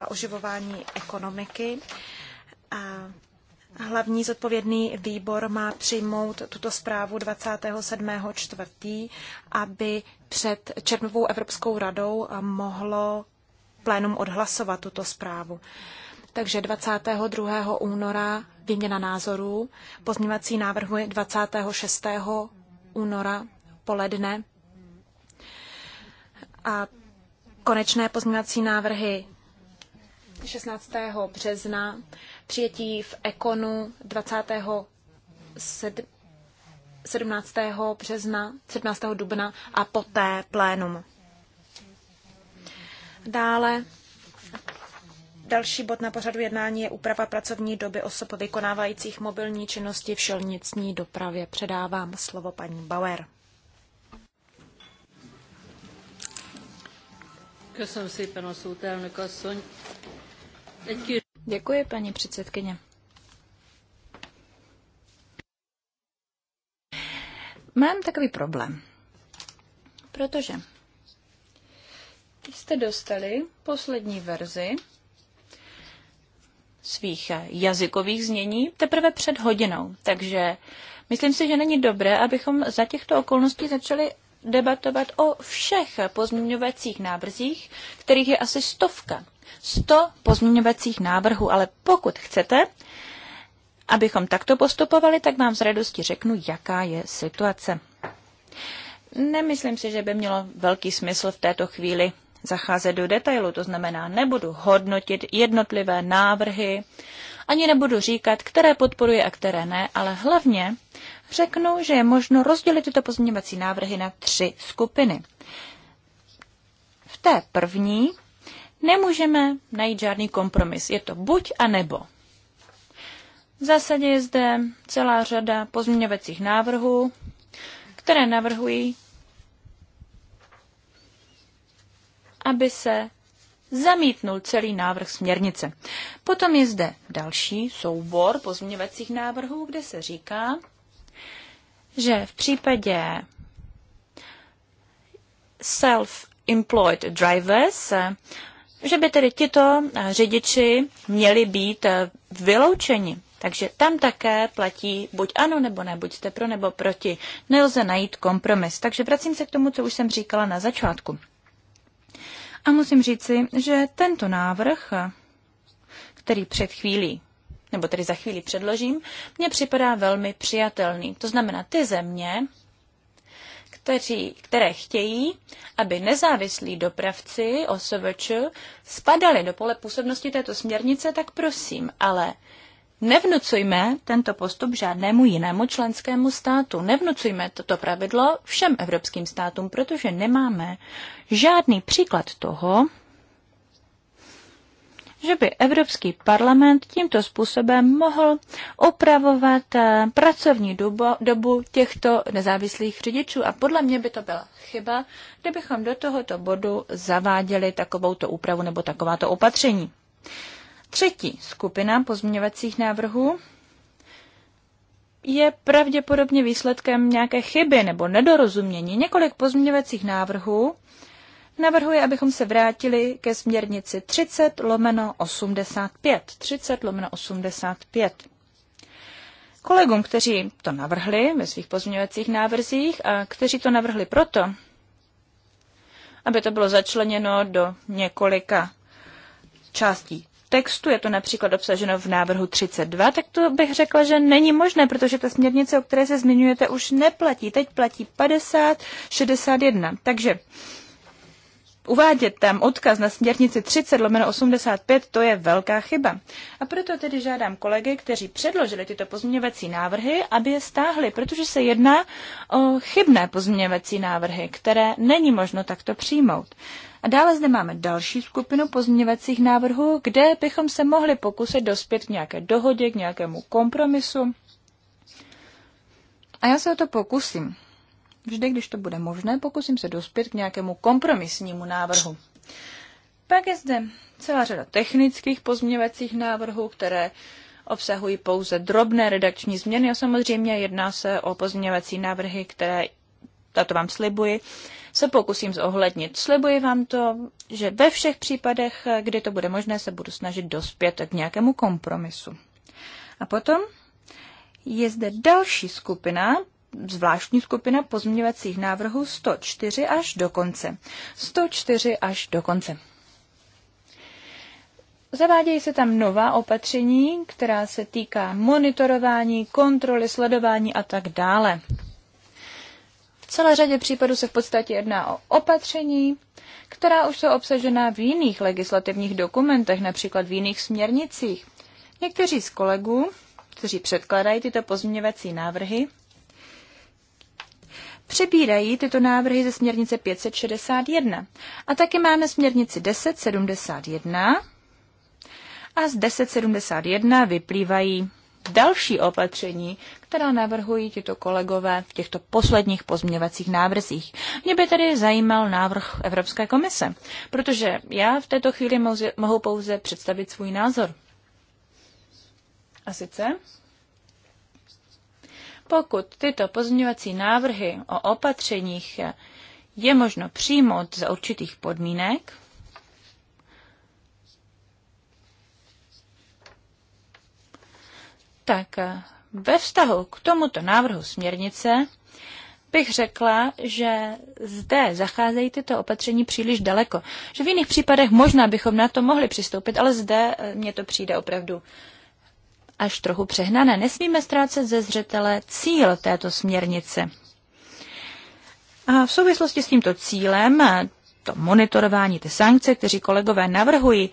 a oživování ekonomiky. Hlavní zodpovědný výbor má přijmout tuto zprávu 27. čtvrtý, aby před Černovou Evropskou radou mohlo plénum odhlasovat tuto zprávu. Takže 22. února výměna názorů, pozměvací návrhy 26. února poledne a konečné pozměvací návrhy 16. března, přijetí v Ekonu 20. 17. března, 17. dubna a poté plénum. Dále další bod na pořadu jednání je úprava pracovní doby osob vykonávajících mobilní činnosti v šelnicní dopravě. Předávám slovo paní Bauer. Köszönöm szépen a szót, elnök asszony. Děkuji, paní předsedkyně. Mám takový problém, protože jste dostali poslední verzi svých jazykových znění teprve před hodinou. Takže myslím si, že není dobré, abychom za těchto okolností začali debatovat o všech pozměňovacích návrzích, kterých je asi stovka. Sto pozměňovacích návrhů, ale pokud chcete, abychom takto postupovali, tak vám s radostí řeknu, jaká je situace. Nemyslím si, že by mělo velký smysl v této chvíli zacházet do detailu, to znamená, nebudu hodnotit jednotlivé návrhy, ani nebudu říkat, které podporuje a které ne, ale hlavně řeknu, že je možno rozdělit tyto pozměňovací návrhy na tři skupiny. V té první nemůžeme najít žádný kompromis. Je to buď a nebo. V zásadě je zde celá řada pozměňovacích návrhů, které navrhují, aby se zamítnul celý návrh směrnice. Potom je zde další soubor pozměňovacích návrhů, kde se říká, že v případě self-employed drivers, že by tedy tito řidiči měli být vyloučeni. Takže tam také platí buď ano nebo ne, buď jste pro nebo proti. Nelze najít kompromis. Takže vracím se k tomu, co už jsem říkala na začátku. A musím říci, že tento návrh, který před chvílí, nebo tedy za chvíli předložím, mně připadá velmi přijatelný. To znamená ty země, kteří, které chtějí, aby nezávislí dopravci OSVČ spadali do pole působnosti této směrnice, tak prosím, ale Nevnucujme tento postup žádnému jinému členskému státu. Nevnucujme toto pravidlo všem evropským státům, protože nemáme žádný příklad toho, že by Evropský parlament tímto způsobem mohl upravovat eh, pracovní dobu, dobu těchto nezávislých řidičů. A podle mě by to byla chyba, kdybychom do tohoto bodu zaváděli takovouto úpravu nebo takováto opatření. Třetí skupina pozměňovacích návrhů je pravděpodobně výsledkem nějaké chyby nebo nedorozumění. Několik pozměňovacích návrhů navrhuje, abychom se vrátili ke směrnici 30 lomeno 85. 30 lomeno 85. Kolegům, kteří to navrhli ve svých pozměňovacích návrzích a kteří to navrhli proto, aby to bylo začleněno do několika částí textu, je to například obsaženo v návrhu 32, tak to bych řekla, že není možné, protože ta směrnice, o které se zmiňujete, už neplatí. Teď platí 50, 61. Takže uvádět tam odkaz na směrnici 30 lomeno 85, to je velká chyba. A proto tedy žádám kolegy, kteří předložili tyto pozměňovací návrhy, aby je stáhli, protože se jedná o chybné pozměňovací návrhy, které není možno takto přijmout. A dále zde máme další skupinu pozměňovacích návrhů, kde bychom se mohli pokusit dospět k nějaké dohodě, k nějakému kompromisu. A já se o to pokusím. Vždy, když to bude možné, pokusím se dospět k nějakému kompromisnímu návrhu. Pak je zde celá řada technických pozměňovacích návrhů, které obsahují pouze drobné redakční změny a samozřejmě jedná se o pozměňovací návrhy, které, a to vám slibuji, se pokusím zohlednit. Slibuji vám to, že ve všech případech, kdy to bude možné, se budu snažit dospět k nějakému kompromisu. A potom je zde další skupina zvláštní skupina pozměňovacích návrhů 104 až do konce. 104 až do konce. Zavádějí se tam nová opatření, která se týká monitorování, kontroly, sledování a tak dále. V celé řadě případů se v podstatě jedná o opatření, která už jsou obsažena v jiných legislativních dokumentech, například v jiných směrnicích. Někteří z kolegů, kteří předkládají tyto pozměňovací návrhy, přebírají tyto návrhy ze směrnice 561. A taky máme směrnici 1071 a z 1071 vyplývají další opatření, která navrhují tyto kolegové v těchto posledních pozměňovacích návrzích. Mě by tedy zajímal návrh Evropské komise, protože já v této chvíli mohu pouze představit svůj názor. A sice, pokud tyto pozměňovací návrhy o opatřeních je možno přijmout za určitých podmínek, tak ve vztahu k tomuto návrhu směrnice bych řekla, že zde zacházejí tyto opatření příliš daleko. Že v jiných případech možná bychom na to mohli přistoupit, ale zde eh, mně to přijde opravdu až trochu přehnané. Nesmíme ztrácet ze zřetele cíl této směrnice. A v souvislosti s tímto cílem, to monitorování, ty sankce, kteří kolegové navrhují,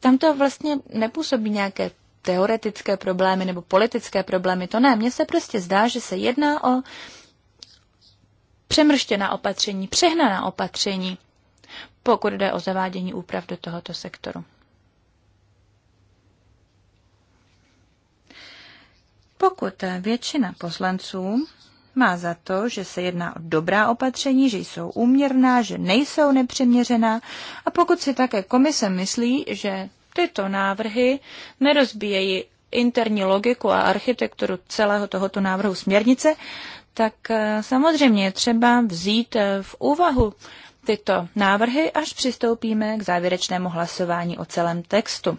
tam to vlastně nepůsobí nějaké teoretické problémy nebo politické problémy. To ne, mně se prostě zdá, že se jedná o přemrštěná opatření, přehnaná opatření, pokud jde o zavádění úprav do tohoto sektoru. Pokud většina poslanců má za to, že se jedná o dobrá opatření, že jsou úměrná, že nejsou nepřiměřená a pokud si také komise myslí, že tyto návrhy nerozbíjejí interní logiku a architekturu celého tohoto návrhu směrnice, tak eh, samozřejmě je třeba vzít eh, v úvahu tyto návrhy, až přistoupíme k závěrečnému hlasování o celém textu.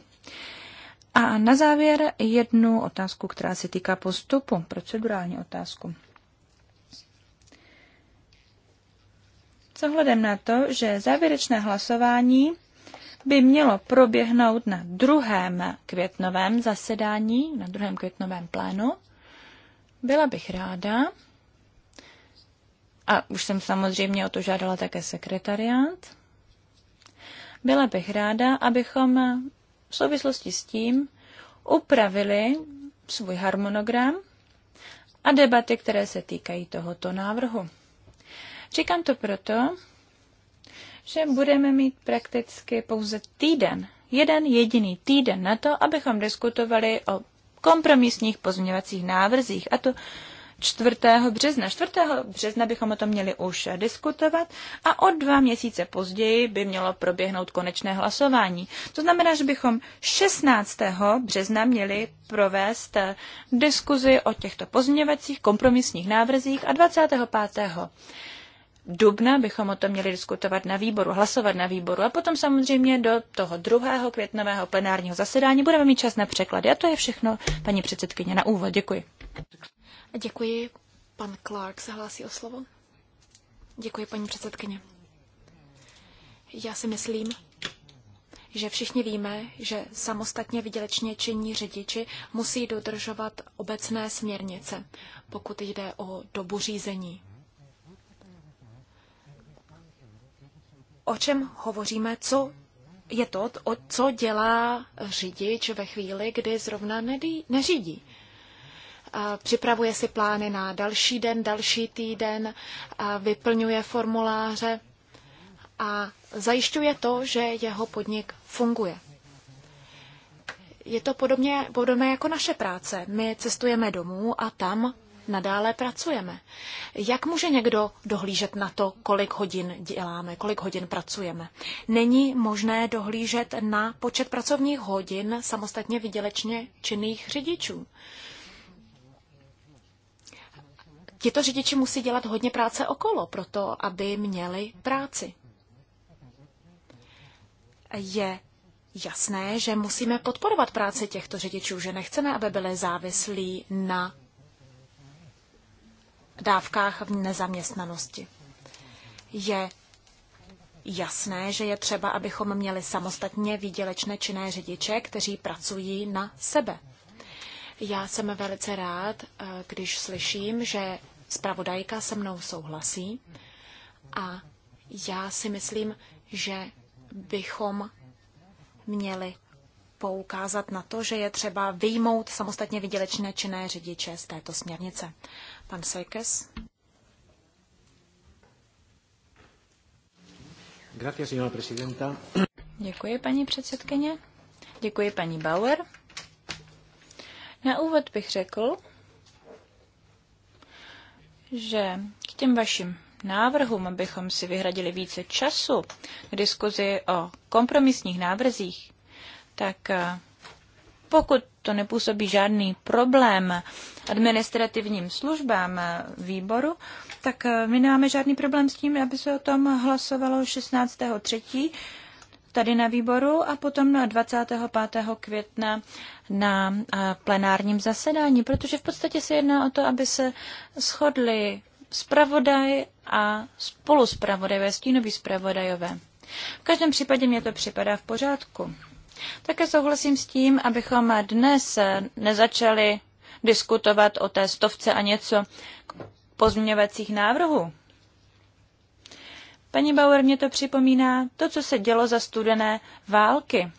A na závěr jednu otázku, která se týká postupu, procedurální otázku. Zohledem na to, že závěrečné hlasování by mělo proběhnout na druhém květnovém zasedání, na druhém květnovém plénu, byla bych ráda, a už jsem samozřejmě o to žádala také sekretariát, byla bych ráda, abychom v souvislosti s tím upravili svůj harmonogram a debaty, které se týkají tohoto návrhu. Říkám to proto, že budeme mít prakticky pouze týden, jeden jediný týden na to, abychom diskutovali o kompromisních pozměňovacích návrzích, a to 4. března. 4. března bychom o tom měli už diskutovat a o dva měsíce později by mělo proběhnout konečné hlasování. To znamená, že bychom 16. března měli provést eh, diskuzi o těchto pozměňovacích kompromisních návrzích a 25 dubna bychom o tom měli diskutovat na výboru, hlasovat na výboru a potom samozřejmě do toho druhého květnového plenárního zasedání budeme mít čas na překlady. A to je všechno, paní předsedkyně, na úvod. Děkuji. Děkuji. Pan Clark se hlásí o slovo. Děkuji, paní předsedkyně. Já si myslím, že všichni víme, že samostatně vydělečně činní řidiči musí dodržovat obecné směrnice, pokud jde o dobu řízení. O čem hovoříme, co je to, co dělá řidič ve chvíli, kdy zrovna nedý, neřídí připravuje si plány na další den, další týden, vyplňuje formuláře a zajišťuje to, že jeho podnik funguje. Je to podobně, podobné jako naše práce. My cestujeme domů a tam nadále pracujeme. Jak může někdo dohlížet na to, kolik hodin děláme, kolik hodin pracujeme? Není možné dohlížet na počet pracovních hodin samostatně vydělečně činných řidičů tito řidiči musí dělat hodně práce okolo, proto aby měli práci. Je jasné, že musíme podporovat práci těchto řidičů, že nechceme, aby byli závislí na dávkách v nezaměstnanosti. Je jasné, že je třeba, abychom měli samostatně výdělečné činné řidiče, kteří pracují na sebe. Já jsem velice rád, eh, když slyším, že Spravodajka se mnou souhlasí a já si myslím, že bychom měli poukázat na to, že je třeba vyjmout samostatně vydělečné činné řidiče z této směrnice. Pan Sejkes. Děkuji, paní předsedkyně. Děkuji, paní Bauer. Na úvod bych řekl, že k těm vašim návrhům, abychom si vyhradili více času k diskuzi o kompromisních návrzích, tak eh, pokud to nepůsobí žádný problém administrativním službám eh, výboru, tak eh, my nemáme žádný problém s tím, aby se o tom hlasovalo 16. 3 tady na výboru a potom na 25. května na eh, plenárním zasedání, protože v podstatě se jedná o to, aby se shodli zpravodaj a spoluzpravodajové, stínoví zpravodajové. V každém případě mě to připadá v pořádku. Také souhlasím s tím, abychom dnes nezačali diskutovat o té stovce a něco pozměňovacích návrhů. Paní Bauer mě to připomíná to, co se dělo za studené války.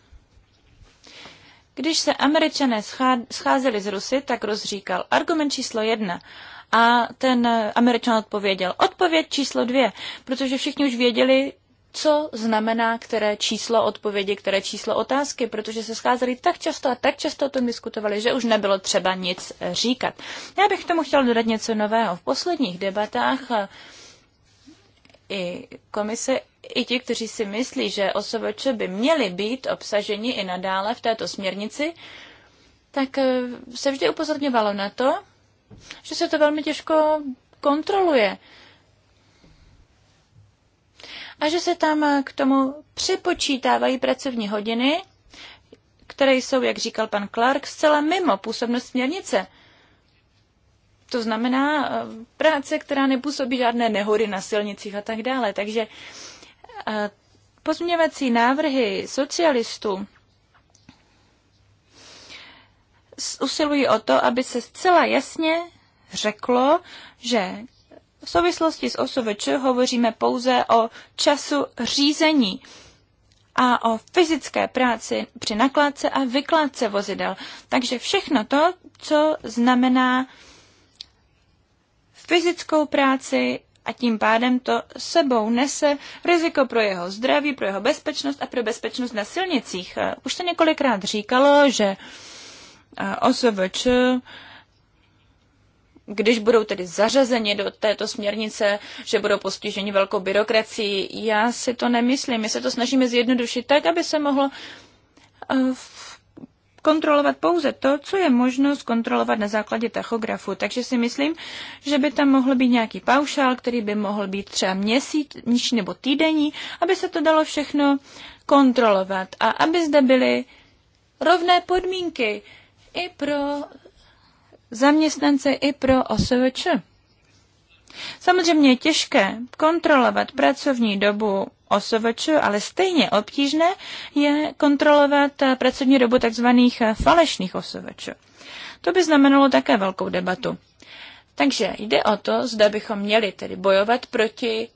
Když se američané scházeli z Rusy, tak rozříkal argument číslo jedna. A ten američan odpověděl odpověď číslo dvě, protože všichni už věděli, co znamená které číslo odpovědi, které číslo otázky, protože se scházeli tak často a tak často o tom diskutovali, že už nebylo třeba nic říkat. Já bych tomu chtěl dodat něco nového. V posledních debatách i komise, i ti, kteří si myslí, že OSVČ by měly být obsaženi i nadále v této směrnici, tak eh, se vždy upozorňovalo na to, že se to velmi těžko kontroluje. A že se tam eh, k tomu připočítávají pracovní hodiny, které jsou, jak říkal pan Clark, zcela mimo působnost směrnice. To znamená eh, práce, která nepůsobí žádné nehody na silnicích a tak dále. Takže eh, pozměňovací návrhy socialistů usilují o to, aby se zcela jasně řeklo, že v souvislosti s OSVČ hovoříme pouze o času řízení a o fyzické práci při nakládce a vykládce vozidel. Takže všechno to, co znamená uh, fyzickou práci a tím pádem to sebou nese riziko pro jeho zdraví, pro jeho bezpečnost a pro bezpečnost na silnicích. Eh, už se několikrát říkalo, že eh, OSVČ, když budou tedy zařazeni do této směrnice, že budou postiženi velkou byrokracií, já si to nemyslím. My se to snažíme zjednodušit tak, aby se mohlo v eh, kontrolovat pouze to, co je možno zkontrolovat na základě tachografu. Takže si myslím, že by tam mohl být nějaký paušál, který by mohl být třeba měsíční nebo týdenní, aby se to dalo všechno kontrolovat a aby zde byly rovné podmínky i pro zaměstnance, i pro OSVČ. Samozřejmě je těžké kontrolovat pracovní dobu OSVČ, ale stejně obtížné je kontrolovat eh, pracovní dobu tzv. Eh, falešných OSVČ. To by znamenalo také velkou debatu. Takže jde o to, zda bychom měli tedy bojovat proti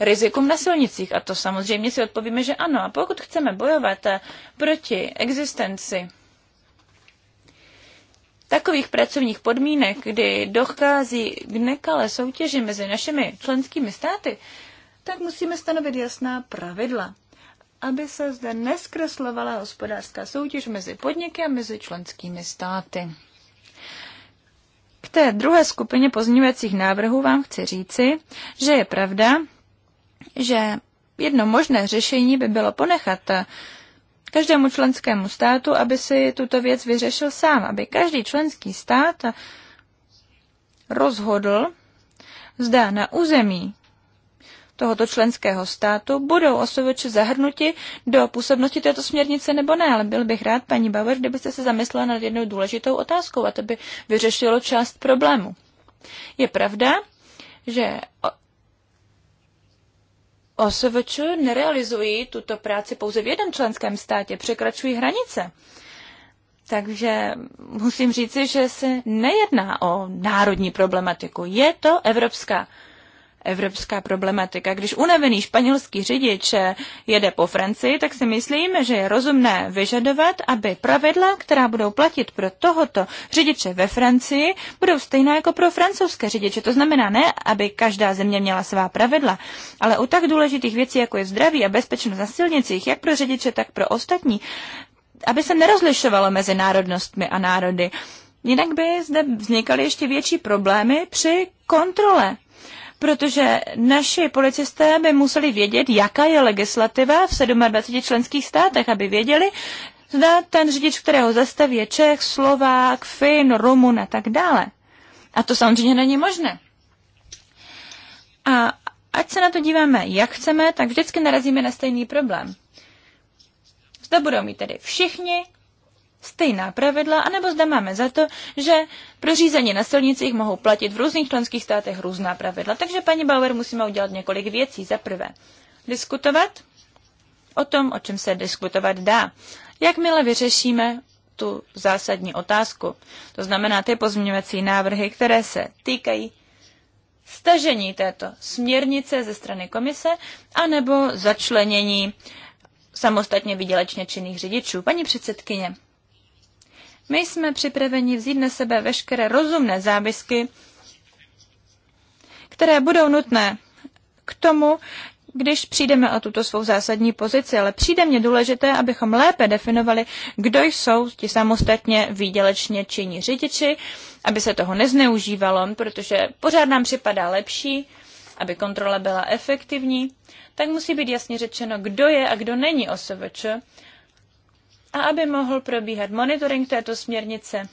rizikům na silnicích. A to samozřejmě si odpovíme, že ano. A pokud chceme bojovat eh, proti existenci takových pracovních podmínek, kdy dochází k nekalé soutěži mezi našimi členskými státy, tak musíme stanovit jasná pravidla, aby se zde neskreslovala hospodářská soutěž mezi podniky a mezi členskými státy. K té druhé skupině pozměňovacích návrhů vám chci říci, že je pravda, že jedno možné řešení by bylo ponechat každému členskému státu, aby si tuto věc vyřešil sám, aby každý členský stát rozhodl, zda na území tohoto členského státu, budou osobeče zahrnuti do působnosti této směrnice nebo ne. Ale byl bych rád, paní Bauer, kdybyste se zamyslela nad jednou důležitou otázkou a to by vyřešilo část problému. Je pravda, že OSVČ nerealizují tuto práci pouze v jednom členském státě, překračují hranice. Takže musím říci, že se nejedná o národní problematiku. Je to evropská evropská problematika. Když unavený španělský řidič jede po Francii, tak si myslíme, že je rozumné vyžadovat, aby pravidla, která budou platit pro tohoto řidiče ve Francii, budou stejná jako pro francouzské řidiče. To znamená ne, aby každá země měla svá pravidla, ale u tak důležitých věcí, jako je zdraví a bezpečnost na silnicích, jak pro řidiče, tak pro ostatní, aby se nerozlišovalo mezi národnostmi a národy. Jinak by zde vznikaly ještě větší problémy při kontrole protože naši policisté by museli vědět, jaká je legislativa v 27 členských státech, aby věděli, zda ten řidič, kterého zastaví, je Čech, Slovák, Fin, Rumun a tak dále. A to samozřejmě není možné. A ať se na to díváme, jak chceme, tak vždycky narazíme na stejný problém. Zda budou mít tedy všichni stejná pravidla, anebo zda máme za to, že pro řízení na silnicích mohou platit v různých členských státech různá pravidla. Takže, paní Bauer, musíme udělat několik věcí. Za prvé, diskutovat o tom, o čem se diskutovat dá. Jakmile vyřešíme tu zásadní otázku, to znamená ty pozměňovací návrhy, které se týkají stažení této směrnice ze strany komise, anebo začlenění samostatně vydělečně činných řidičů. Paní předsedkyně, my jsme připraveni vzít na sebe veškeré rozumné závisky, které budou nutné k tomu, když přijdeme o tuto svou zásadní pozici, ale přijde mně důležité, abychom lépe definovali, kdo jsou ti samostatně výdělečně činní řidiči, aby se toho nezneužívalo, protože pořád nám připadá lepší, aby kontrola byla efektivní, tak musí být jasně řečeno, kdo je a kdo není OSVČ a aby mohl probíhat monitoring této směrnice,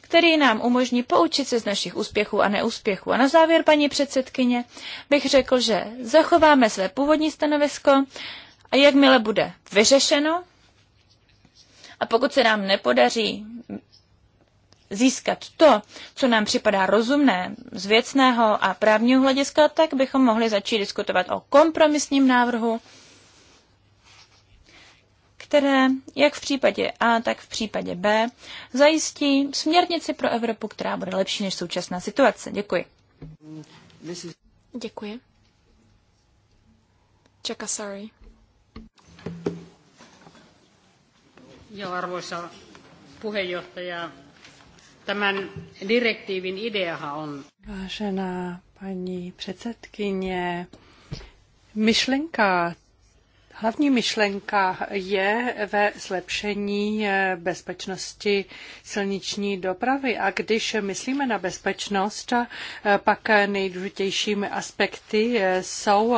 který nám umožní poučit se z našich úspěchů a neúspěchů. A na závěr, paní předsedkyně, bych řekl, že zachováme své původní stanovisko a jakmile bude vyřešeno, a pokud se nám nepodaří získat to, co nám připadá rozumné z věcného a právního hlediska, tak bychom mohli začít diskutovat o kompromisním návrhu, které, jak v případě A, tak v případě B, zajistí směrnici pro Evropu, která bude lepší než současná situace. Děkuji. Děkuji. Čeka, sorry. Joo, arvoisa puheenjohtaja, tämän direktiivin ideahan on... Vážená paní předsedkyně, myšlenka Hlavní myšlenka je ve zlepšení eh, bezpečnosti silniční dopravy a když myslíme na bezpečnost, eh, pak nejdůležitějšími aspekty eh, jsou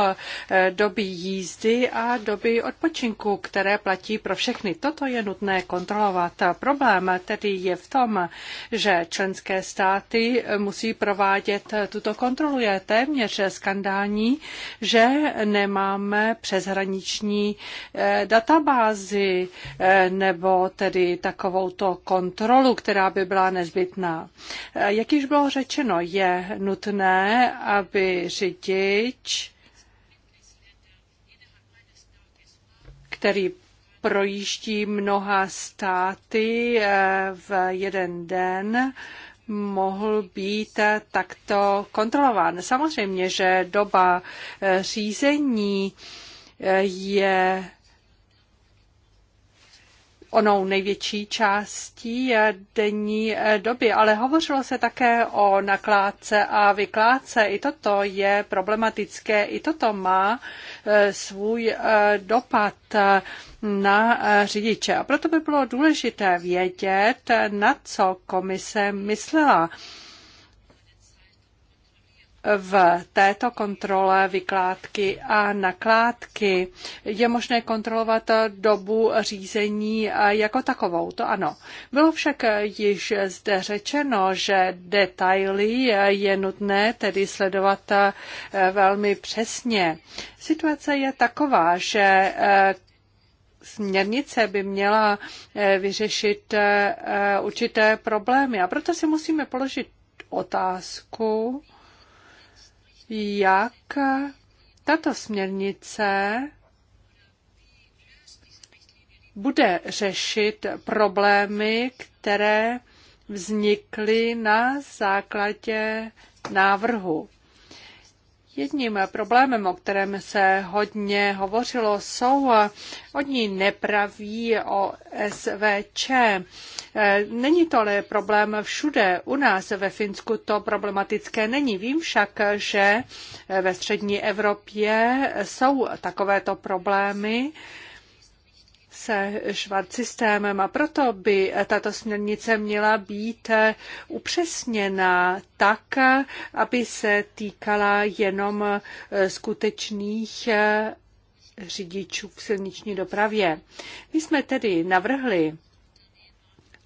doby jízdy a doby odpočinku, které platí pro všechny. Toto je nutné kontrolovat. Problém tedy je v tom, že členské státy musí provádět tuto kontrolu. Je téměř skandální, že nemáme přeshraniční národní eh, databázi eh, nebo tedy takovouto kontrolu, která by byla nezbytná. Eh, jak již bylo řečeno, je nutné, aby řidič, který projíždí mnoha státy v jeden den, mohl být takto kontrolován. Samozřejmě, že doba řízení je onou největší částí denní doby, ale hovořilo se také o nakládce a vykládce. I toto je problematické, i toto má eh, svůj eh, dopad na eh, řidiče. A proto by bylo důležité vědět, na co komise myslela v této kontrole vykládky a nakládky je možné kontrolovat dobu řízení jako takovou, to ano. Bylo však již zde řečeno, že detaily je nutné tedy sledovat eh, velmi přesně. Situace je taková, že eh, směrnice by měla eh, vyřešit určité problémy a proto si musíme položit otázku, jak tato směrnice bude řešit problémy, které vznikly na základě návrhu. Jedním problémem, o kterém se hodně hovořilo, jsou oni nepraví o SVČ. Eh, není to ale problém všude. U nás ve Finsku to problematické není. Vím však, že eh, ve střední Evropě jsou takovéto problémy se systémem a proto by tato směrnice měla být eh, upřesněna tak, aby se týkala jenom skutečných řidičů v silniční dopravě. My jsme tedy navrhli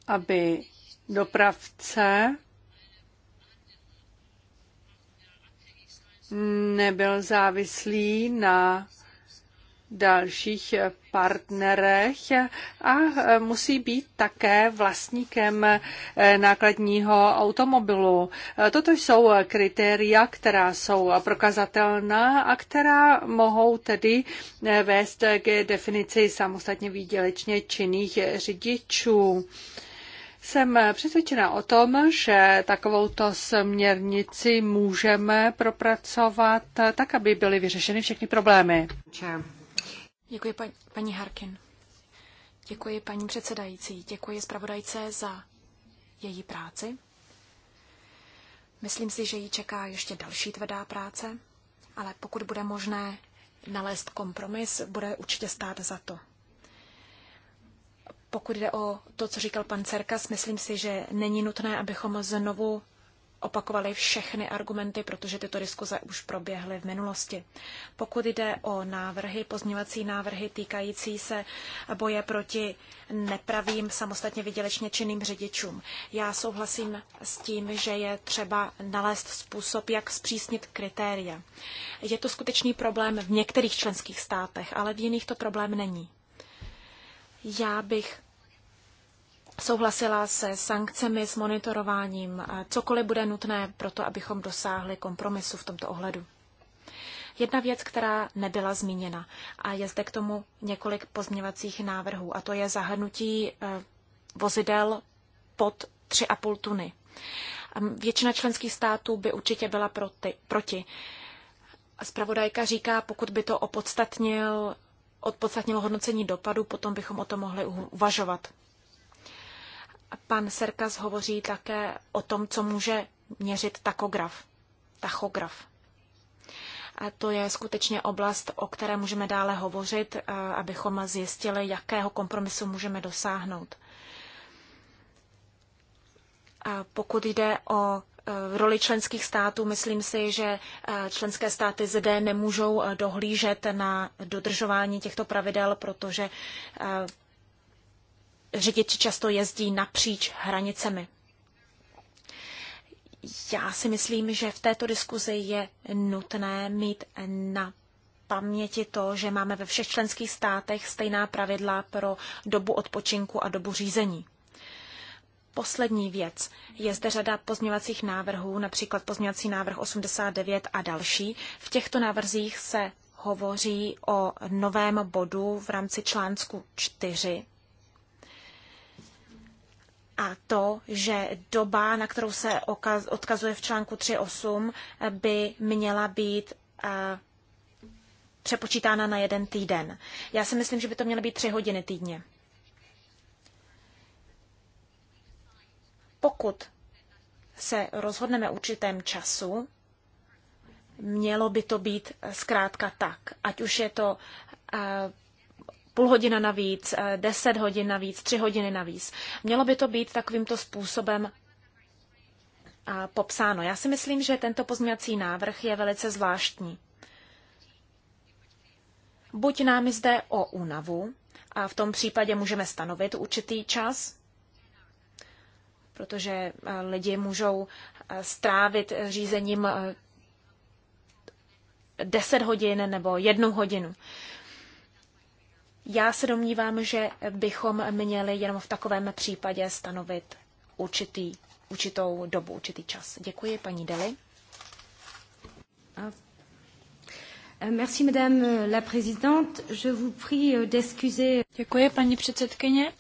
aby dopravce nebyl závislý na dalších partnerech a musí být také vlastníkem nákladního automobilu. Toto jsou kritéria, která jsou prokazatelná a která mohou tedy vést k definici samostatně výdělečně činných řidičů. Jsem přesvědčena o tom, že takovouto směrnici můžeme propracovat tak, aby byly vyřešeny všechny problémy. Děkuji paní, Harkin. Děkuji paní předsedající. Děkuji zpravodajce za její práci. Myslím si, že ji čeká ještě další tvrdá práce, ale pokud bude možné nalézt kompromis, bude určitě stát za to. Pokud jde o to, co říkal pan Cerkas, myslím si, že není nutné, abychom znovu opakovali všechny argumenty, protože tyto diskuze už proběhly v minulosti. Pokud jde o návrhy, pozměňovací návrhy týkající se boje proti nepravým samostatně vydělečně činným řidičům, já souhlasím s tím, že je třeba nalézt způsob, jak zpřísnit kritéria. Je to skutečný problém v některých členských státech, ale v jiných to problém není. Já bych souhlasila se sankcemi, s monitorováním, cokoliv bude nutné pro to, abychom dosáhli kompromisu v tomto ohledu. Jedna věc, která nebyla zmíněna a je zde k tomu několik pozměvacích návrhů a to je zahrnutí e, vozidel pod 3,5 tuny. Většina členských států by určitě byla proti. proti. Spravodajka říká, pokud by to opodstatnil, odpodstatnilo hodnocení dopadu, potom bychom o tom mohli uvažovat. Pan Serkas hovoří také o tom, co může měřit takograf. Tachograf. A to je skutečně oblast, o které můžeme dále hovořit, eh, abychom zjistili, jakého kompromisu můžeme dosáhnout. A pokud jde o eh, roli členských států, myslím si, že eh, členské státy zde nemůžou dohlížet na dodržování těchto pravidel, protože řidiči často jezdí napříč hranicemi. Já si myslím, že v této diskuzi je nutné mít na paměti to, že máme ve všech členských státech stejná pravidla pro dobu odpočinku a dobu řízení. Poslední věc. Je zde řada pozměňovacích návrhů, například pozměňovací návrh 89 a další. V těchto návrzích se hovoří o novém bodu v rámci článku 4 a to, že doba, na kterou se odkazuje v článku 3.8, by měla být eh, přepočítána na jeden týden. Já si myslím, že by to měly být tři hodiny týdně. Pokud se rozhodneme určitém času, mělo by to být eh, zkrátka tak, ať už je to eh, půl hodina navíc, eh, deset hodin navíc, tři hodiny navíc. Mělo by to být takovýmto způsobem eh, popsáno. Já si myslím, že tento pozměňovací návrh je velice zvláštní. Buď nám zde o únavu, a v tom případě můžeme stanovit určitý čas, protože eh, lidi můžou strávit řízením 10 hodin nebo jednu hodinu. Já se domnívám, že bychom měli jenom v takovém případě stanovit určitý, určitou dobu, určitý čas. Děkuji, paní Deli. Ah. Eh, merci, madame la présidente. Je vous prie euh, d'excuser. Děkuji, paní předsedkyně.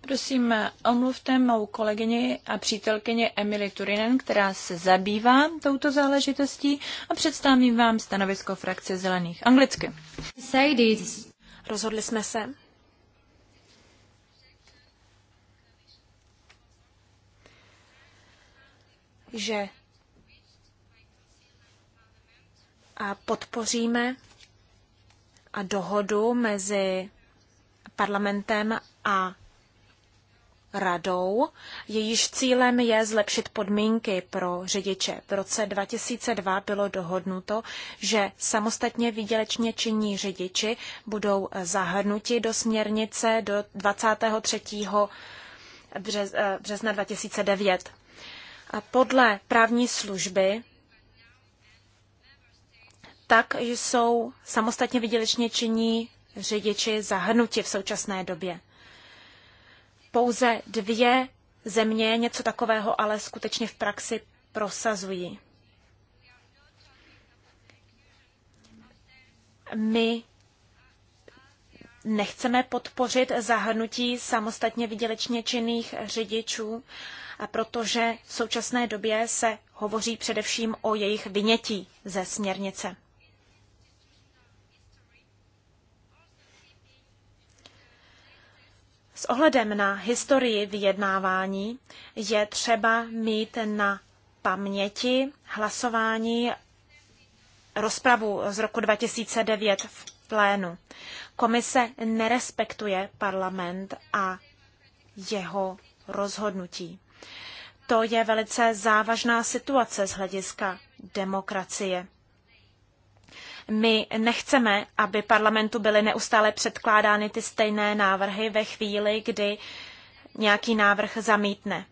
Prosím, omluvte mou kolegyni a přítelkyni Emily Turinen, která se zabývá touto záležitostí a představím vám stanovisko frakce Zelených anglicky. Rozhodli jsme se, že a podpoříme a dohodu mezi parlamentem a radou, jejíž cílem je zlepšit podmínky pro řidiče. V roce 2002 bylo dohodnuto, že samostatně výdělečně činní řidiči budou zahrnuti do směrnice do 23. Břez, eh, března 2009. A podle právní služby tak jsou samostatně výdělečně činní řidiči zahrnuti v současné době. Pouze dvě země něco takového ale skutečně v praxi prosazují. My nechceme podpořit zahrnutí samostatně vydělečně činných řidičů, protože v současné době se hovoří především o jejich vynětí ze směrnice. S ohledem na historii vyjednávání je třeba mít na paměti hlasování rozpravu z roku 2009 v plénu. Komise nerespektuje parlament a jeho rozhodnutí. To je velice závažná situace z hlediska demokracie. My nechceme, aby parlamentu byly neustále předkládány ty stejné návrhy ve chvíli, kdy nějaký návrh zamítne.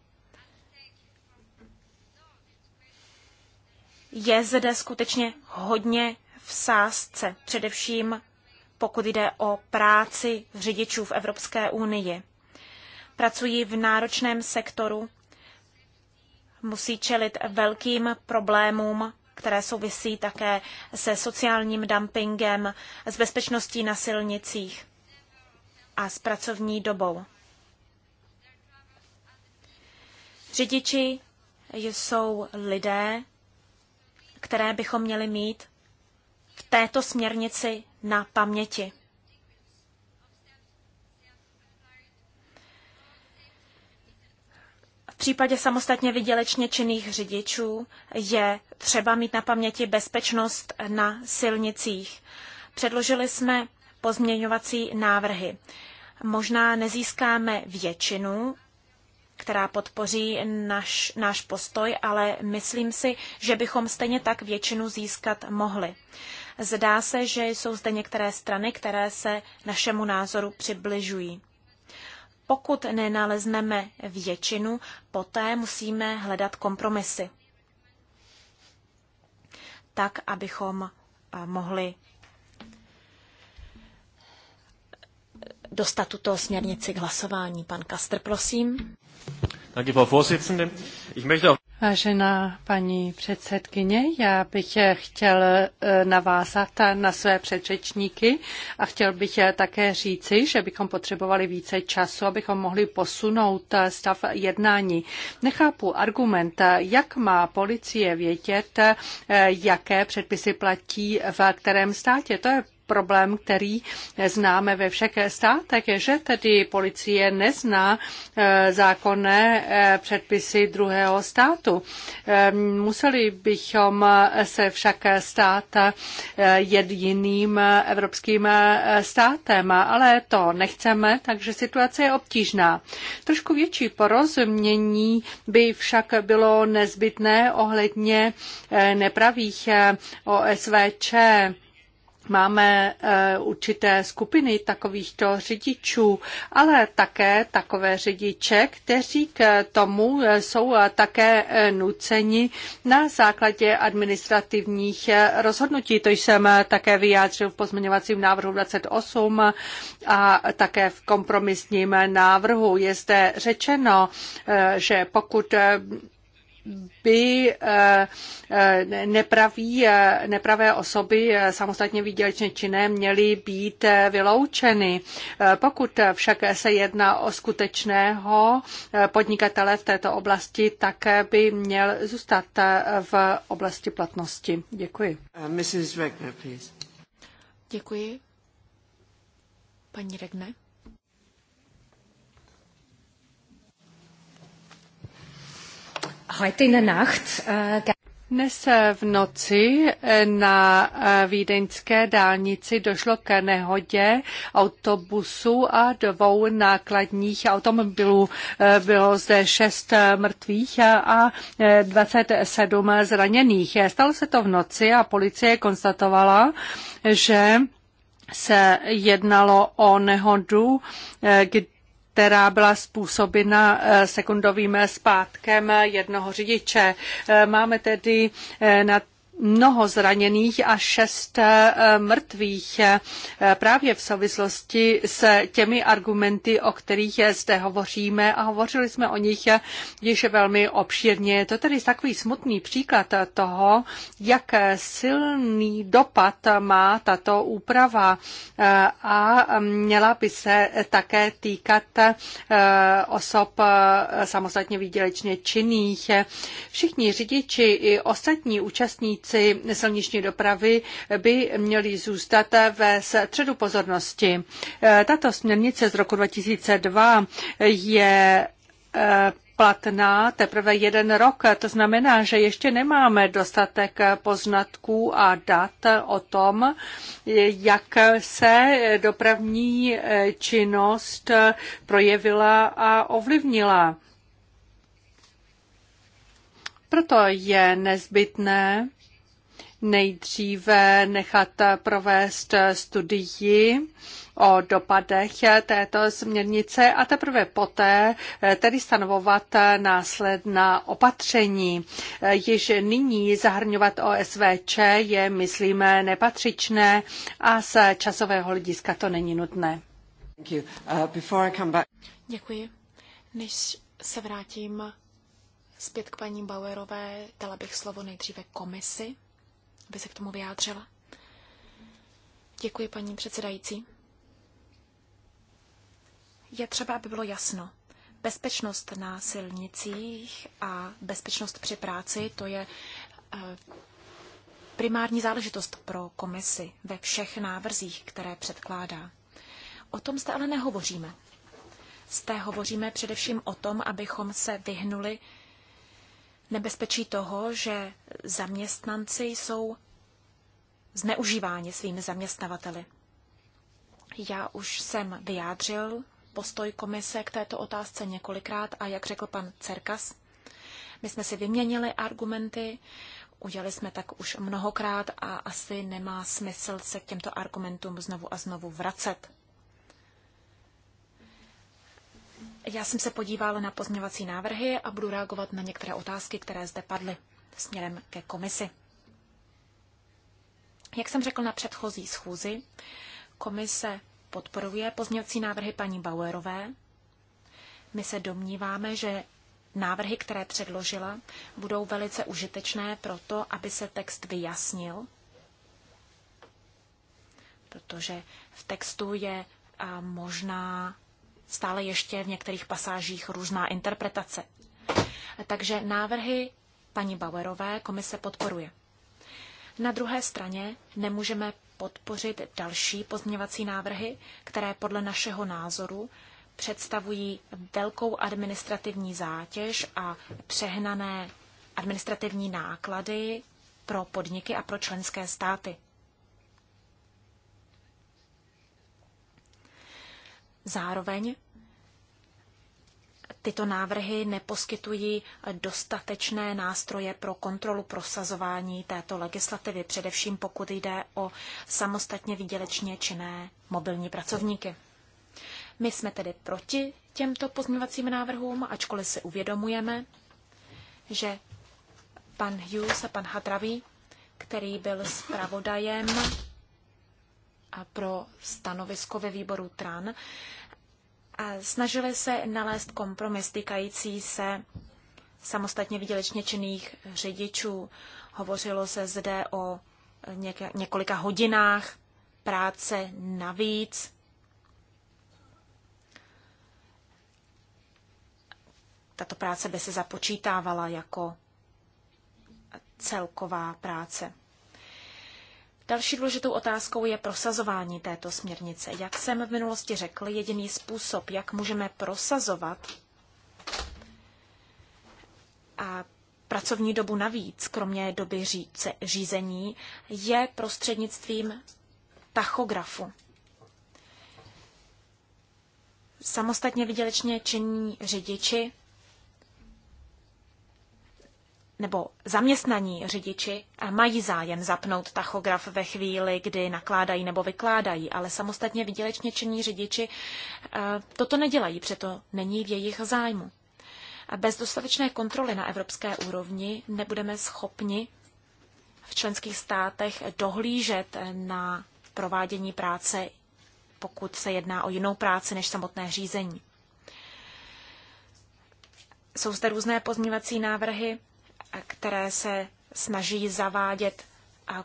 Je zde skutečně hodně v sázce, především pokud jde o práci řidičů v Evropské unii. Pracují v náročném sektoru, musí čelit velkým problémům které souvisí také se sociálním dumpingem, s bezpečností na silnicích a s pracovní dobou. Řidiči jsou lidé, které bychom měli mít v této směrnici na paměti. případě samostatně vydělečně činných řidičů je třeba mít na paměti bezpečnost na silnicích. Předložili jsme pozměňovací návrhy. Možná nezískáme většinu, která podpoří naš, náš postoj, ale myslím si, že bychom stejně tak většinu získat mohli. Zdá se, že jsou zde některé strany, které se našemu názoru přibližují. Pokud nenalezneme většinu, poté musíme hledat kompromisy. Tak, abychom eh, mohli eh, dostat tuto směrnici k hlasování. Pan Kastr, prosím. Děkuji, Frau Vorsitzende. Ich möchte auch Vážená paní předsedkyně, já bych chtěl eh, navázat na své předřečníky a chtěl bych eh, také říci, že bychom potřebovali více času, abychom mohli posunout eh, stav jednání. Nechápu argument, jak má policie vědět, jaké předpisy platí v kterém státě. To je problém, který známe ve všech státech, že tedy policie nezná eh, zákonné eh, předpisy druhého státu. Eh, museli bychom se však stát jediným evropským státem, ale to nechceme, takže situace je obtížná. Trošku větší porozumění by však bylo nezbytné ohledně nepravých OSVČ Máme eh, určité skupiny takovýchto řidičů, ale také takové řidiče, kteří k tomu eh, jsou eh, také nuceni na základě administrativních rozhodnutí. To jsem také vyjádřil v pozměňovacím návrhu 28 a také v kompromisním návrhu. Je zde řečeno, že pokud by eh, eh, nepraví, eh, nepravé osoby samostatně výdělečně činné měly být vyloučeny. Pokud však se jedná o skutečného podnikatele v této oblasti, tak by měl zůstat v oblasti platnosti. Děkuji. Uh, Mrs. Regner, please. Děkuji. Paní Regner. Heute in der Nacht. Äh, Dnes v noci na e, vídeňské dálnici došlo k nehodě autobusu a dvou nákladních automobilů. E, bylo zde šest e, mrtvých a 27 zraněných. Stalo se to v noci a policie konstatovala, že se jednalo o nehodu, kdy která byla způsobena eh, sekundovým zpátkem jednoho řidiče. Eh, máme tedy eh, nad mnoho zraněných a šest eh, mrtvých eh, právě v souvislosti s těmi argumenty, o kterých zde hovoříme a hovořili jsme o nich eh, již velmi obšírně. Je to tedy takový smutný příklad toho, jak silný dopad má tato úprava a měla by se také týkat osob samostatně výdělečně činných. Všichni řidiči i ostatní účastníci rámci silniční dopravy by měly zůstat ve středu pozornosti. Tato směrnice z roku 2002 je eh, platná teprve jeden rok. To znamená, že ještě nemáme dostatek poznatků a dat o tom, jak se dopravní eh, činnost projevila a ovlivnila. Proto je nezbytné nejdříve nechat provést studii o dopadech této směrnice a teprve poté eh, tedy stanovovat následná opatření. Eh, již nyní zahrňovat OSVČ je, myslíme, nepatřičné a z časového hlediska to není nutné. Uh, Děkuji. Než se vrátím zpět k paní Bauerové, dala bych slovo nejdříve komisi aby se k tomu vyjádřila. Děkuji, paní předsedající. Je třeba, aby bylo jasno. Bezpečnost na silnicích a bezpečnost při práci, to je eh, primární záležitost pro komisi ve všech návrzích, které předkládá. O tom zde ale nehovoříme. Zde hovoříme především o tom, abychom se vyhnuli nebezpečí toho, že zaměstnanci jsou zneužíváni svými zaměstnavateli. Já už jsem vyjádřil postoj komise k této otázce několikrát a jak řekl pan Cerkas, my jsme si vyměnili argumenty, udělali jsme tak už mnohokrát a asi nemá smysl se k těmto argumentům znovu a znovu vracet. Já jsem se podívala na pozměňovací návrhy a budu reagovat na některé otázky, které zde padly směrem ke komisi. Jak jsem řekl na předchozí schůzi, komise podporuje pozměňovací návrhy paní Bauerové. My se domníváme, že návrhy, které předložila, budou velice užitečné pro to, aby se text vyjasnil, protože v textu je možná stále ještě v některých pasážích různá interpretace. Takže návrhy paní Bauerové komise podporuje. Na druhé straně nemůžeme podpořit další pozměňovací návrhy, které podle našeho názoru představují velkou administrativní zátěž a přehnané administrativní náklady pro podniky a pro členské státy. Zároveň tyto návrhy neposkytují dostatečné nástroje pro kontrolu prosazování této legislativy, především pokud jde o samostatně výdělečně činné mobilní pracovníky. My jsme tedy proti těmto pozměňovacím návrhům, ačkoliv si uvědomujeme, že pan Hughes a pan Hadravi, který byl zpravodajem pro stanovisko ve výboru TRAN, snažili se nalézt kompromis týkající se samostatně výdělečně činných řidičů. Hovořilo se zde o několika hodinách práce navíc. Tato práce by se započítávala jako celková práce. Další důležitou otázkou je prosazování této směrnice. Jak jsem v minulosti řekl, jediný způsob, jak můžeme prosazovat a pracovní dobu navíc, kromě doby řízení, je prostřednictvím tachografu. Samostatně vydělečně činní řidiči nebo zaměstnaní řidiči mají zájem zapnout tachograf ve chvíli, kdy nakládají nebo vykládají, ale samostatně výdělečně činní řidiči eh, toto nedělají, proto není v jejich zájmu. Bez dostatečné kontroly na evropské úrovni nebudeme schopni v členských státech dohlížet na provádění práce, pokud se jedná o jinou práci než samotné řízení. Jsou zde různé pozměňovací návrhy které se snaží zavádět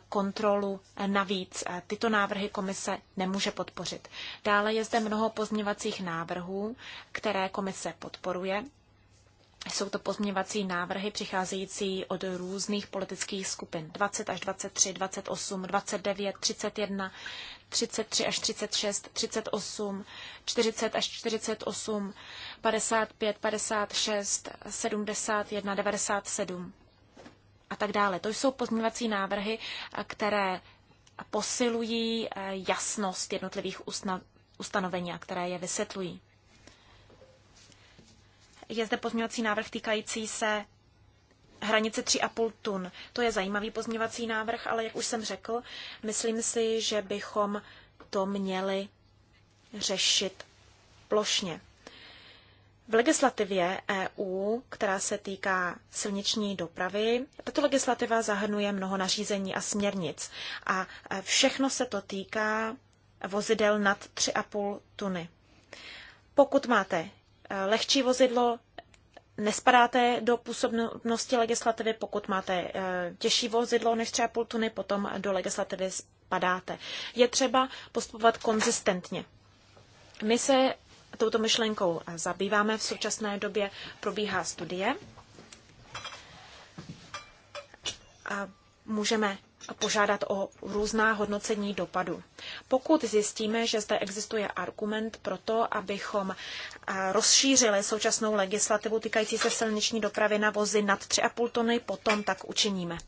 kontrolu navíc. Tyto návrhy komise nemůže podpořit. Dále je zde mnoho pozměvacích návrhů, které komise podporuje. Jsou to pozměvací návrhy přicházející od různých politických skupin 20 až 23, 28, 29, 31, 33 až 36, 38, 40 až 48, 55, 56, 71, 97 a tak dále. To jsou pozměňovací návrhy, které posilují e, jasnost jednotlivých ustanovení a které je vysvětlují. Je zde pozměňovací návrh týkající se hranice 3,5 tun. To je zajímavý pozměňovací návrh, ale jak už jsem řekl, myslím si, že bychom to měli řešit plošně. V legislativě EU, která se týká silniční dopravy, tato legislativa zahrnuje mnoho nařízení a směrnic a e, všechno se to týká vozidel nad 3,5 tuny. Pokud máte e, lehčí vozidlo, nespadáte do působnosti legislativy, pokud máte e, těžší vozidlo než 3,5 tuny, potom do legislativy spadáte. Je třeba postupovat konzistentně. My se touto myšlenkou zabýváme. V současné době probíhá studie. A můžeme požádat o různá hodnocení dopadu. Pokud zjistíme, že zde existuje argument pro to, abychom rozšířili současnou legislativu týkající se silniční dopravy na vozy nad 3,5 tony, potom tak učiníme.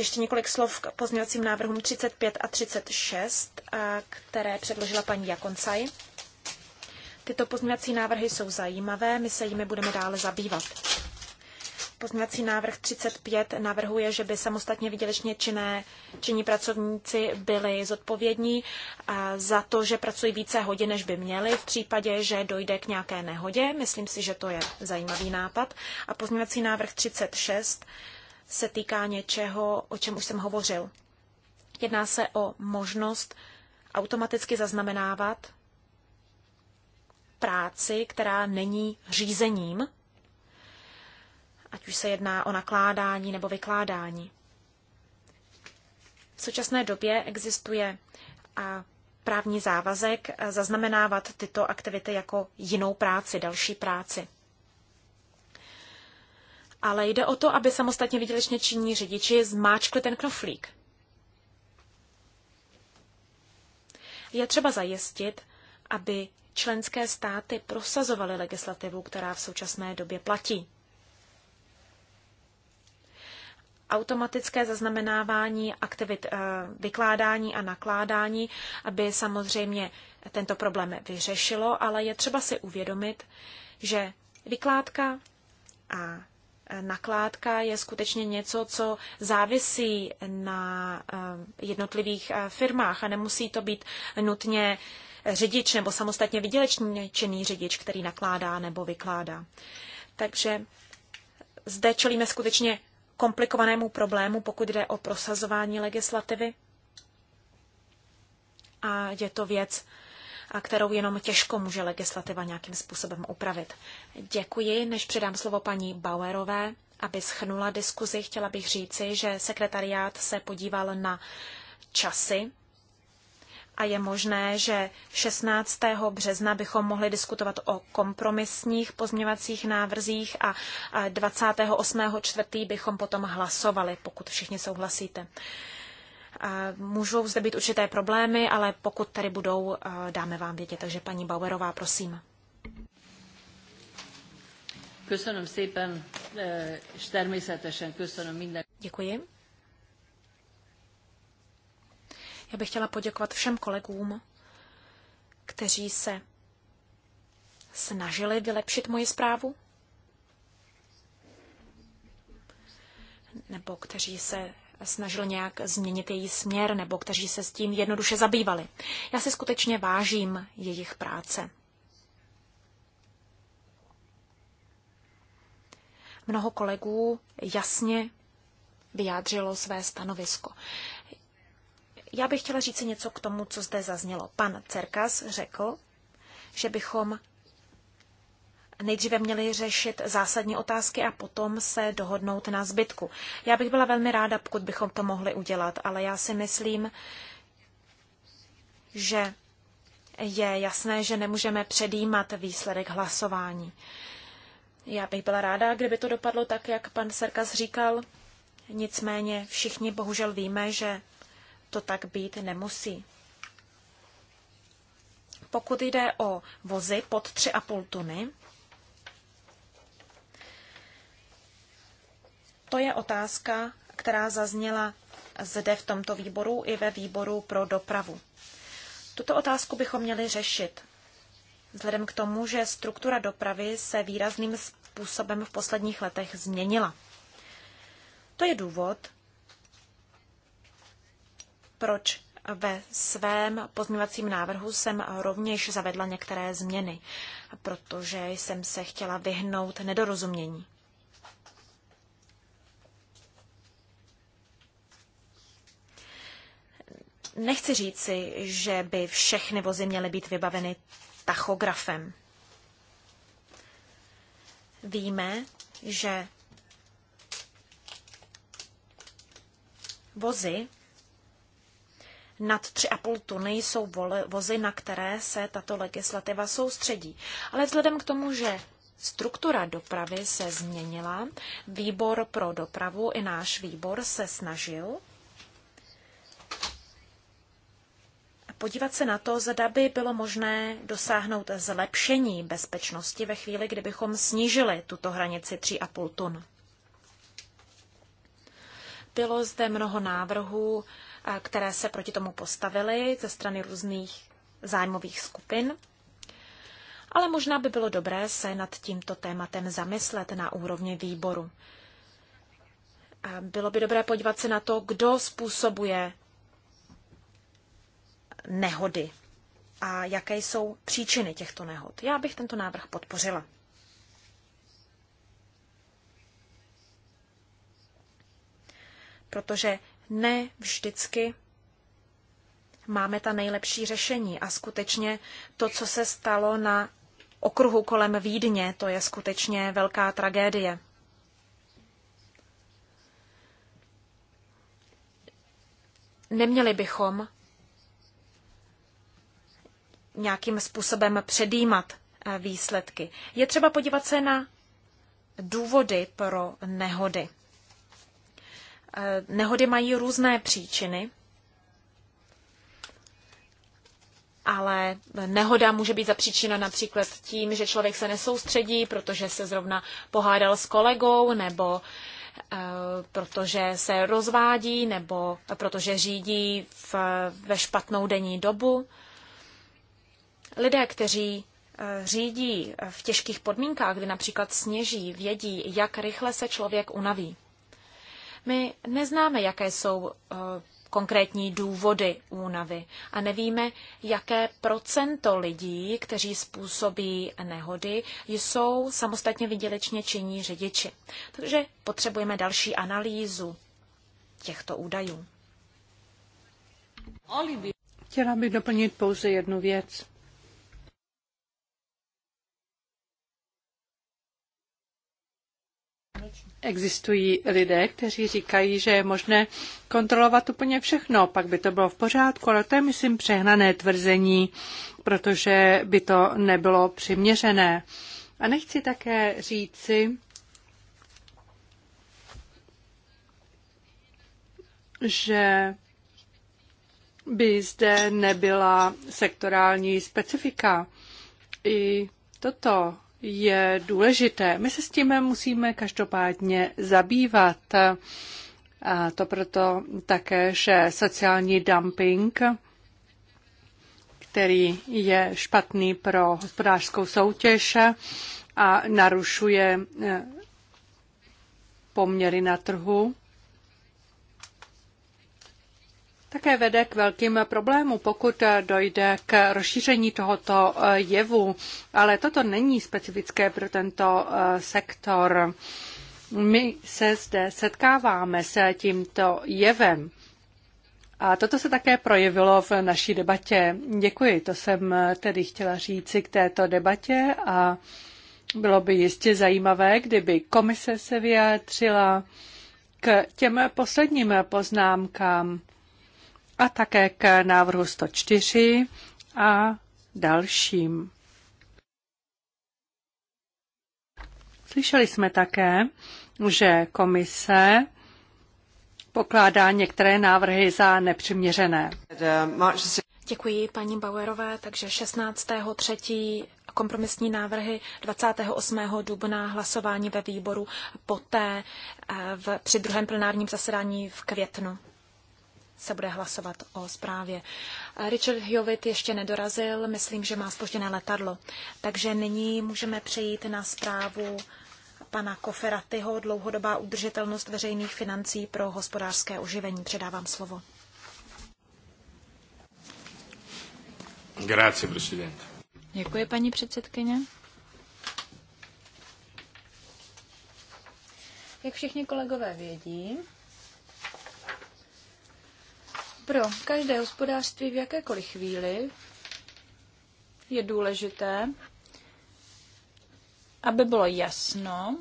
ještě několik slov k pozměňovacím návrhům 35 a 36, které předložila paní Jakoncaj. Tyto pozměňovací návrhy jsou zajímavé, my se jimi budeme dále zabývat. Pozměňovací návrh 35 navrhuje, že by samostatně vydělečně činné činní pracovníci byli zodpovědní za to, že pracují více hodin, než by měli v případě, že dojde k nějaké nehodě. Myslím si, že to je zajímavý nápad. A pozměňovací návrh 36 se týká něčeho, o čem už jsem hovořil. Jedná se o možnost automaticky zaznamenávat práci, která není řízením, ať už se jedná o nakládání nebo vykládání. V současné době existuje právní závazek zaznamenávat tyto aktivity jako jinou práci, další práci ale jde o to, aby samostatně vydělečně činní řidiči zmáčkli ten knoflík. Je třeba zajistit, aby členské státy prosazovaly legislativu, která v současné době platí. Automatické zaznamenávání aktivit eh, vykládání a nakládání aby samozřejmě tento problém vyřešilo, ale je třeba si uvědomit, že vykládka a nakládka je skutečně něco, co závisí na eh, jednotlivých eh, firmách a nemusí to být nutně řidič nebo samostatně vydělečný činný řidič, který nakládá nebo vykládá. Takže zde čelíme skutečně komplikovanému problému, pokud jde o prosazování legislativy. A je to věc, a kterou jenom těžko může legislativa nějakým způsobem upravit. Děkuji, než předám slovo paní Bauerové, aby schnula diskuzi, chtěla bych říci, že sekretariát se podíval na časy a je možné, že 16. března bychom mohli diskutovat o kompromisních pozměvacích návrzích a 28. čtvrtý bychom potom hlasovali, pokud všichni souhlasíte. Můžou zde být určité problémy, ale pokud tady budou, eh, dáme vám vědět. Takže paní Bauerová, prosím. Köszönöm szépen, eh, és természetesen köszönöm minden. Děkuji. Já bych chtěla poděkovat všem kolegům, kteří se snažili vylepšit moji zprávu, nebo kteří se snažil nějak změnit její směr nebo kteří se s tím jednoduše zabývali. Já si skutečně vážím jejich práce. Mnoho kolegů jasně vyjádřilo své stanovisko. Já bych chtěla říct něco k tomu, co zde zaznělo. Pan Cerkas řekl, že bychom nejdříve měli řešit zásadní otázky a potom se dohodnout na zbytku. Já bych byla velmi ráda, pokud bychom to mohli udělat, ale já si myslím, že je jasné, že nemůžeme předjímat výsledek hlasování. Já bych byla ráda, kdyby to dopadlo tak, jak pan Serkas říkal. Nicméně všichni bohužel víme, že to tak být nemusí. Pokud jde o vozy pod 3,5 tuny, To je otázka, která zazněla zde v tomto výboru i ve výboru pro dopravu. Tuto otázku bychom měli řešit. Vzhledem k tomu, že struktura dopravy se výrazným způsobem v posledních letech změnila. To je důvod, proč ve svém pozměňovacím návrhu jsem rovněž zavedla některé změny, protože jsem se chtěla vyhnout nedorozumění. Nechci říci, že by všechny vozy měly být vybaveny tachografem. Víme, že vozy nad 3,5 tuny jsou vozy, na které se tato legislativa soustředí. Ale vzhledem k tomu, že struktura dopravy se změnila, výbor pro dopravu i náš výbor se snažil podívat se na to, zda by bylo možné dosáhnout zlepšení bezpečnosti ve chvíli, kdybychom snížili tuto hranici 3,5 tun. Bylo zde mnoho návrhů, které se proti tomu postavily ze strany různých zájmových skupin, ale možná by bylo dobré se nad tímto tématem zamyslet na úrovni výboru. Bylo by dobré podívat se na to, kdo způsobuje nehody a jaké jsou příčiny těchto nehod. Já bych tento návrh podpořila. Protože ne vždycky máme ta nejlepší řešení a skutečně to, co se stalo na okruhu kolem Vídně, to je skutečně velká tragédie. Neměli bychom nějakým způsobem předjímat eh, výsledky. Je třeba podívat se na důvody pro nehody. Eh, nehody mají různé příčiny, ale nehoda může být zapříčina například tím, že člověk se nesoustředí, protože se zrovna pohádal s kolegou, nebo eh, protože se rozvádí, nebo protože řídí v, ve špatnou denní dobu. Lidé, kteří eh, řídí eh, v těžkých podmínkách, kdy například sněží, vědí, jak rychle se člověk unaví. My neznáme, jaké jsou eh, konkrétní důvody únavy a nevíme, jaké procento lidí, kteří způsobí nehody, jsou samostatně vydělečně činní řidiči. Takže potřebujeme další analýzu těchto údajů. Chtěla bych doplnit pouze jednu věc. Existují lidé, kteří říkají, že je možné kontrolovat úplně všechno, pak by to bylo v pořádku, ale to je, myslím, přehnané tvrzení, protože by to nebylo přiměřené. A nechci také říci, že by zde nebyla sektorální specifika. I toto je důležité. My se s tím musíme každopádně zabývat. A to proto také, že sociální dumping, který je špatný pro hospodářskou soutěž a narušuje eh, poměry na trhu, také vede k velkým problémům, pokud dojde k rozšíření tohoto eh, jevu. Ale toto není specifické pro tento eh, sektor. My se zde setkáváme s tímto jevem. A toto se také projevilo v naší debatě. Děkuji, to jsem eh, tedy chtěla říci k této debatě a bylo by jistě zajímavé, kdyby komise se vyjádřila k těm posledním poznámkám a také k návrhu 104 a dalším. Slyšeli jsme také, že komise pokládá některé návrhy za nepřiměřené. Děkuji paní Bauerové, takže 16.3. kompromisní návrhy 28. dubna hlasování ve výboru, poté eh, v, při druhém plenárním zasedání v květnu se bude hlasovat o zprávě. Richard Hewitt ještě nedorazil, myslím, že má spožděné letadlo. Takže nyní můžeme přejít na zprávu pana Koferatyho, dlouhodobá udržitelnost veřejných financí pro hospodářské oživení. Předávám slovo. Grazie, presidente. Děkuji, paní předsedkyně. Jak všichni kolegové vědí, pro každé hospodářství v jakékoliv chvíli je důležité, aby bylo jasno,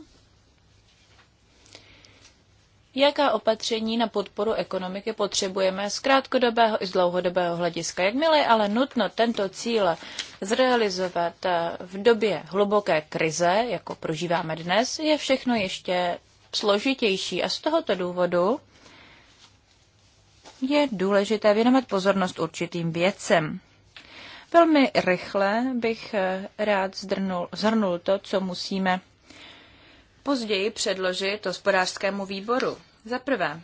jaká opatření na podporu ekonomiky potřebujeme z krátkodobého i z dlouhodobého hlediska. Jakmile je ale nutno tento cíl zrealizovat v době hluboké krize, jako prožíváme dnes, je všechno ještě složitější a z tohoto důvodu je důležité věnovat pozornost určitým věcem. Velmi rychle bych eh, rád zdrnul, zhrnul to, co musíme později předložit hospodářskému výboru. Za prvé,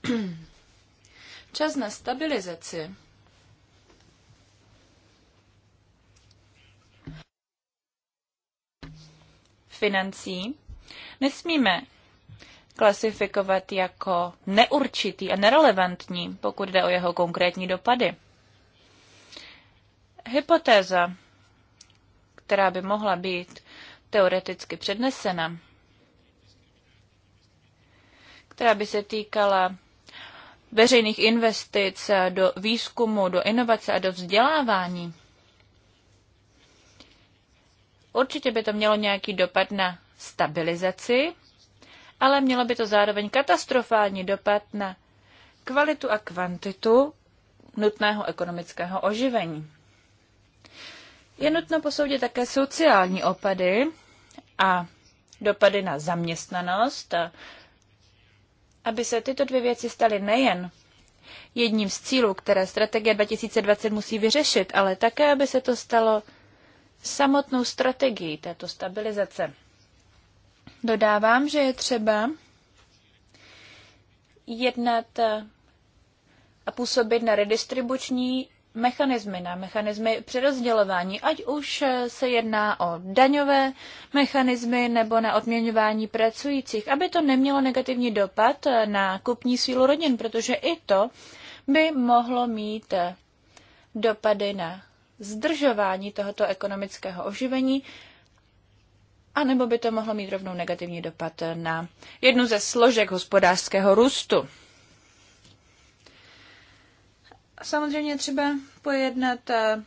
čas na stabilizaci financí nesmíme klasifikovat jako neurčitý a nerelevantní, pokud jde o jeho konkrétní dopady. Hypotéza, která by mohla být teoreticky přednesena, která by se týkala veřejných investic do výzkumu, do inovace a do vzdělávání. Určitě by to mělo nějaký dopad na stabilizaci ale mělo by to zároveň katastrofální dopad na kvalitu a kvantitu nutného ekonomického oživení. Je nutno posoudit také sociální opady a dopady na zaměstnanost, aby se tyto dvě věci staly nejen jedním z cílů, které strategie 2020 musí vyřešit, ale také, aby se to stalo samotnou strategií této stabilizace. Dodávám, že je třeba jednat eh, a působit na redistribuční mechanismy, na mechanismy přerozdělování, ať už eh, se jedná o daňové mechanismy nebo na odměňování pracujících, aby to nemělo negativní dopad eh, na kupní sílu rodin, protože i to by mohlo mít dopady na zdržování tohoto ekonomického oživení, a nebo by to mohlo mít rovnou negativní dopad na jednu ze složek hospodářského růstu. Samozřejmě třeba pojednat eh,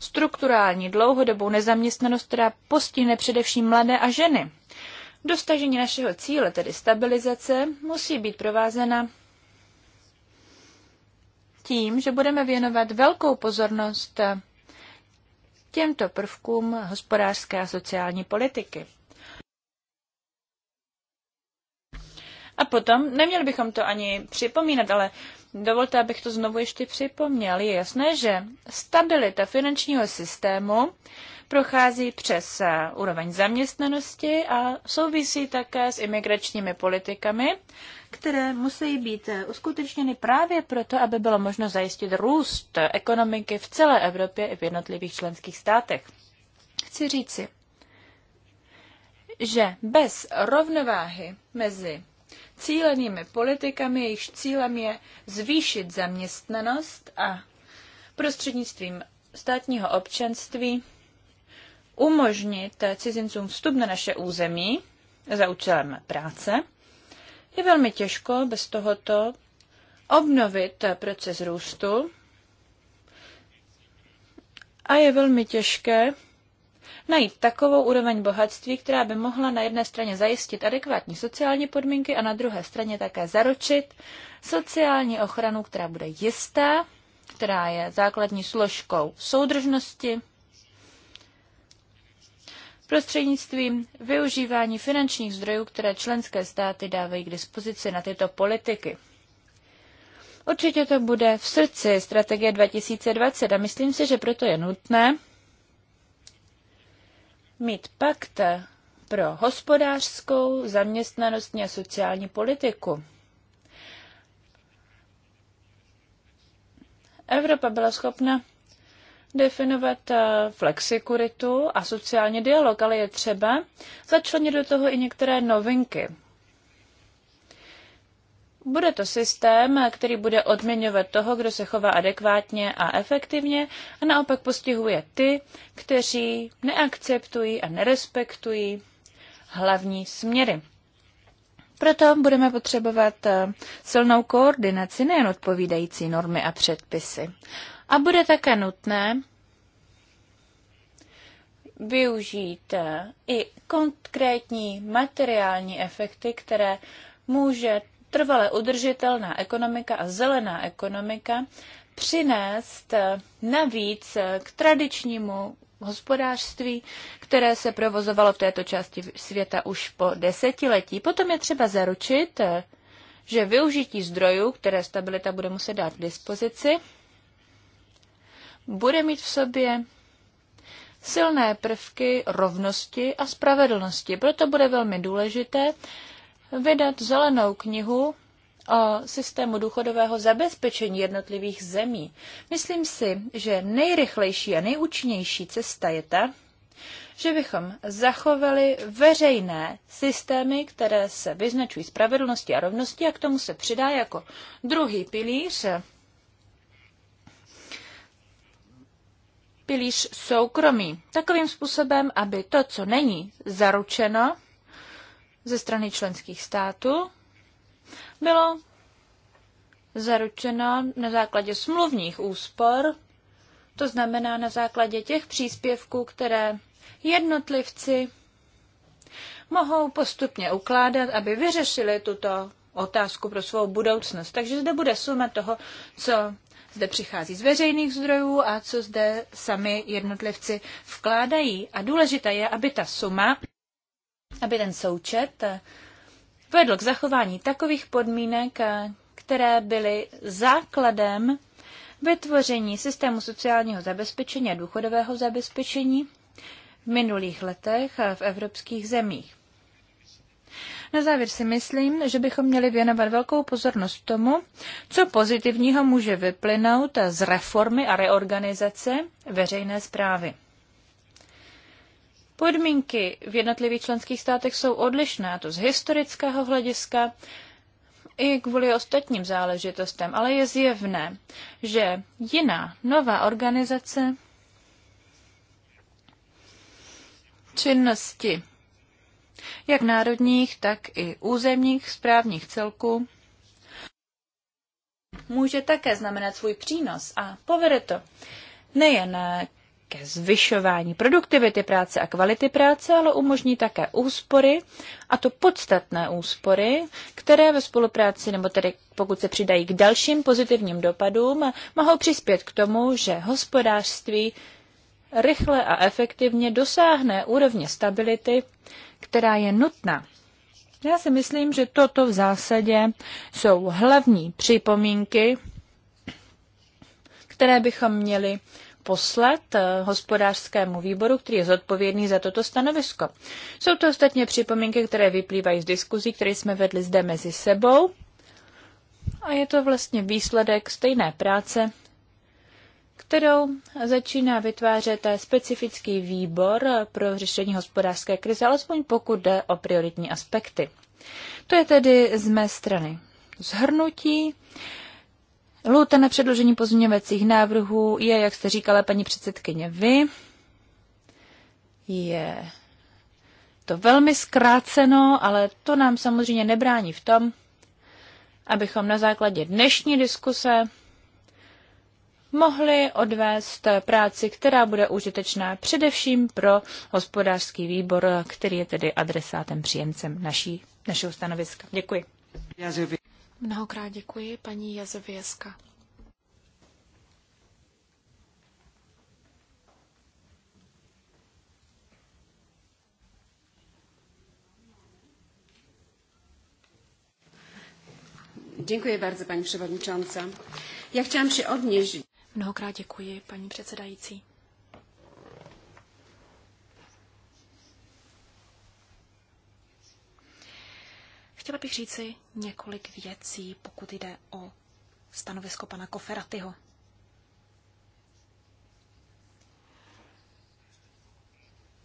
strukturální dlouhodobou nezaměstnanost, která postihne především mladé a ženy. Dostažení našeho cíle, tedy stabilizace, musí být provázena tím, že budeme věnovat velkou pozornost těmto prvkům hospodářské a sociální politiky. A potom, neměli bychom to ani připomínat, ale dovolte, abych to znovu ještě připomněl. Je jasné, že stabilita finančního systému prochází přes eh, úroveň zaměstnanosti a souvisí také s imigračními politikami, které musí být eh, uskutečněny právě proto, aby bylo možno zajistit růst ekonomiky v celé Evropě i v jednotlivých členských státech. Chci říci, že bez rovnováhy mezi cílenými politikami, jejichž cílem je zvýšit zaměstnanost a prostřednictvím státního občanství umožnit cizincům vstup na naše území za účelem práce, je velmi těžko bez tohoto obnovit proces růstu a je velmi těžké najít takovou úroveň bohatství, která by mohla na jedné straně zajistit adekvátní sociální podmínky a na druhé straně také zaručit sociální ochranu, která bude jistá, která je základní složkou soudržnosti prostřednictvím využívání finančních zdrojů, které členské státy dávají k dispozici na tyto politiky. Určitě to bude v srdci strategie 2020 a myslím si, že proto je nutné mít pakt pro hospodářskou, zaměstnanostní a sociální politiku. Evropa byla schopna definovat eh, flexikuritu a sociální dialog, ale je třeba začlenit do toho i některé novinky. Bude to systém, který bude odměňovat toho, kdo se chová adekvátně a efektivně a naopak postihuje ty, kteří neakceptují a nerespektují hlavní směry. Proto budeme potřebovat eh, silnou koordinaci nejen odpovídající normy a předpisy, a bude také nutné využít eh, i konkrétní materiální efekty, které může trvale udržitelná ekonomika a zelená ekonomika přinést eh, navíc eh, k tradičnímu hospodářství, které se provozovalo v této části světa už po desetiletí. Potom je třeba zaručit, že využití zdrojů, které stabilita bude muset dát k dispozici, bude mít v sobě silné prvky rovnosti a spravedlnosti. Proto bude velmi důležité vydat zelenou knihu o systému důchodového zabezpečení jednotlivých zemí. Myslím si, že nejrychlejší a nejúčinnější cesta je ta, že bychom zachovali veřejné systémy, které se vyznačují spravedlnosti a rovnosti a k tomu se přidá jako druhý pilíř pilíř soukromí takovým způsobem, aby to, co není zaručeno ze strany členských států, bylo zaručeno na základě smluvních úspor, to znamená na základě těch příspěvků, které jednotlivci mohou postupně ukládat, aby vyřešili tuto otázku pro svou budoucnost. Takže zde bude suma toho, co zde přichází z veřejných zdrojů a co zde sami jednotlivci vkládají. A důležité je, aby ta suma, aby ten součet vedl k zachování takových podmínek, které byly základem vytvoření systému sociálního zabezpečení a důchodového zabezpečení v minulých letech v evropských zemích. Na závěr si myslím, že bychom měli věnovat velkou pozornost tomu, co pozitivního může vyplynout z reformy a reorganizace veřejné zprávy. Podmínky v jednotlivých členských státech jsou odlišné, a to z historického hlediska i kvůli ostatním záležitostem, ale je zjevné, že jiná, nová organizace činnosti jak národních, tak i územních správních celků, může také znamenat svůj přínos a povede to nejen ke zvyšování produktivity práce a kvality práce, ale umožní také úspory, a to podstatné úspory, které ve spolupráci, nebo tedy pokud se přidají k dalším pozitivním dopadům, mohou přispět k tomu, že hospodářství rychle a efektivně dosáhne úrovně stability, která je nutná. Já si myslím, že toto v zásadě jsou hlavní připomínky, které bychom měli poslat eh, hospodářskému výboru, který je zodpovědný za toto stanovisko. Jsou to ostatně připomínky, které vyplývají z diskuzí, které jsme vedli zde mezi sebou. A je to vlastně výsledek stejné práce, kterou začíná vytvářet specifický výbor pro řešení hospodářské krize, alespoň pokud jde o prioritní aspekty. To je tedy z mé strany zhrnutí. Lhůta na předložení pozměňovacích návrhů je, jak jste říkala, paní předsedkyně, vy. Je to velmi zkráceno, ale to nám samozřejmě nebrání v tom, abychom na základě dnešní diskuse mohli odvést práci, která bude užitečná především pro hospodářský výbor, který je tedy adresátem příjemcem naší, našeho stanoviska. Děkuji. Mnohokrát děkuji, paní Jazověska. Dziękuję bardzo Pani Przewodnicząca. Ja chciałam się odnieść Mnohokrát děkuji, paní předsedající. Chtěla bych říci několik věcí, pokud jde o stanovisko pana Koferatyho.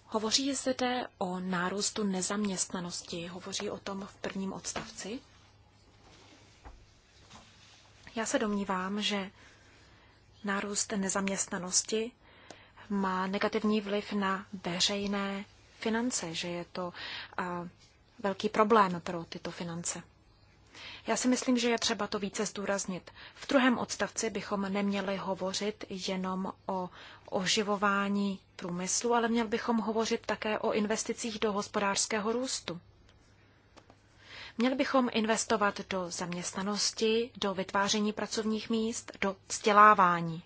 Hovoří zde o nárůstu nezaměstnanosti, hovoří o tom v prvním odstavci. Já se domnívám, že Nárůst nezaměstnanosti má negativní vliv na veřejné finance, že je to velký problém pro tyto finance. Já si myslím, že je třeba to více zdůraznit. V druhém odstavci bychom neměli hovořit jenom o oživování průmyslu, ale měl bychom hovořit také o investicích do hospodářského růstu. Měli bychom investovat do zaměstnanosti, do vytváření pracovních míst, do vzdělávání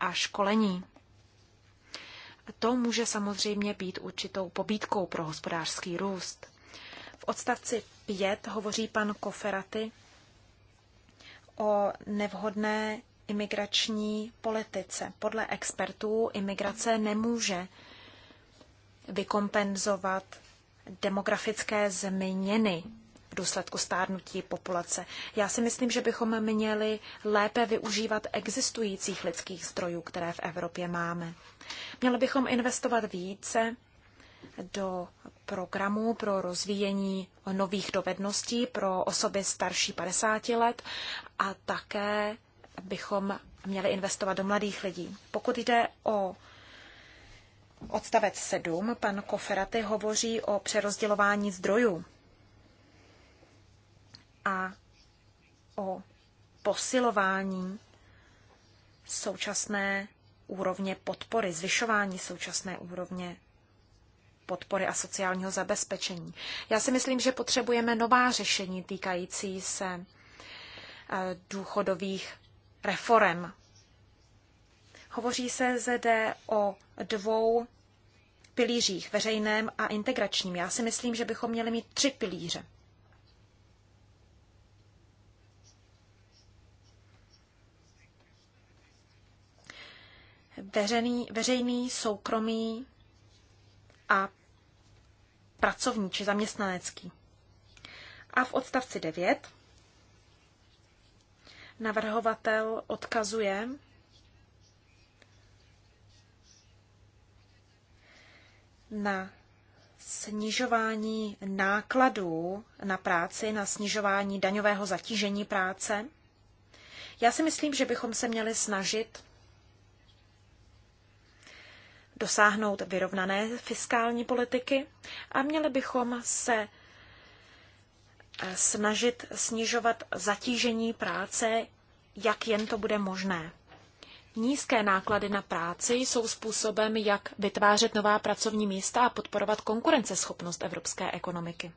a školení. To může samozřejmě být určitou pobídkou pro hospodářský růst. V odstavci 5 hovoří pan Koferaty o nevhodné imigrační politice. Podle expertů imigrace nemůže vykompenzovat demografické změny v důsledku stárnutí populace. Já si myslím, že bychom měli lépe využívat existujících lidských zdrojů, které v Evropě máme. Měli bychom investovat více do programů pro rozvíjení nových dovedností pro osoby starší 50 let a také bychom měli investovat do mladých lidí. Pokud jde o odstavec 7 pan Koferaty hovoří o přerozdělování zdrojů a o posilování současné úrovně podpory, zvyšování současné úrovně podpory a sociálního zabezpečení. Já si myslím, že potřebujeme nová řešení týkající se eh, důchodových reform Hovoří se zde o dvou pilířích, veřejném a integračním. Já si myslím, že bychom měli mít tři pilíře. Veřejný, veřejný soukromý a pracovní či zaměstnanecký. A v odstavci 9 navrhovatel odkazuje na snižování nákladů na práci, na snižování daňového zatížení práce. Já si myslím, že bychom se měli snažit dosáhnout vyrovnané fiskální politiky a měli bychom se eh, snažit snižovat zatížení práce, jak jen to bude možné. Nízké náklady na práci jsou způsobem, jak vytvářet nová pracovní místa a podporovat konkurenceschopnost evropské ekonomiky.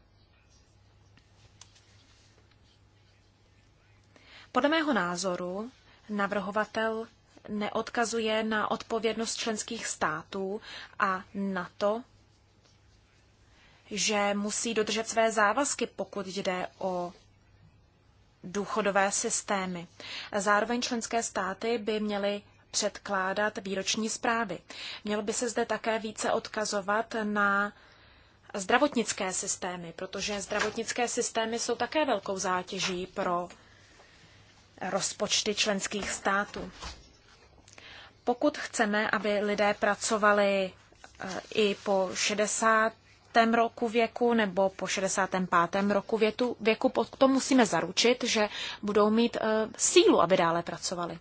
Podle mého názoru navrhovatel neodkazuje na odpovědnost členských států a na to, že musí dodržet své závazky, pokud jde o důchodové systémy. Zároveň členské státy by měly předkládat výroční zprávy. Mělo by se zde také více odkazovat na zdravotnické systémy, protože zdravotnické systémy jsou také velkou zátěží pro rozpočty členských států. Pokud chceme, aby lidé pracovali eh, i po 60 roku věku nebo po 65. roku větu, věku, potom musíme zaručit, že budou mít e, sílu, aby dále pracovali.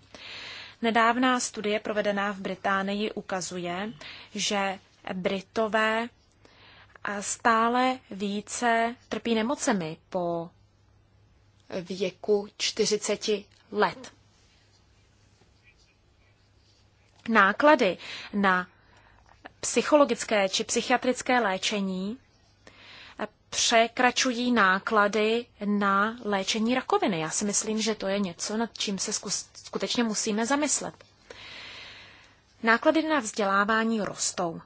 Nedávná studie provedená v Británii ukazuje, že Britové e, stále více trpí nemocemi po věku 40 let. Náklady na psychologické či psychiatrické léčení eh, překračují náklady na léčení rakoviny. Já si myslím, že to je něco, nad čím se skutečně musíme zamyslet. Náklady na vzdělávání rostou.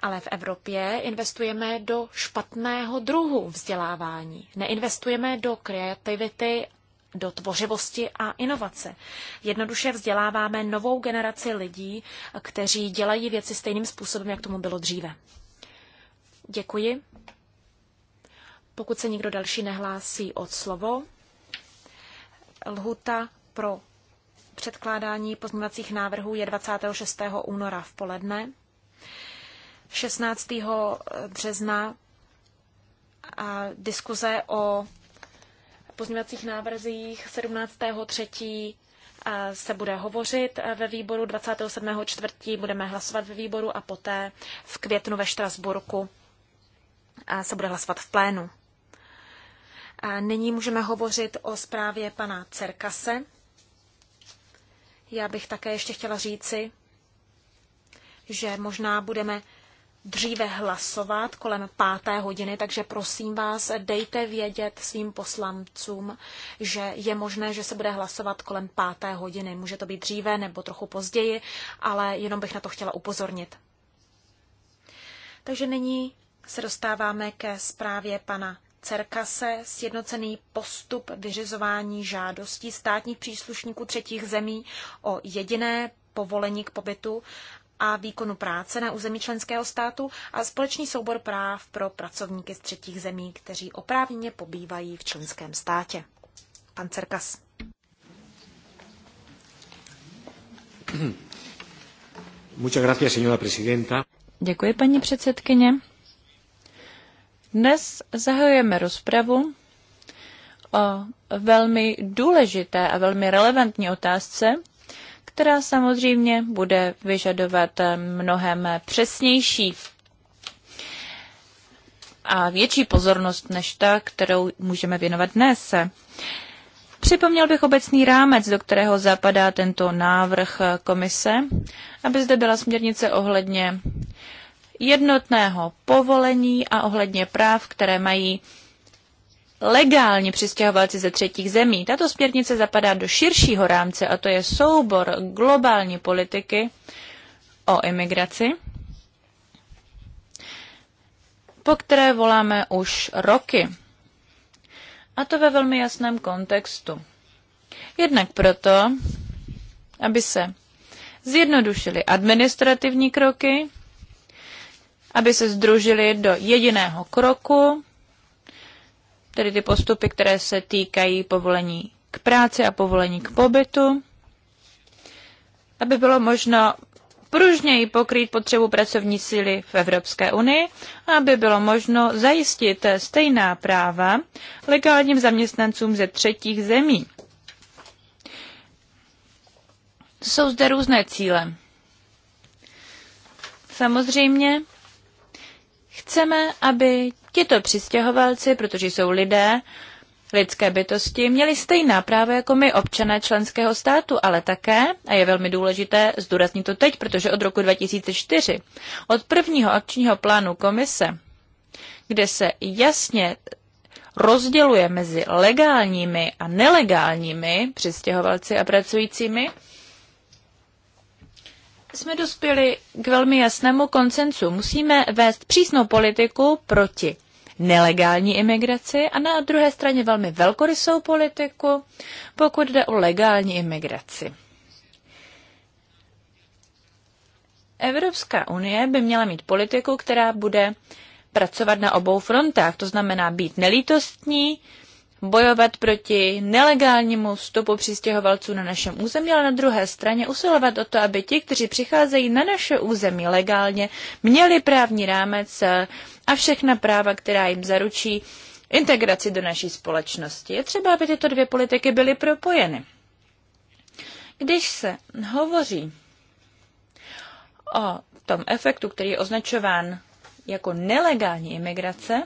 Ale v Evropě investujeme do špatného druhu vzdělávání. Neinvestujeme do kreativity do tvořivosti a inovace. Jednoduše vzděláváme novou generaci lidí, kteří dělají věci stejným způsobem, jak tomu bylo dříve. Děkuji. Pokud se nikdo další nehlásí od slovo, lhuta pro předkládání pozměňovacích návrhů je 26. února v poledne. 16. března a diskuze o pozměňovacích návrzích 17. třetí eh, se bude hovořit eh, ve výboru, 27. čtvrtí budeme hlasovat ve výboru a poté v květnu ve Štrasburku eh, se bude hlasovat v plénu. A nyní můžeme hovořit o zprávě pana Cerkase. Já bych také ještě chtěla říci, že možná budeme dříve hlasovat kolem páté hodiny, takže prosím vás, dejte vědět svým poslancům, že je možné, že se bude hlasovat kolem páté hodiny. Může to být dříve nebo trochu později, ale jenom bych na to chtěla upozornit. Takže nyní se dostáváme ke zprávě pana Cerkase, sjednocený postup vyřizování žádostí státních příslušníků třetích zemí o jediné povolení k pobytu a výkonu práce na území členského státu a společný soubor práv pro pracovníky z třetích zemí, kteří oprávněně pobývají v členském státě. Pan Cerkas. Děkuji, paní předsedkyně. Dnes zahajujeme rozpravu o velmi důležité a velmi relevantní otázce, která samozřejmě bude vyžadovat eh, mnohem přesnější a větší pozornost než ta, kterou můžeme věnovat dnes. Připomněl bych obecný rámec, do kterého zapadá tento návrh eh, komise, aby zde byla směrnice ohledně jednotného povolení a ohledně práv, které mají legální přistěhovalci ze třetích zemí. Tato směrnice zapadá do širšího rámce a to je soubor globální politiky o imigraci, po které voláme už roky. A to ve velmi jasném kontextu. Jednak proto, aby se zjednodušily administrativní kroky, aby se združili do jediného kroku, tedy ty postupy, které se týkají povolení k práci a povolení k pobytu, aby bylo možno pružněji pokrýt potřebu pracovní síly v Evropské unii a aby bylo možno zajistit stejná práva legálním zaměstnancům ze třetích zemí. Jsou zde různé cíle. Samozřejmě chceme, aby Tito přistěhovalci, protože jsou lidé, lidské bytosti, měli stejná práva jako my občané členského státu, ale také, a je velmi důležité zdůraznit to teď, protože od roku 2004, od prvního akčního plánu komise, kde se jasně rozděluje mezi legálními a nelegálními přistěhovalci a pracujícími, jsme dospěli k velmi jasnému koncensu. Musíme vést přísnou politiku proti nelegální imigraci a na druhé straně velmi velkorysou politiku, pokud jde o legální imigraci. Evropská unie by měla mít politiku, která bude pracovat na obou frontách, to znamená být nelítostní, bojovat proti nelegálnímu vstupu přistěhovalců na našem území, ale na druhé straně usilovat o to, aby ti, kteří přicházejí na naše území legálně, měli právní rámec, a všechna práva, která jim zaručí integraci do naší společnosti. Je třeba, aby tyto dvě politiky byly propojeny. Když se hovoří o tom efektu, který je označován jako nelegální imigrace,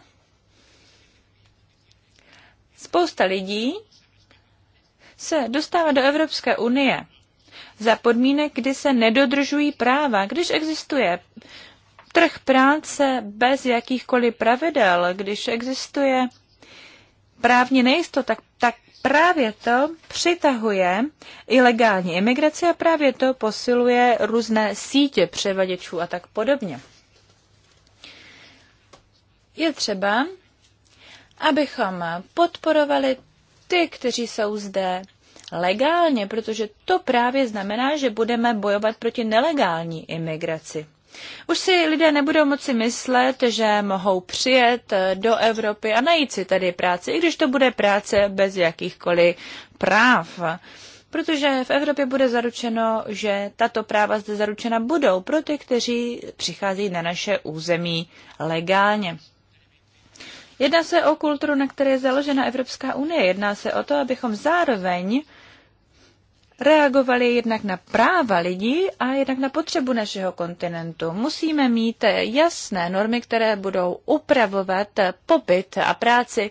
spousta lidí se dostává do Evropské unie za podmínek, kdy se nedodržují práva, když existuje trh práce bez jakýchkoliv pravidel, když existuje právní nejistota, tak, tak právě to přitahuje ilegální imigraci a právě to posiluje různé sítě převaděčů a tak podobně. Je třeba, abychom podporovali ty, kteří jsou zde legálně, protože to právě znamená, že budeme bojovat proti nelegální imigraci. Už si lidé nebudou moci myslet, že mohou přijet eh, do Evropy a najít si tady práci, i když to bude práce bez jakýchkoliv práv. Protože v Evropě bude zaručeno, že tato práva zde zaručena budou pro ty, kteří přichází na naše území legálně. Jedná se o kulturu, na které je založena Evropská unie. Jedná se o to, abychom zároveň reagovali jednak na práva lidí a jednak na potřebu našeho kontinentu. Musíme mít jasné normy, které budou upravovat pobyt a práci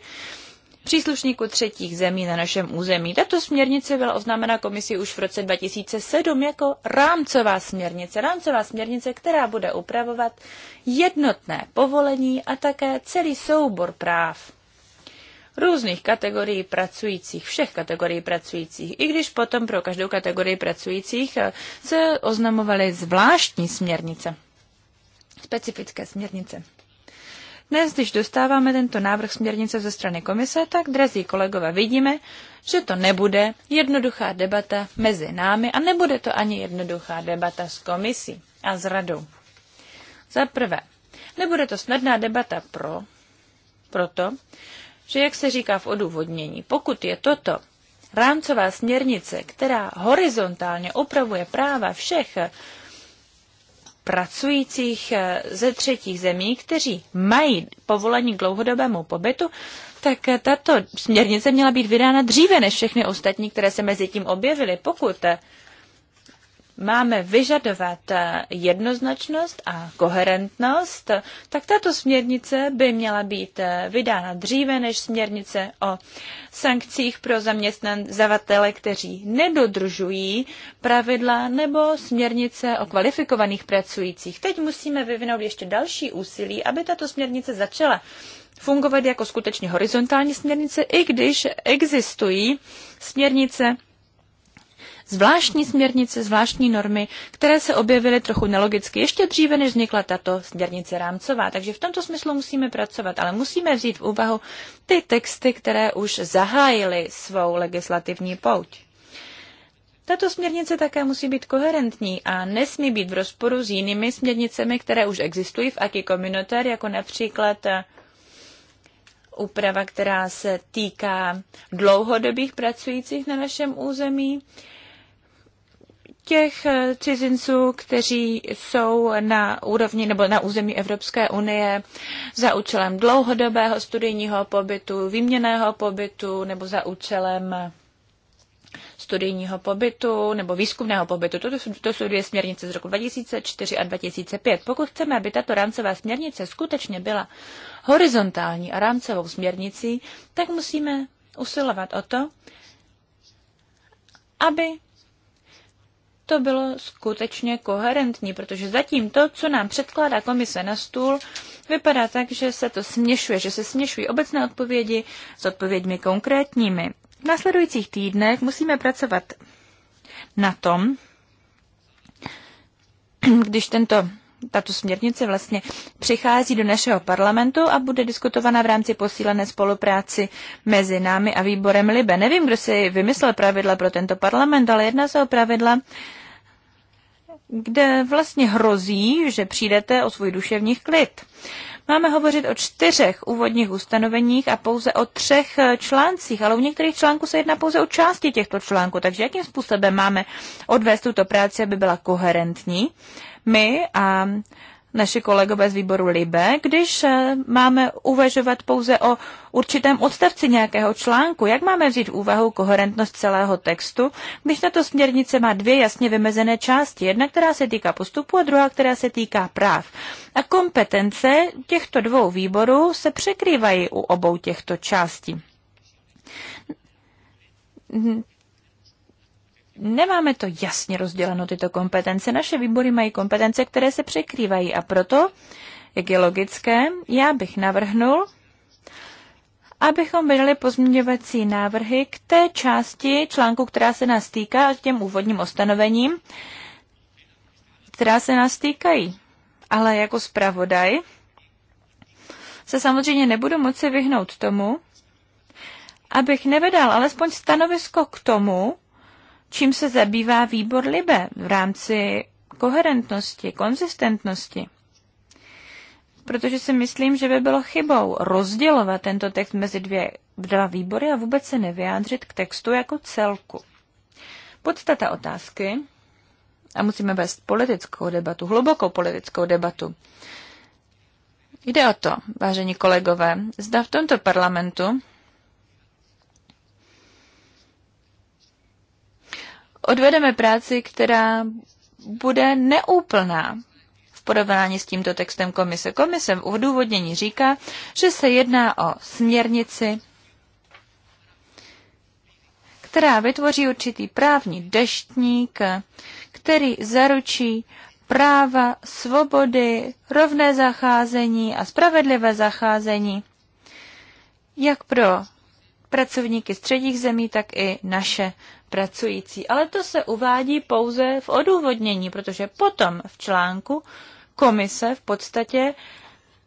příslušníků třetích zemí na našem území. Tato směrnice byla oznámena komisí už v roce 2007 jako rámcová směrnice. Rámcová směrnice, která bude upravovat jednotné povolení a také celý soubor práv různých kategorií pracujících, všech kategorií pracujících, i když potom pro každou kategorii pracujících eh, se oznamovaly zvláštní směrnice, specifické směrnice. Dnes, když dostáváme tento návrh směrnice ze strany komise, tak, drazí kolegové, vidíme, že to nebude jednoduchá debata mezi námi a nebude to ani jednoduchá debata s komisí a s radou. Za prvé, nebude to snadná debata pro, proto, že jak se říká v odůvodnění, pokud je toto rámcová směrnice, která horizontálně opravuje práva všech pracujících eh, ze třetích zemí, kteří mají povolení k dlouhodobému pobytu, tak eh, tato směrnice měla být vydána dříve než všechny ostatní, které se mezi tím objevily. Pokud eh, máme vyžadovat eh, jednoznačnost a koherentnost, tak tato směrnice by měla být eh, vydána dříve než směrnice o sankcích pro zaměstnavatele, kteří nedodržují pravidla nebo směrnice o kvalifikovaných pracujících. Teď musíme vyvinout ještě další úsilí, aby tato směrnice začala fungovat jako skutečně horizontální směrnice, i když existují směrnice zvláštní směrnice, zvláštní normy, které se objevily trochu nelogicky ještě dříve, než vznikla tato směrnice rámcová. Takže v tomto smyslu musíme pracovat, ale musíme vzít v úvahu ty texty, které už zahájily svou legislativní pouť. Tato směrnice také musí být koherentní a nesmí být v rozporu s jinými směrnicemi, které už existují v Aki Communautaire, jako například eh, úprava, která se týká dlouhodobých pracujících na našem území, těch eh, cizinců, kteří jsou na úrovni nebo na území Evropské unie za účelem dlouhodobého studijního pobytu, výměného pobytu nebo za účelem studijního pobytu nebo výzkumného pobytu. To, to jsou dvě směrnice z roku 2004 a 2005. Pokud chceme, aby tato rámcová směrnice skutečně byla horizontální a rámcovou směrnicí, tak musíme usilovat o to, aby to bylo skutečně koherentní, protože zatím to, co nám předkládá komise na stůl, vypadá tak, že se to směšuje, že se směšují obecné odpovědi s odpověďmi konkrétními. V následujících týdnech musíme pracovat na tom, když tento, tato směrnice vlastně přichází do našeho parlamentu a bude diskutována v rámci posílené spolupráci mezi námi a výborem Libe. Nevím, kdo si vymyslel pravidla pro tento parlament, ale jedná se o pravidla, kde vlastně hrozí, že přijdete o svůj duševní klid. Máme hovořit o čtyřech úvodních ustanoveních a pouze o třech eh, článcích, ale u některých článků se jedná pouze o části těchto článků, takže jakým způsobem máme odvést tuto práci, aby byla koherentní? My a naši kolegové z výboru Libe, když eh, máme uvažovat pouze o určitém odstavci nějakého článku? Jak máme vzít v úvahu koherentnost celého textu, když tato směrnice má dvě jasně vymezené části? Jedna, která se týká postupu a druhá, která se týká práv. A kompetence těchto dvou výborů se překrývají u obou těchto částí nemáme to jasně rozděleno, tyto kompetence. Naše výbory mají kompetence, které se překrývají a proto, jak je logické, já bych navrhnul, abychom vydali pozměňovací návrhy k té části článku, která se nás týká, těm úvodním ostanovením, která se nás týkají. Ale jako zpravodaj se samozřejmě nebudu moci vyhnout tomu, abych nevedal alespoň stanovisko k tomu, čím se zabývá výbor Libe v rámci koherentnosti, konzistentnosti. Protože si myslím, že by bylo chybou rozdělovat tento text mezi dvě, dva výbory a vůbec se nevyjádřit k textu jako celku. Podstata otázky, a musíme vést politickou debatu, hlubokou politickou debatu, jde o to, vážení kolegové, zda v tomto parlamentu odvedeme práci, která bude neúplná v porovnání s tímto textem komise. Komise v odůvodnění říká, že se jedná o směrnici, která vytvoří určitý právní deštník, který zaručí práva, svobody, rovné zacházení a spravedlivé zacházení, jak pro pracovníky středních zemí, tak i naše pracující. Ale to se uvádí pouze v odůvodnění, protože potom v článku komise v podstatě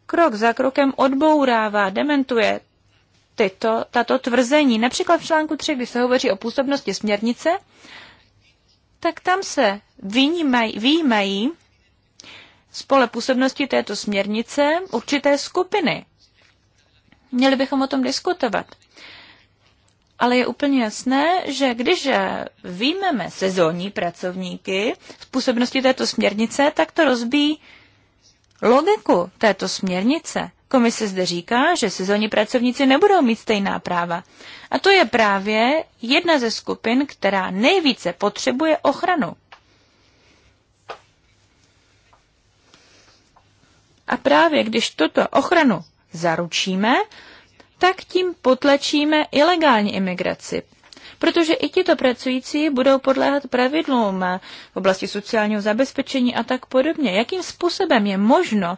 krok za krokem odbourává, dementuje tyto, tato tvrzení. Například v článku 3, kdy se hovoří o působnosti směrnice, tak tam se výjímají, spole působnosti této směrnice určité skupiny. Měli bychom o tom diskutovat ale je úplně jasné, že když výjmeme sezónní pracovníky z působnosti této směrnice, tak to rozbíjí logiku této směrnice. Komise zde říká, že sezónní pracovníci nebudou mít stejná práva. A to je právě jedna ze skupin, která nejvíce potřebuje ochranu. A právě když tuto ochranu zaručíme, tak tím potlačíme ilegální imigraci. Protože i tito pracující budou podléhat pravidlům v oblasti sociálního zabezpečení a tak podobně. Jakým způsobem je možno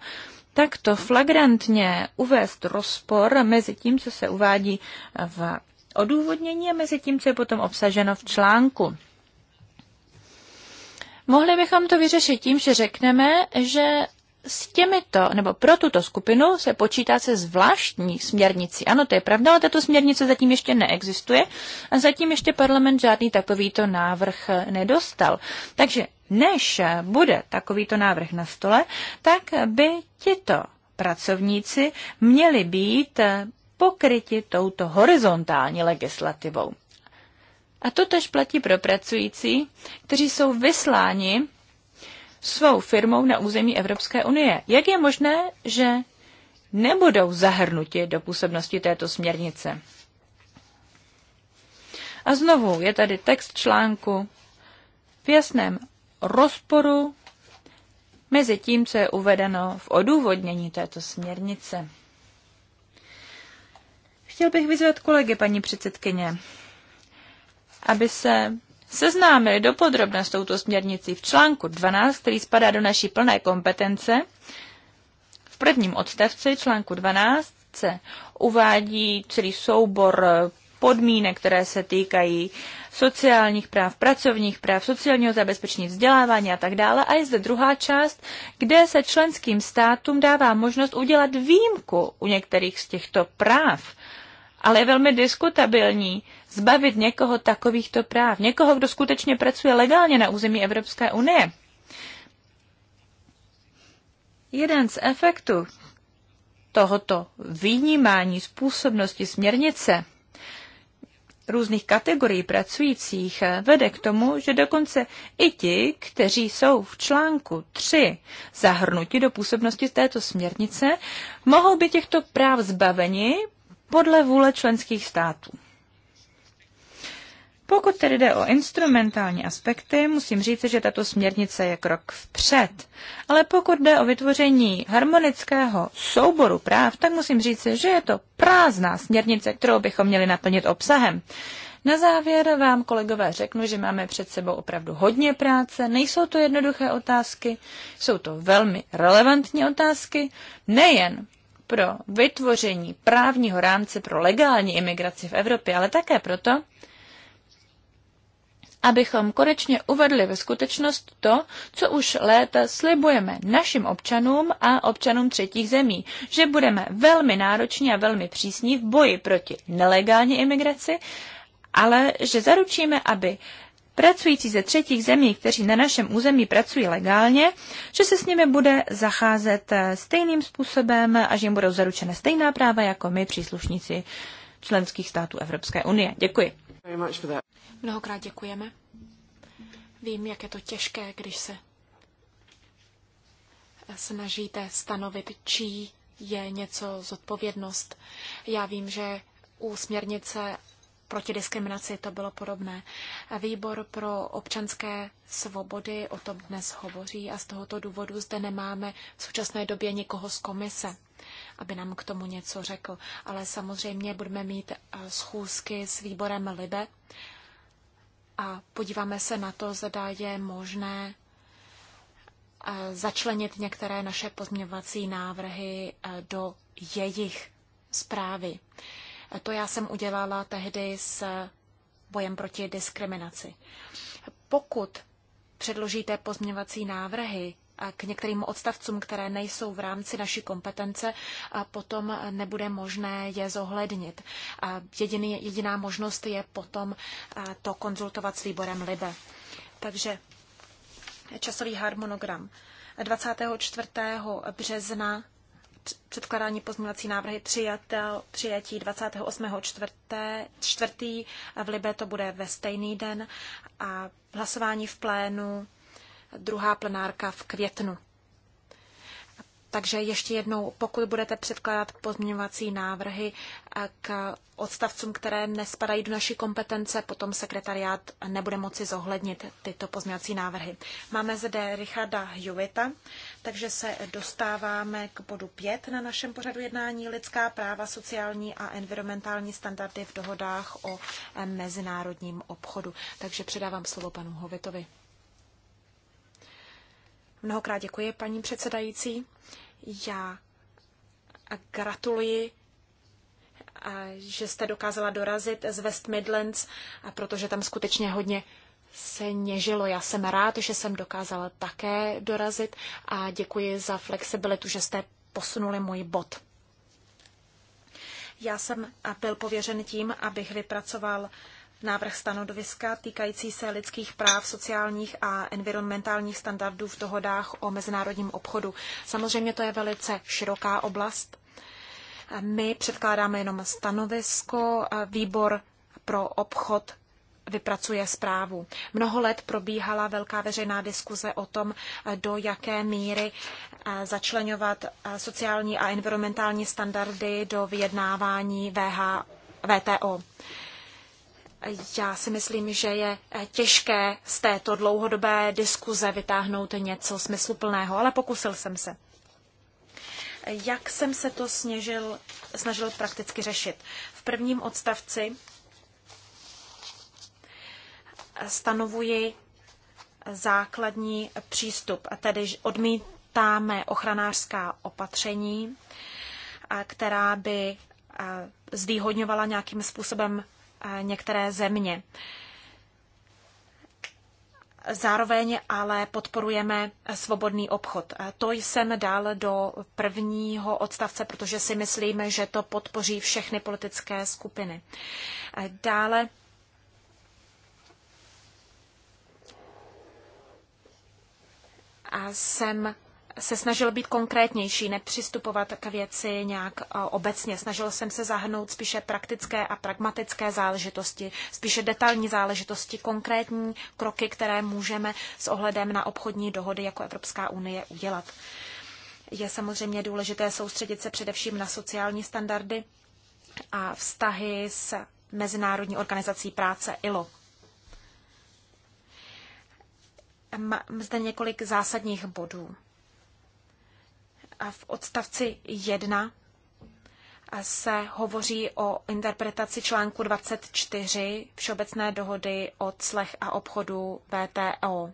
takto flagrantně uvést rozpor mezi tím, co se uvádí v odůvodnění a mezi tím, co je potom obsaženo v článku. Mohli bychom to vyřešit tím, že řekneme, že s těmito, nebo pro tuto skupinu se počítá se zvláštní směrnici. Ano, to je pravda, ale tato směrnice zatím ještě neexistuje a zatím ještě parlament žádný takovýto návrh nedostal. Takže než bude takovýto návrh na stole, tak by tito pracovníci měli být pokryti touto horizontální legislativou. A to tež platí pro pracující, kteří jsou vysláni svou firmou na území Evropské unie. Jak je možné, že nebudou zahrnuti do působnosti této směrnice? A znovu je tady text článku v jasném rozporu mezi tím, co je uvedeno v odůvodnění této směrnice. Chtěl bych vyzvat kolegy, paní předsedkyně, aby se seznámili dopodrobna s touto směrnicí v článku 12, který spadá do naší plné kompetence. V prvním odstavci článku 12 se uvádí celý soubor podmínek, které se týkají sociálních práv, pracovních práv, sociálního zabezpečení, vzdělávání a tak dále. A je zde druhá část, kde se členským státům dává možnost udělat výjimku u některých z těchto práv. Ale je velmi diskutabilní, zbavit někoho takovýchto práv. Někoho, kdo skutečně pracuje legálně na území Evropské unie. Jeden z efektů tohoto vynímání způsobnosti směrnice různých kategorií pracujících vede k tomu, že dokonce i ti, kteří jsou v článku 3 zahrnuti do působnosti této směrnice, mohou být těchto práv zbaveni podle vůle členských států. Pokud tedy jde o instrumentální aspekty, musím říct, že tato směrnice je krok vpřed. Ale pokud jde o vytvoření harmonického souboru práv, tak musím říct, že je to prázdná směrnice, kterou bychom měli naplnit obsahem. Na závěr vám, kolegové, řeknu, že máme před sebou opravdu hodně práce. Nejsou to jednoduché otázky, jsou to velmi relevantní otázky, nejen pro vytvoření právního rámce pro legální imigraci v Evropě, ale také proto, abychom konečně uvedli ve skutečnost to, co už léta slibujeme našim občanům a občanům třetích zemí, že budeme velmi nároční a velmi přísní v boji proti nelegální imigraci, ale že zaručíme, aby pracující ze třetích zemí, kteří na našem území pracují legálně, že se s nimi bude zacházet eh, stejným způsobem a že jim budou zaručena stejná práva jako my, příslušníci členských států Evropské unie. Děkuji. Mnohokrát děkujeme. Vím, jak je to těžké, když se snažíte stanovit, čí je něco zodpovědnost. Já vím, že u směrnice proti diskriminaci to bylo podobné. Výbor pro občanské svobody o tom dnes hovoří a z tohoto důvodu zde nemáme v současné době nikoho z komise, aby nám k tomu něco řekl. Ale samozřejmě budeme mít eh, schůzky s výborem LIBE a podíváme se na to, zda je možné eh, začlenit některé naše pozměňovací návrhy eh, do jejich zprávy. To já jsem udělala tehdy s bojem proti diskriminaci. Pokud předložíte pozměňovací návrhy, k některým odstavcům, které nejsou v rámci naší kompetence, a potom nebude možné je zohlednit. A jediný, jediná možnost je potom to konzultovat s výborem LIBE. Takže časový harmonogram. 24. března předkládání pozměňovací návrhy přijatel, přijetí 28. čtvrté, čtvrtý, v Libe to bude ve stejný den a hlasování v plénu druhá plenárka v květnu. Takže ještě jednou, pokud budete předkládat pozměňovací návrhy eh, k odstavcům, které nespadají do naší kompetence, potom sekretariát nebude moci zohlednit tyto pozměňovací návrhy. Máme zde Richarda Juvita, takže se dostáváme k bodu 5 na našem pořadu jednání lidská práva, sociální a environmentální standardy v dohodách o eh, mezinárodním obchodu. Takže předávám slovo panu Hovitovi. Mnohokrát děkuji, paní předsedající. Já gratuluji, že jste dokázala dorazit z West Midlands, protože tam skutečně hodně se něžilo. Já jsem rád, že jsem dokázala také dorazit a děkuji za flexibilitu, že jste posunuli můj bod. Já jsem byl pověřen tím, abych vypracoval návrh stanoviska týkající se lidských práv, sociálních a environmentálních standardů v dohodách o mezinárodním obchodu. Samozřejmě to je velice široká oblast. My předkládáme jenom stanovisko, výbor pro obchod vypracuje zprávu. Mnoho let probíhala velká veřejná diskuze o tom, do jaké míry eh, začlenovat eh, sociální a environmentální standardy do vyjednávání VH, VTO. Já si myslím, že je eh, těžké z této dlouhodobé diskuze vytáhnout něco smysluplného, ale pokusil jsem se. Jak jsem se to sněžil, snažil prakticky řešit? V prvním odstavci stanovuji základní přístup, a tedy odmítáme ochranářská opatření, která by eh, zvýhodňovala nějakým způsobem některé země. Zároveň ale podporujeme svobodný obchod. To jsem dal do prvního odstavce, protože si myslím, že to podpoří všechny politické skupiny. Dále jsem se snažil být konkrétnější, nepřistupovat k věci nějak eh, obecně. Snažil jsem se zahrnout spíše praktické a pragmatické záležitosti, spíše detailní záležitosti, konkrétní kroky, které můžeme s ohledem na obchodní dohody jako Evropská unie udělat. Je samozřejmě důležité soustředit se především na sociální standardy a vztahy s Mezinárodní organizací práce ILO. Mám zde několik zásadních bodů v odstavci 1 se hovoří o interpretaci článku 24 Všeobecné dohody o clech a obchodu VTO.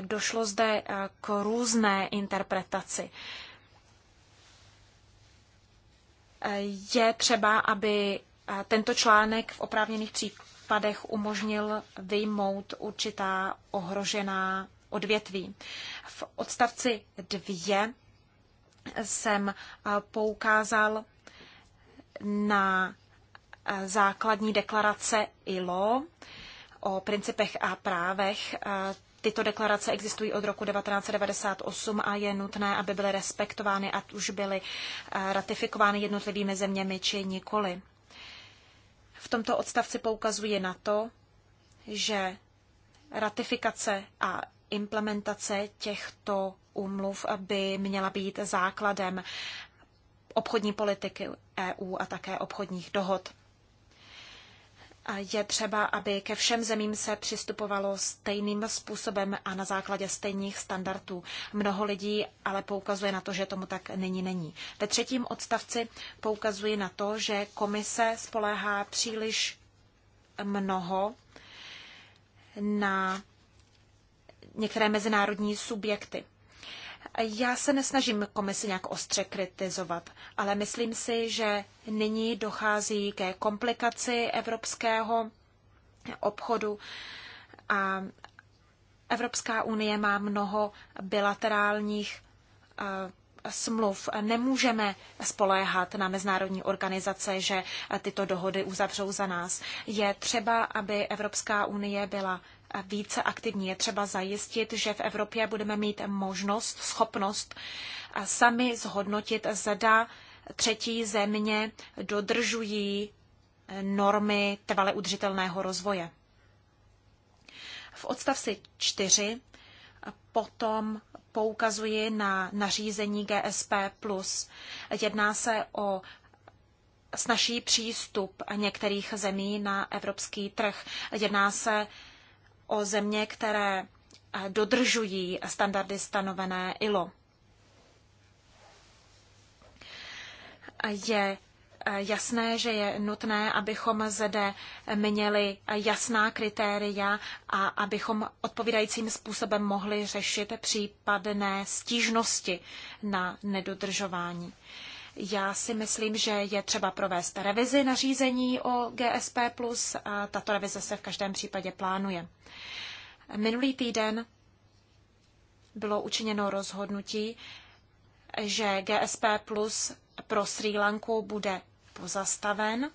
Došlo zde eh, k různé interpretaci. Eh, je třeba, aby eh, tento článek v oprávněných případech umožnil vyjmout určitá ohrožená odvětví. V odstavci 2 jsem eh, poukázal na eh, základní deklarace ILO o principech a právech. Eh, tyto deklarace existují od roku 1998 a je nutné, aby byly respektovány, ať už byly ratifikovány jednotlivými zeměmi či nikoli. V tomto odstavci poukazuje na to, že ratifikace a implementace těchto úmluv by měla být základem obchodní politiky EU a také obchodních dohod. Je třeba, aby ke všem zemím se přistupovalo stejným způsobem a na základě stejných standardů. Mnoho lidí ale poukazuje na to, že tomu tak není, není. Ve třetím odstavci poukazuji na to, že komise spoléhá příliš mnoho na některé mezinárodní subjekty. Já se nesnažím komisi nějak ostře kritizovat, ale myslím si, že nyní dochází ke komplikaci evropského obchodu a Evropská unie má mnoho bilaterálních eh, smluv. Nemůžeme spoléhat na mezinárodní organizace, že tyto dohody uzavřou za nás. Je třeba, aby Evropská unie byla více aktivní. Je třeba zajistit, že v Evropě budeme mít možnost, schopnost sami zhodnotit, zda třetí země dodržují normy trvale udržitelného rozvoje. V odstavci 4 potom poukazuji na nařízení GSP+. Jedná se o snažší přístup některých zemí na evropský trh. Jedná se o země, které eh, dodržují standardy stanovené ILO. Je eh, jasné, že je nutné, abychom zde měli jasná kritéria a abychom odpovídajícím způsobem mohli řešit případné stížnosti na nedodržování. Já si myslím, že je třeba provést revizi nařízení o GSP+. A tato revize se v každém případě plánuje. Minulý týden bylo učiněno rozhodnutí, že GSP Plus pro Sri Lanku bude pozastaven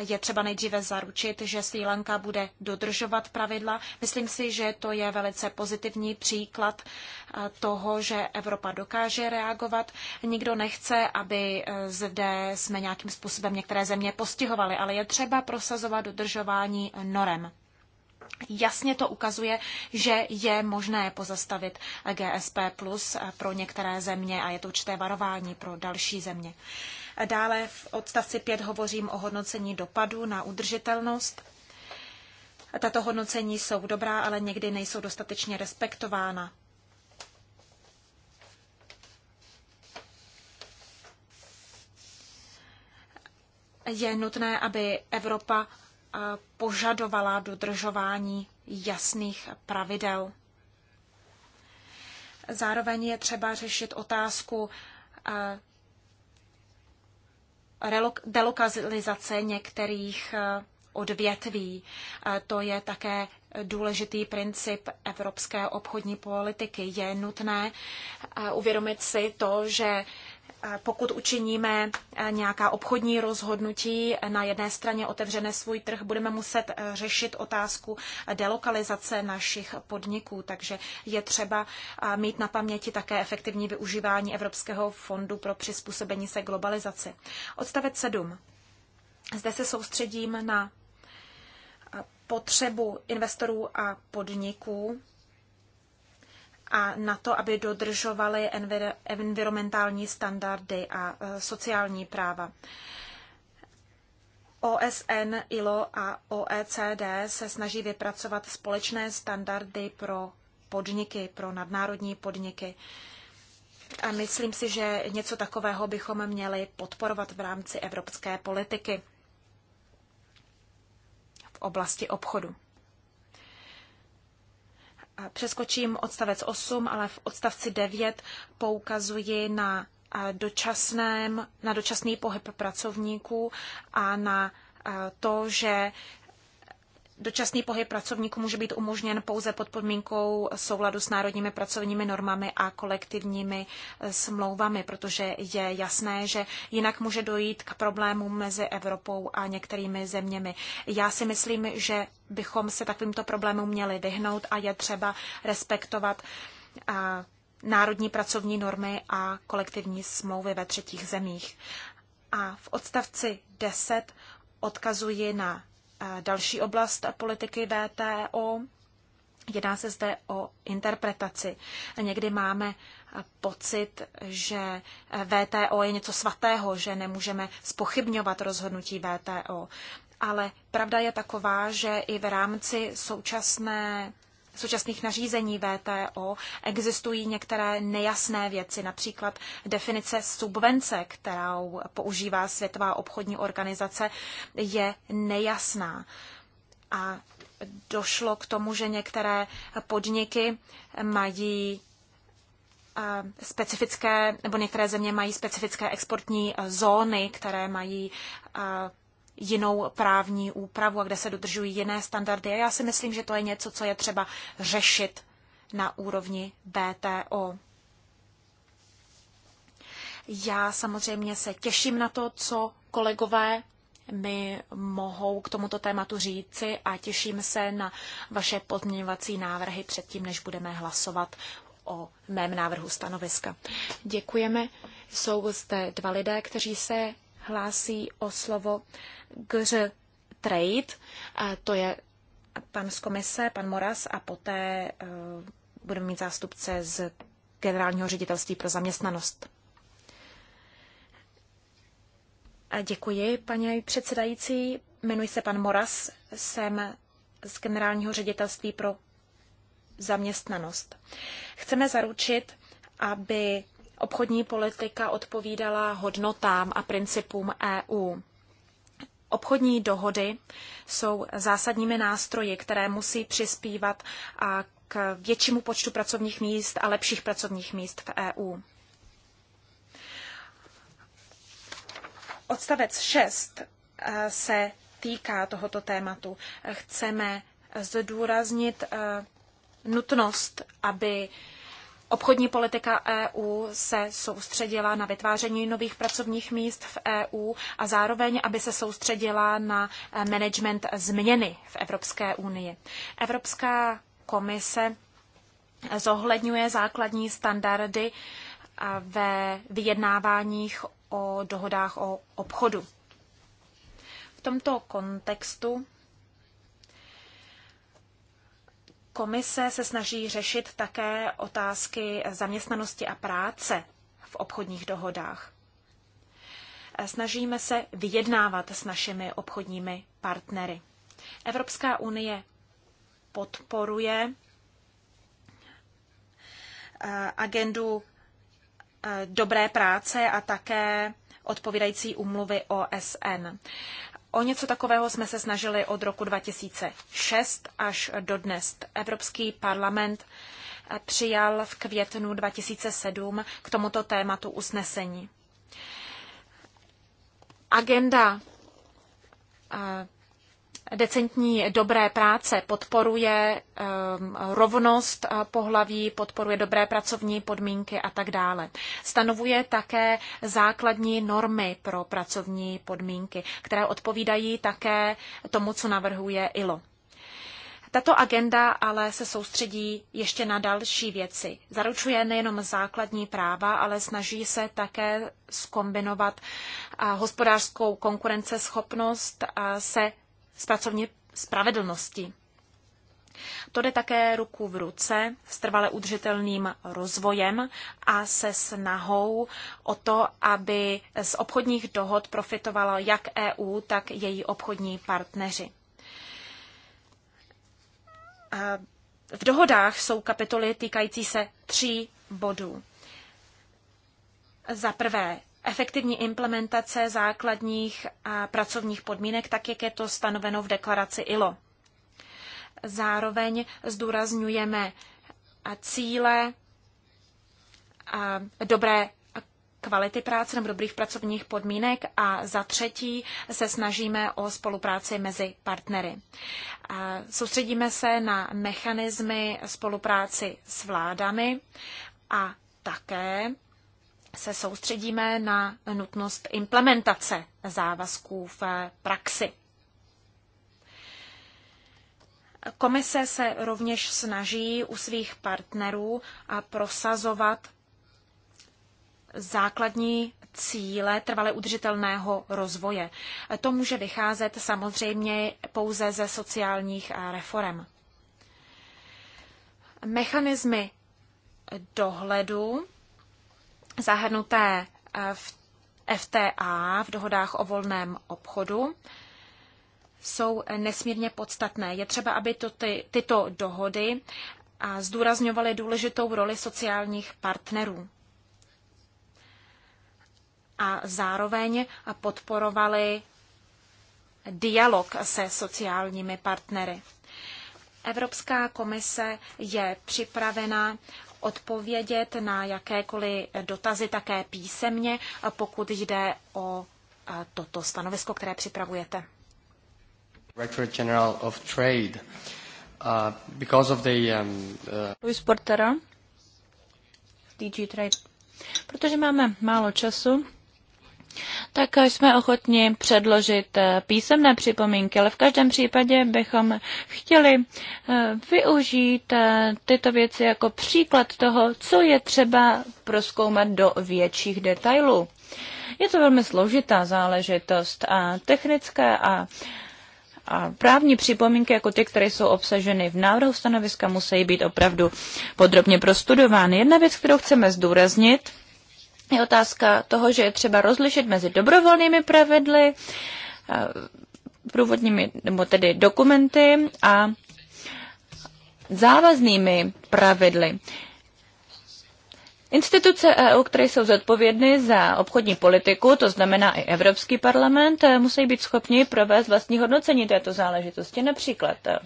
je třeba nejdříve zaručit, že Sri Lanka bude dodržovat pravidla. Myslím si, že to je velice pozitivní příklad eh, toho, že Evropa dokáže reagovat. Nikdo nechce, aby eh, zde jsme nějakým způsobem některé země postihovali, ale je třeba prosazovat dodržování norem. Jasně to ukazuje, že je možné pozastavit GSP plus eh, pro některé země a je to určité varování pro další země. Dále v odstavci 5 hovořím o hodnocení dopadu na udržitelnost. Tato hodnocení jsou dobrá, ale někdy nejsou dostatečně respektována. Je nutné, aby Evropa požadovala dodržování jasných pravidel. Zároveň je třeba řešit otázku delokalizace některých eh, odvětví. Eh, to je také důležitý princip evropské obchodní politiky. Je nutné eh, uvědomit si to, že pokud učiníme e, nějaká obchodní rozhodnutí, e, na jedné straně otevřené svůj trh, budeme muset e, řešit otázku delokalizace našich podniků, takže je třeba mít na paměti také efektivní využívání Evropského fondu pro přizpůsobení se globalizaci. Odstavec 7. Zde se soustředím na potřebu investorů a podniků a na to, aby dodržovali envir environmentální standardy a e, sociální práva. OSN, ILO a OECD se snaží vypracovat společné standardy pro podniky, pro nadnárodní podniky. A myslím si, že něco takového bychom měli podporovat v rámci evropské politiky v oblasti obchodu. Přeskočím odstavec 8, ale v odstavci 9 poukazuji na, dočasném, na dočasný pohyb pracovníků a na to, že Dočasný pohyb pracovníků může být umožněn pouze pod podmínkou souladu s národními pracovními normami a kolektivními eh, smlouvami, protože je jasné, že jinak může dojít k problémům mezi Evropou a některými zeměmi. Já si myslím, že bychom se takovýmto problémům měli vyhnout a je třeba respektovat eh, národní pracovní normy a kolektivní smlouvy ve třetích zemích. A v odstavci 10 odkazuji na Další oblast politiky VTO, jedná se zde o interpretaci. Někdy máme pocit, že VTO je něco svatého, že nemůžeme spochybňovat rozhodnutí VTO. Ale pravda je taková, že i v rámci současné současných nařízení VTO existují některé nejasné věci, například definice subvence, kterou používá Světová obchodní organizace, je nejasná. A došlo k tomu, že některé podniky mají eh, specifické, nebo některé země mají specifické exportní eh, zóny, které mají eh, jinou právní úpravu a kde se dodržují jiné standardy. A já si myslím, že to je něco, co je třeba řešit na úrovni BTO. Já samozřejmě se těším na to, co kolegové mi mohou k tomuto tématu říci a těším se na vaše pozměňovací návrhy předtím, než budeme hlasovat o mém návrhu stanoviska. Děkujeme. Jsou zde dva lidé, kteří se hlásí o slovo GŘ Trade, a to je pan z komise, pan Moras a poté uh, budeme mít zástupce z generálního ředitelství pro zaměstnanost. A děkuji, paní předsedající. Jmenuji se pan Moras, jsem z generálního ředitelství pro zaměstnanost. Chceme zaručit, aby Obchodní politika odpovídala hodnotám a principům EU. Obchodní dohody jsou zásadními nástroji, které musí přispívat a k většímu počtu pracovních míst a lepších pracovních míst v EU. Odstavec 6 eh, se týká tohoto tématu. Chceme zdůraznit eh, nutnost, aby Obchodní politika EU se soustředila na vytváření nových pracovních míst v EU a zároveň, aby se soustředila na eh, management změny v Evropské unii. Evropská komise zohledňuje základní standardy eh, ve vyjednáváních o dohodách o obchodu. V tomto kontextu Komise se snaží řešit také otázky zaměstnanosti a práce v obchodních dohodách. Snažíme se vyjednávat s našimi obchodními partnery. Evropská unie podporuje eh, agendu eh, dobré práce a také odpovídající úmluvy OSN. O něco takového jsme se snažili od roku 2006 až do dnes. Evropský parlament přijal v květnu 2007 k tomuto tématu usnesení. Agenda decentní dobré práce, podporuje ehm, rovnost eh, pohlaví, podporuje dobré pracovní podmínky a tak dále. Stanovuje také základní normy pro pracovní podmínky, které odpovídají také tomu, co navrhuje ILO. Tato agenda ale se soustředí ještě na další věci. Zaručuje nejenom základní práva, ale snaží se také skombinovat eh, hospodářskou konkurenceschopnost eh, se z pracovní spravedlnosti. To jde také ruku v ruce s trvale udržitelným rozvojem a se snahou o to, aby z obchodních dohod profitovala jak EU, tak její obchodní partneři. V dohodách jsou kapitoly týkající se tří bodů. Za prvé efektivní implementace základních a pracovních podmínek, tak jak je to stanoveno v deklaraci ILO. Zároveň zdůrazňujeme cíle a dobré kvality práce nebo dobrých pracovních podmínek a za třetí se snažíme o spolupráci mezi partnery. Soustředíme se na mechanismy spolupráci s vládami a také se soustředíme na nutnost implementace závazků v praxi. Komise se rovněž snaží u svých partnerů prosazovat základní cíle trvale udržitelného rozvoje. To může vycházet samozřejmě pouze ze sociálních reform. Mechanismy dohledu zahrnuté eh, v FTA, v dohodách o volném obchodu, jsou nesmírně podstatné. Je třeba, aby to ty, tyto dohody eh, zdůrazňovaly důležitou roli sociálních partnerů a zároveň podporovaly dialog se sociálními partnery. Evropská komise je připravena odpovědět na jakékoliv dotazy také písemně, pokud jde o toto stanovisko, které připravujete. General of Trade. Uh, because of the, um, uh... Luis Portera, DG Trade. Protože máme málo času, tak jsme ochotni předložit eh, písemné připomínky, ale v každém případě bychom chtěli eh, využít eh, tyto věci jako příklad toho, co je třeba proskoumat do větších detailů. Je to velmi složitá záležitost a technické a a právní připomínky, jako ty, které jsou obsaženy v návrhu stanoviska, musí být opravdu podrobně prostudovány. Jedna věc, kterou chceme zdůraznit, je otázka toho, že je třeba rozlišit mezi dobrovolnými pravidly, průvodními, nebo tedy dokumenty a závaznými pravidly. Instituce EU, které jsou zodpovědny za obchodní politiku, to znamená i Evropský parlament, e, musí být schopni provést vlastní hodnocení této záležitosti. Například e,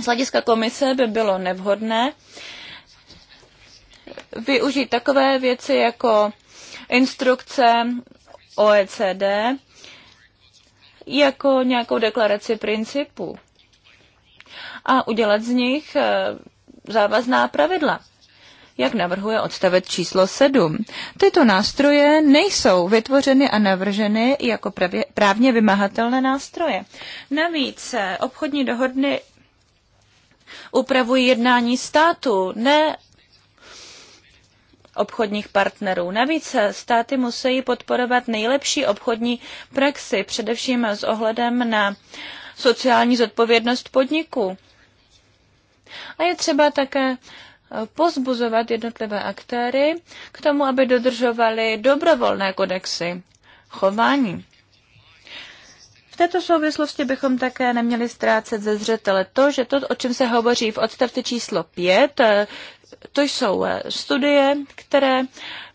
z hlediska komise by bylo nevhodné, využít takové věci jako instrukce OECD jako nějakou deklaraci principů a udělat z nich eh, závazná pravidla jak navrhuje odstavec číslo 7. Tyto nástroje nejsou vytvořeny a navrženy jako pravě, právně vymahatelné nástroje. Navíc eh, obchodní dohodny upravují jednání státu, ne obchodních partnerů. Navíc státy musí podporovat nejlepší obchodní praxi, především s ohledem na sociální zodpovědnost podniků. A je třeba také pozbuzovat jednotlivé aktéry k tomu, aby dodržovali dobrovolné kodexy chování. V této souvislosti bychom také neměli ztrácet ze zřetele to, že to, o čem se hovoří v odstavci číslo 5, to jsou eh, studie, které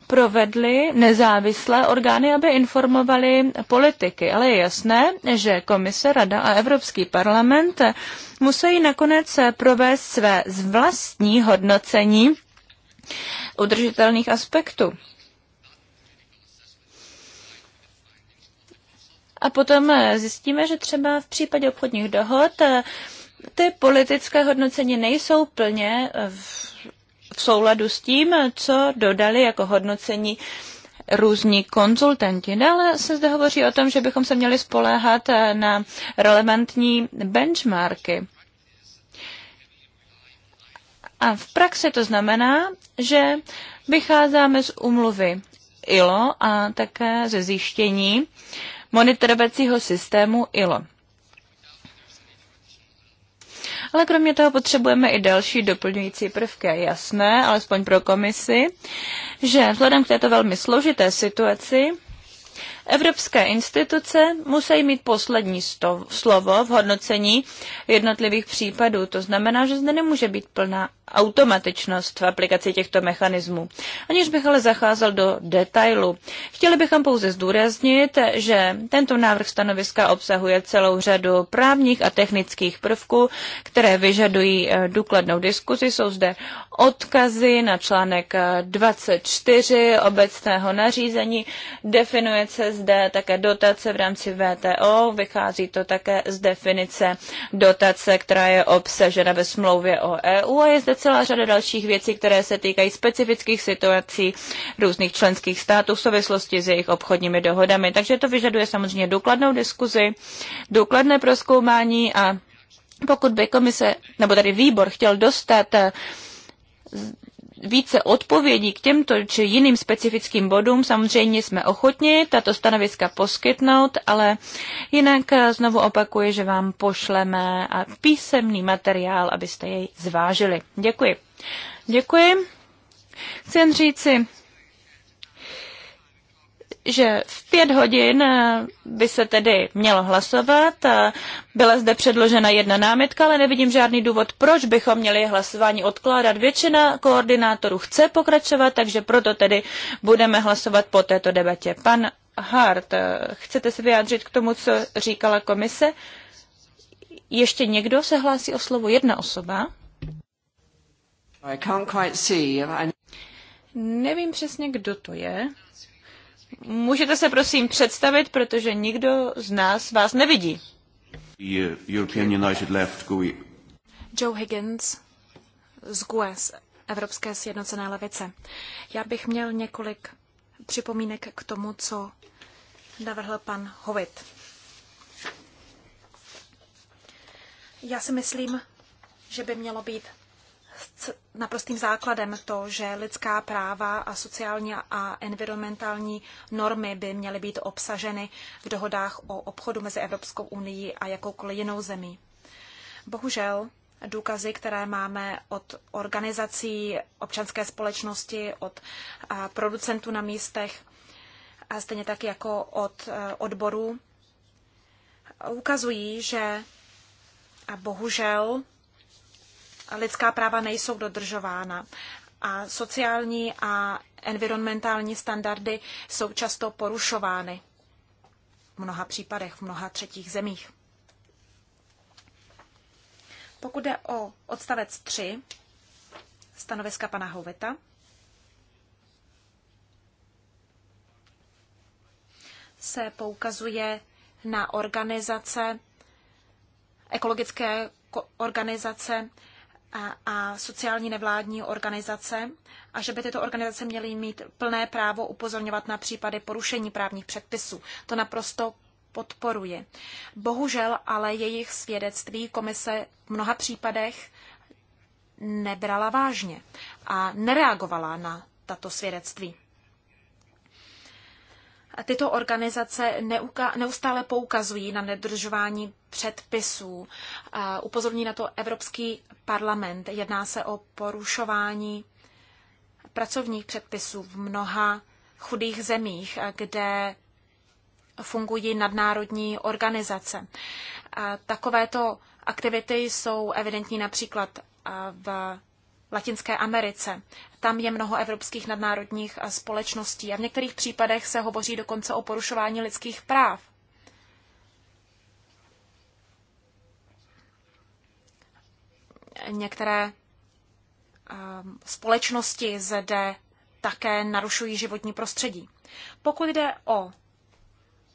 provedly nezávislé orgány, aby informovali politiky. Ale je jasné, že komise, rada a Evropský parlament musí nakonec provést své vlastní hodnocení udržitelných aspektů. A potom eh, zjistíme, že třeba v případě obchodních dohod eh, ty politické hodnocení nejsou plně v souladu s tím, co dodali jako hodnocení různí konzultanti. Dále se zde hovoří o tom, že bychom se měli spoléhat eh, na relevantní benchmarky. A v praxi to znamená, že vycházíme z umluvy ILO a také ze zjištění monitorovacího systému ILO. Ale kromě toho potřebujeme i další doplňující prvky. Jasné, alespoň pro komisi, že vzhledem k této velmi složité situaci Evropské instituce musí mít poslední slovo v hodnocení jednotlivých případů. To znamená, že zde nemůže být plná automatičnost v aplikaci těchto mechanismů. Aniž bych ale zacházel do detailu, chtěli bychom pouze zdůraznit, že tento návrh stanoviska obsahuje celou řadu právních a technických prvků, které vyžadují eh, důkladnou diskuzi. Jsou zde odkazy na článek 24 eh, obecného nařízení. Definuje se zde také dotace v rámci VTO. Vychází to také z definice dotace, která je obsažena ve smlouvě o EU a je zde celá řada dalších věcí, které se týkají specifických situací různých členských států v souvislosti s jejich obchodními dohodami. Takže to vyžaduje samozřejmě důkladnou diskuzi, důkladné proskoumání a pokud by komise, nebo tady výbor chtěl dostat více odpovědí k těmto či jiným specifickým bodům. Samozřejmě jsme ochotni tato stanoviska poskytnout, ale jinak znovu opakuji, že vám pošleme a písemný materiál, abyste jej zvážili. Děkuji. Děkuji. Chci jen říci, že v pět hodin eh, by se tedy mělo hlasovat. Eh, byla zde předložena jedna námitka, ale nevidím žádný důvod, proč bychom měli hlasování odkládat. Většina koordinátorů chce pokračovat, takže proto tedy budeme hlasovat po této debatě. Pan Hart, eh, chcete se vyjádřit k tomu, co říkala komise? Ještě někdo se hlásí o slovo? Jedna osoba? I can't quite see. I... Nevím přesně, kdo to je. Můžete se prosím představit, protože nikdo z nás vás nevidí. Uh, Joe Higgins z Evropské sjednocené levice. Já bych měl několik připomínek k tomu, co navrhl pan Hovit. Já si myslím, že by mělo být naprostým základem to, že lidská práva a sociální a environmentální normy by měly být obsaženy v dohodách o obchodu mezi Evropskou unii a jakoukoliv jinou zemí. Bohužel důkazy, které máme od organizací občanské společnosti, od producentů na místech, a stejně tak jako od e, odborů, ukazují, že a bohužel lidská práva nejsou dodržována a sociální a environmentální standardy jsou často porušovány v mnoha případech, v mnoha třetích zemích. Pokud jde o odstavec 3, stanoviska pana Houveta, se poukazuje na organizace, ekologické organizace, a, a sociální nevládní organizace a že by tyto organizace měly mít plné právo upozorňovat na případy porušení právních předpisů. To naprosto podporuji. Bohužel ale jejich svědectví komise v mnoha případech nebrala vážně a nereagovala na tato svědectví tyto organizace neustále poukazují na nedržování předpisů. Upozorní na to Evropský parlament. Jedná se o porušování pracovních předpisů v mnoha chudých zemích, kde fungují nadnárodní organizace. Takovéto aktivity jsou evidentní například v Latinské Americe. Tam je mnoho evropských nadnárodních eh, společností a v některých případech se hovoří dokonce o porušování lidských práv. Některé eh, společnosti zde také narušují životní prostředí. Pokud jde o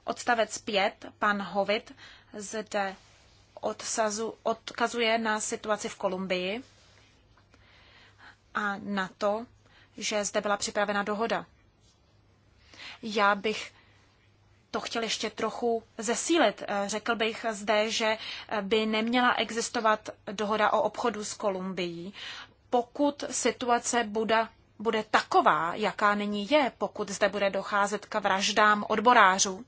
odstavec 5, pan Hovit zde odsazu, odkazuje na situaci v Kolumbii a na to, že zde byla připravena dohoda. Já bych to chtěl ještě trochu zesílit. Eh, řekl bych zde, že eh, by neměla existovat dohoda o obchodu s Kolumbií, pokud situace bude, bude taková, jaká nyní je, pokud zde bude docházet k vraždám odborářů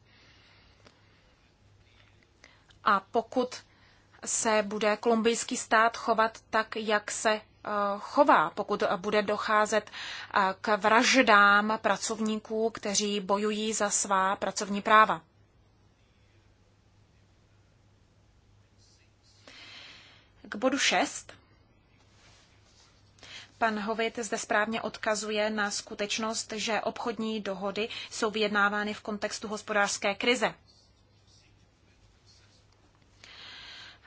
a pokud se bude kolumbijský stát chovat tak, jak se chová, pokud bude docházet eh, k vraždám pracovníků, kteří bojují za svá pracovní práva. K bodu 6. Pan Hovit zde správně odkazuje na skutečnost, že obchodní dohody jsou vyjednávány v kontextu hospodářské krize.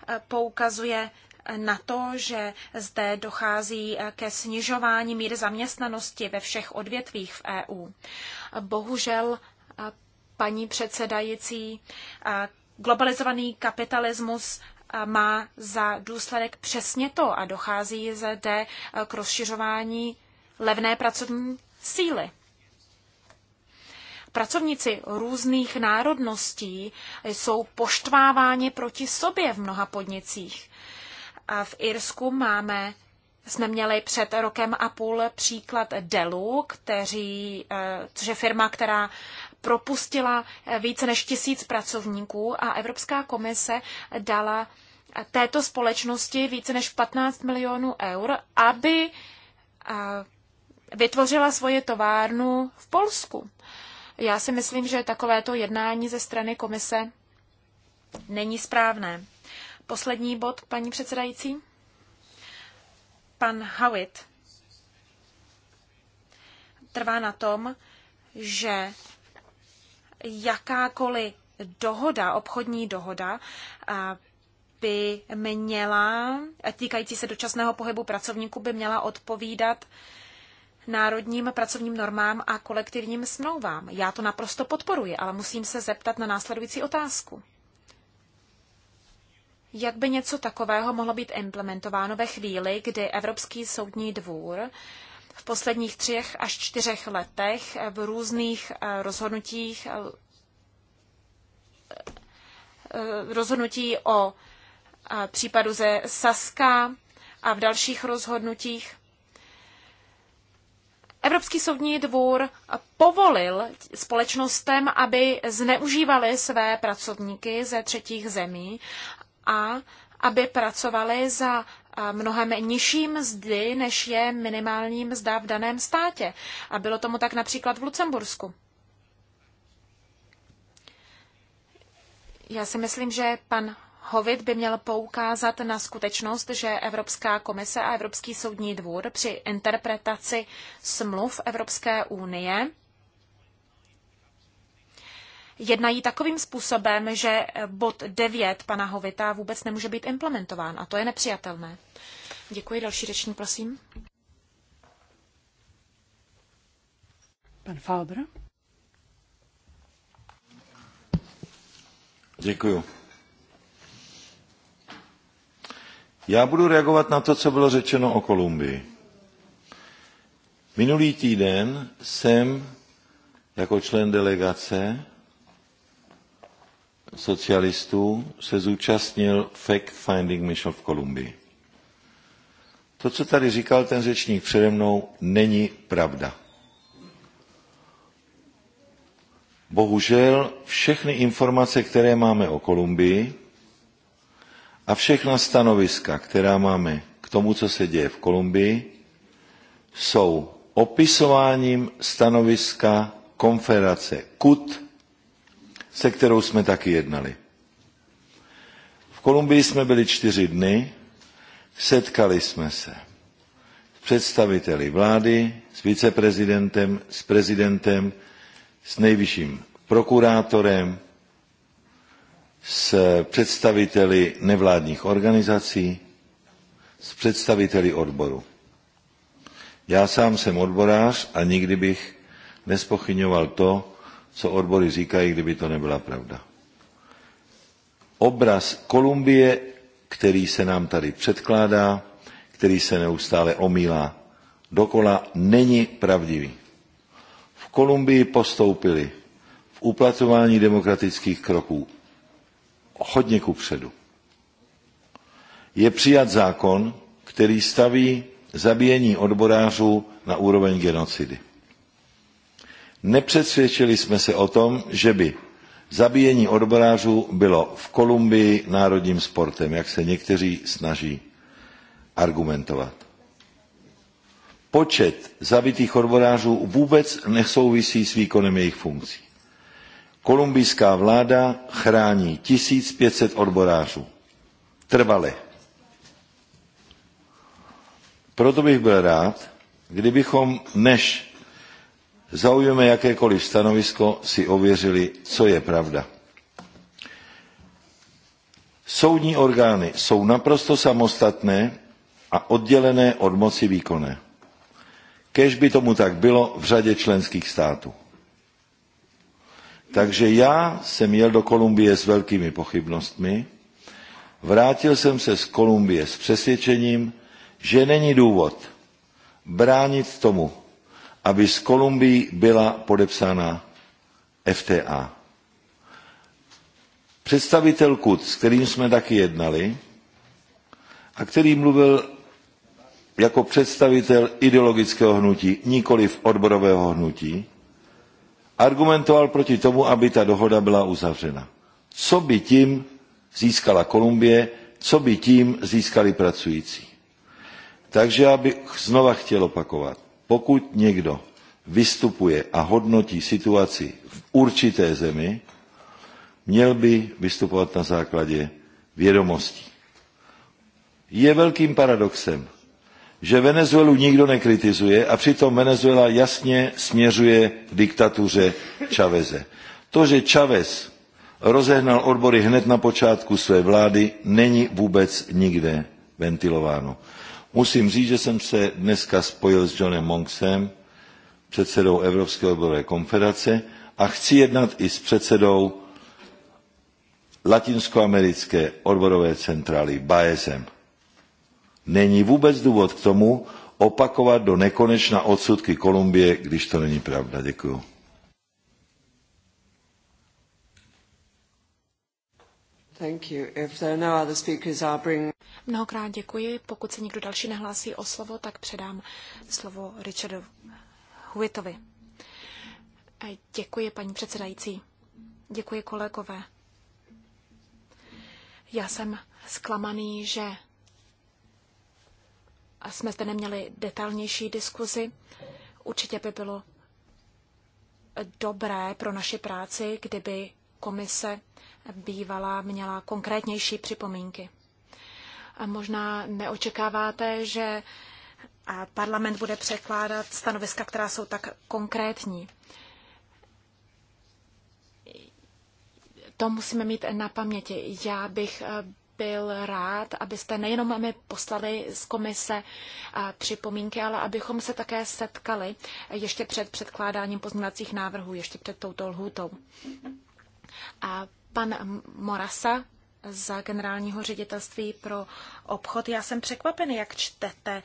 Eh, poukazuje na to, že zde dochází ke snižování míry zaměstnanosti ve všech odvětvích v EU. Bohužel, paní předsedající, globalizovaný kapitalismus má za důsledek přesně to a dochází zde k rozšiřování levné pracovní síly. Pracovníci různých národností jsou poštváváni proti sobě v mnoha podnicích. V Irsku máme, jsme měli před rokem a půl příklad Delu, kteří, eh, což je firma, která propustila eh, více než tisíc pracovníků a Evropská komise dala eh, této společnosti více než 15 milionů eur, aby vytvořila svoje továrnu v Polsku. Já si myslím, že takovéto jednání ze strany komise není správné. Poslední bod, paní předsedající. Pan Howitt trvá na tom, že jakákoliv dohoda, obchodní dohoda, by měla, týkající se dočasného pohybu pracovníků, by měla odpovídat národním pracovním normám a kolektivním smlouvám. Já to naprosto podporuji, ale musím se zeptat na následující otázku. Jak by něco takového mohlo být implementováno ve chvíli, kdy Evropský soudní dvůr v posledních třech až čtyřech letech v různých eh, rozhodnutích eh, eh, rozhodnutí o případu ze Saska a v dalších rozhodnutích Evropský soudní dvůr povolil společnostem, aby zneužívali své pracovníky ze třetích zemí a aby pracovali za mnohem nižší mzdy, než je minimální mzda v daném státě. A bylo tomu tak například v Lucembursku. Já si myslím, že pan Hovid by měl poukázat na skutečnost, že Evropská komise a Evropský soudní dvůr při interpretaci smluv Evropské unie jednají takovým způsobem, že bod 9 pana Hovita vůbec nemůže být implementován a to je nepřijatelné. Děkuji. Další řečník, prosím. Pan Faubr. Děkuji. Já budu reagovat na to, co bylo řečeno o Kolumbii. Minulý týden jsem jako člen delegace socialistů se zúčastnil fact-finding mission v Kolumbii. To, co tady říkal ten řečník přede mnou, není pravda. Bohužel všechny informace, které máme o Kolumbii a všechna stanoviska, která máme k tomu, co se děje v Kolumbii, jsou opisováním stanoviska konferace KUT se kterou jsme taky jednali. V Kolumbii jsme byli čtyři dny, setkali jsme se s představiteli vlády, s viceprezidentem, s prezidentem, s nejvyšším prokurátorem, s představiteli nevládních organizací, s představiteli odboru. Já sám jsem odborář a nikdy bych nespochyňoval to, co odbory říkají, kdyby to nebyla pravda. Obraz Kolumbie, který se nám tady předkládá, který se neustále omílá dokola, není pravdivý. V Kolumbii postoupili v uplatování demokratických kroků hodně kupředu. Je přijat zákon, který staví zabíjení odborářů na úroveň genocidy. Nepřesvědčili jsme se o tom, že by zabíjení odborářů bylo v Kolumbii národním sportem, jak se někteří snaží argumentovat. Počet zabitých odborářů vůbec nesouvisí s výkonem jejich funkcí. Kolumbijská vláda chrání 1500 odborářů. Trvale. Proto bych byl rád, kdybychom, než zaujme jakékoliv stanovisko, si ověřili, co je pravda. Soudní orgány jsou naprosto samostatné a oddělené od moci výkonné. Kež by tomu tak bylo v řadě členských států. Takže já jsem jel do Kolumbie s velkými pochybnostmi, vrátil jsem se z Kolumbie s přesvědčením, že není důvod bránit tomu, aby s Kolumbií byla podepsána FTA. Představitel KUD, s kterým jsme taky jednali, a který mluvil jako představitel ideologického hnutí, nikoli v odborového hnutí, argumentoval proti tomu, aby ta dohoda byla uzavřena. Co by tím získala Kolumbie, co by tím získali pracující. Takže já bych znova chtěl opakovat. Pokud někdo vystupuje a hodnotí situaci v určité zemi, měl by vystupovat na základě vědomostí. Je velkým paradoxem, že Venezuelu nikdo nekritizuje a přitom Venezuela jasně směřuje k diktatuře Chaveze. To, že Chavez rozehnal odbory hned na počátku své vlády, není vůbec nikde ventilováno. Musím říct, že jsem se dneska spojil s Johnem Monksem, předsedou Evropské odborové konfederace, a chci jednat i s předsedou Latinskoamerické odborové centrály BASM. Není vůbec důvod k tomu opakovat do nekonečna odsudky Kolumbie, když to není pravda. Děkuju. Thank you. If there are no other speakers, I'll bring... Mnohokrát děkuji. Pokud se nikdo další nehlásí o slovo, tak předám slovo Richardu Huitovi. Děkuji, paní předsedající. Děkuji, kolegové. Já jsem zklamaný, že jsme zde neměli detailnější diskuzi. Určitě by bylo dobré pro naši práci, kdyby komise bývala měla konkrétnější připomínky. A možná neočekáváte, že parlament bude překládat stanoviska, která jsou tak konkrétní. To musíme mít na paměti. Já bych eh, byl rád, abyste nejenom mi poslali z komise eh, připomínky, ale abychom se také setkali ještě před předkládáním pozměňovacích návrhů, ještě před touto lhůtou. A pan Morasa za generálního ředitelství pro obchod. Já jsem překvapen, jak čtete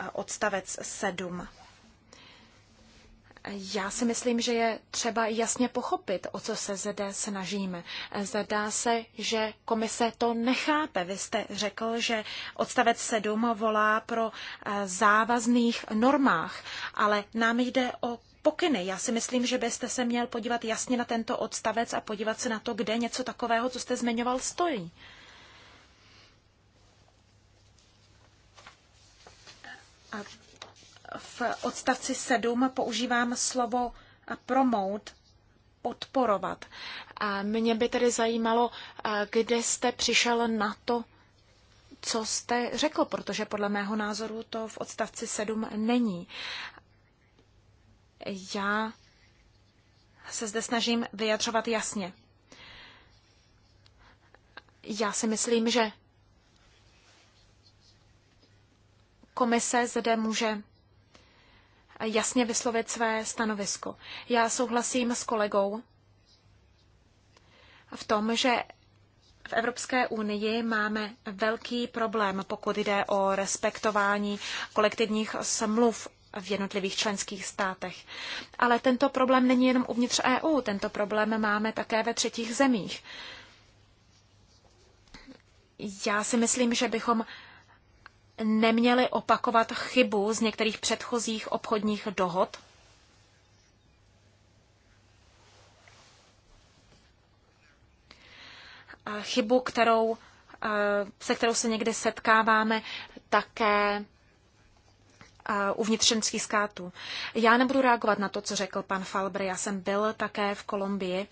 eh, odstavec 7. Já si myslím, že je třeba jasně pochopit, o co se zde snažíme. Zdá se, že komise to nechápe. Vy jste řekl, že odstavec 7 volá pro eh, závazných normách, ale nám jde o pokyny. Já si myslím, že byste se měl podívat jasně na tento odstavec a podívat se na to, kde něco takového, co jste zmiňoval, stojí. A v odstavci 7 používám slovo promote, podporovat. A mě by tedy zajímalo, kde jste přišel na to, co jste řekl, protože podle mého názoru to v odstavci 7 není. Já se zde snažím vyjadřovat jasně. Já si myslím, že komise zde může jasně vyslovit své stanovisko. Já souhlasím s kolegou v tom, že v Evropské unii máme velký problém, pokud jde o respektování kolektivních smluv v jednotlivých členských státech. Ale tento problém není jenom uvnitř EU, tento problém máme také ve třetích zemích. Já si myslím, že bychom neměli opakovat chybu z některých předchozích obchodních dohod, chybu, kterou, eh, se kterou se někdy setkáváme také uvnitř členských států. Já nebudu reagovat na to, co řekl pan Falber. Já jsem byl také v Kolumbii.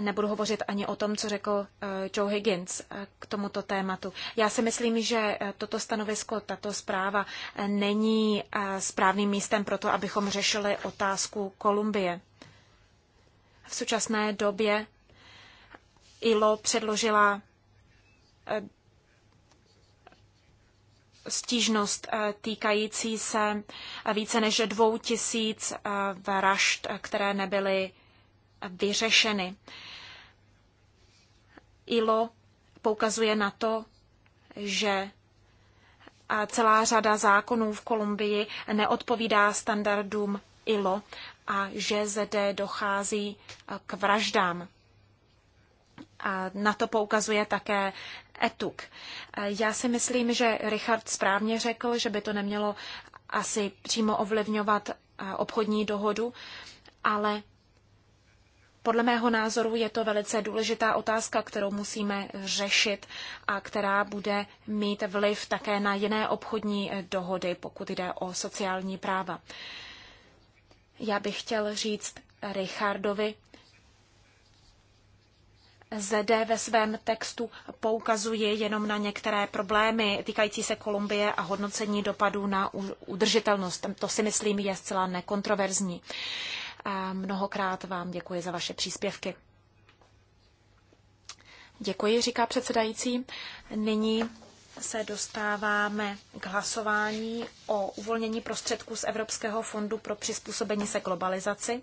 Nebudu hovořit ani o tom, co řekl eh, Joe Higgins eh, k tomuto tématu. Já si myslím, že eh, toto stanovisko, tato zpráva není správným místem pro to, abychom řešili otázku Kolumbie. V současné době ILO předložila stížnost eh, týkající se eh, více než dvou tisíc eh, vražd, které nebyly vyřešeny. ILO poukazuje na to, že celá řada zákonů v Kolumbii neodpovídá standardům ILO a že zde dochází k vraždám. A na to poukazuje také etuk. Já si myslím, že Richard správně řekl, že by to nemělo asi přímo ovlivňovat eh, obchodní dohodu, ale podle mého názoru je to velice důležitá otázka, kterou musíme řešit a která bude mít vliv také na jiné obchodní eh, dohody, pokud jde o sociální práva. Já bych chtěl říct Richardovi, ZD ve svém textu poukazuje jenom na některé problémy týkající se Kolumbie a hodnocení dopadů na udržitelnost. To si myslím je zcela nekontroverzní. Mnohokrát vám děkuji za vaše příspěvky. Děkuji, říká předsedající. Nyní se dostáváme k hlasování o uvolnění prostředků z Evropského fondu pro přizpůsobení se globalizaci.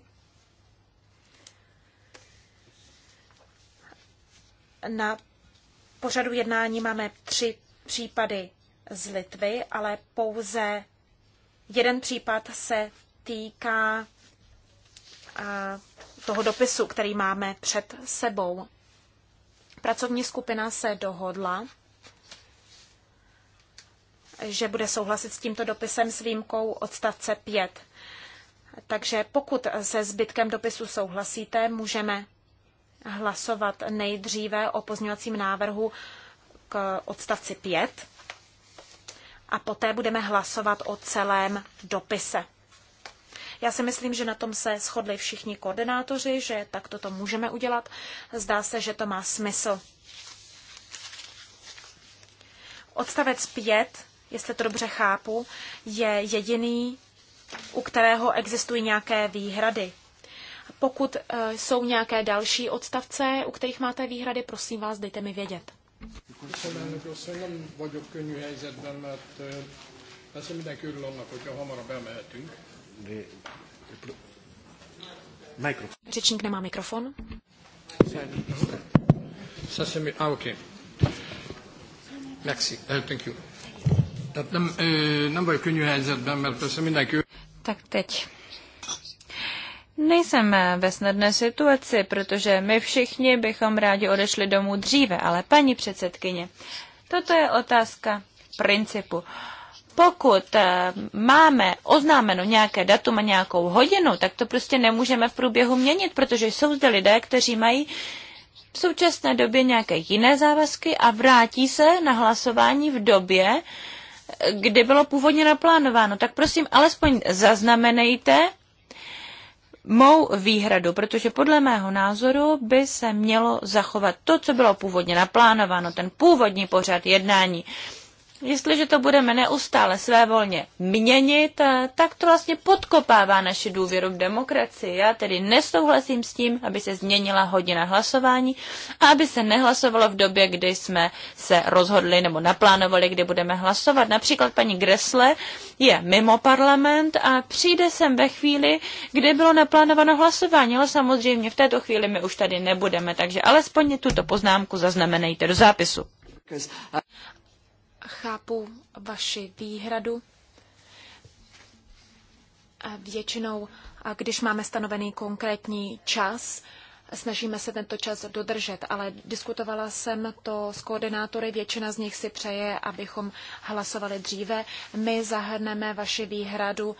Na pořadu jednání máme tři případy z Litvy, ale pouze jeden případ se týká toho dopisu, který máme před sebou. Pracovní skupina se dohodla, že bude souhlasit s tímto dopisem s výjimkou odstavce 5. Takže pokud se zbytkem dopisu souhlasíte, můžeme hlasovat nejdříve o pozměňovacím návrhu k odstavci 5 a poté budeme hlasovat o celém dopise. Já si myslím, že na tom se shodli všichni koordinátoři, že takto to můžeme udělat. Zdá se, že to má smysl. Odstavec 5, jestli to dobře chápu, je jediný, u kterého existují nějaké výhrady. Pokud eh, jsou nějaké další odstavce, u kterých máte výhrady, prosím vás, dejte mi vědět. Eh, persze mindenki örül annak, hogyha hamarabb elmehetünk. Řečník nemá mikrofon. ah, Merci, eh, thank you. Tehát nem, nem vagyok könnyű helyzetben, mert persze mindenki... Tak teď Nejsem ve snadné situaci, protože my všichni bychom rádi odešli domů dříve, ale paní předsedkyně, toto je otázka principu. Pokud eh, máme oznámeno nějaké datum a nějakou hodinu, tak to prostě nemůžeme v průběhu měnit, protože jsou zde lidé, kteří mají v současné době nějaké jiné závazky a vrátí se na hlasování v době, eh, kdy bylo původně naplánováno. Tak prosím, alespoň zaznamenejte mou výhradu, protože podle mého názoru by se mělo zachovat to, co bylo původně naplánováno, ten původní pořad jednání. Jestliže to budeme neustále svévolně měnit, eh, tak to vlastně podkopává naši důvěru v demokracii. Já tedy nesouhlasím s tím, aby se změnila hodina hlasování a aby se nehlasovalo v době, kdy jsme se rozhodli nebo naplánovali, kdy budeme hlasovat. Například paní Gresle je mimo parlament a přijde sem ve chvíli, kdy bylo naplánováno hlasování, ale samozřejmě v této chvíli my už tady nebudeme, takže alespoň tuto poznámku zaznamenejte do zápisu chápu vaši výhradu. Většinou, když máme stanovený konkrétní čas, snažíme se tento čas dodržet, ale diskutovala jsem to s koordinátory, většina z nich si přeje, abychom hlasovali dříve. My zahrneme vaši výhradu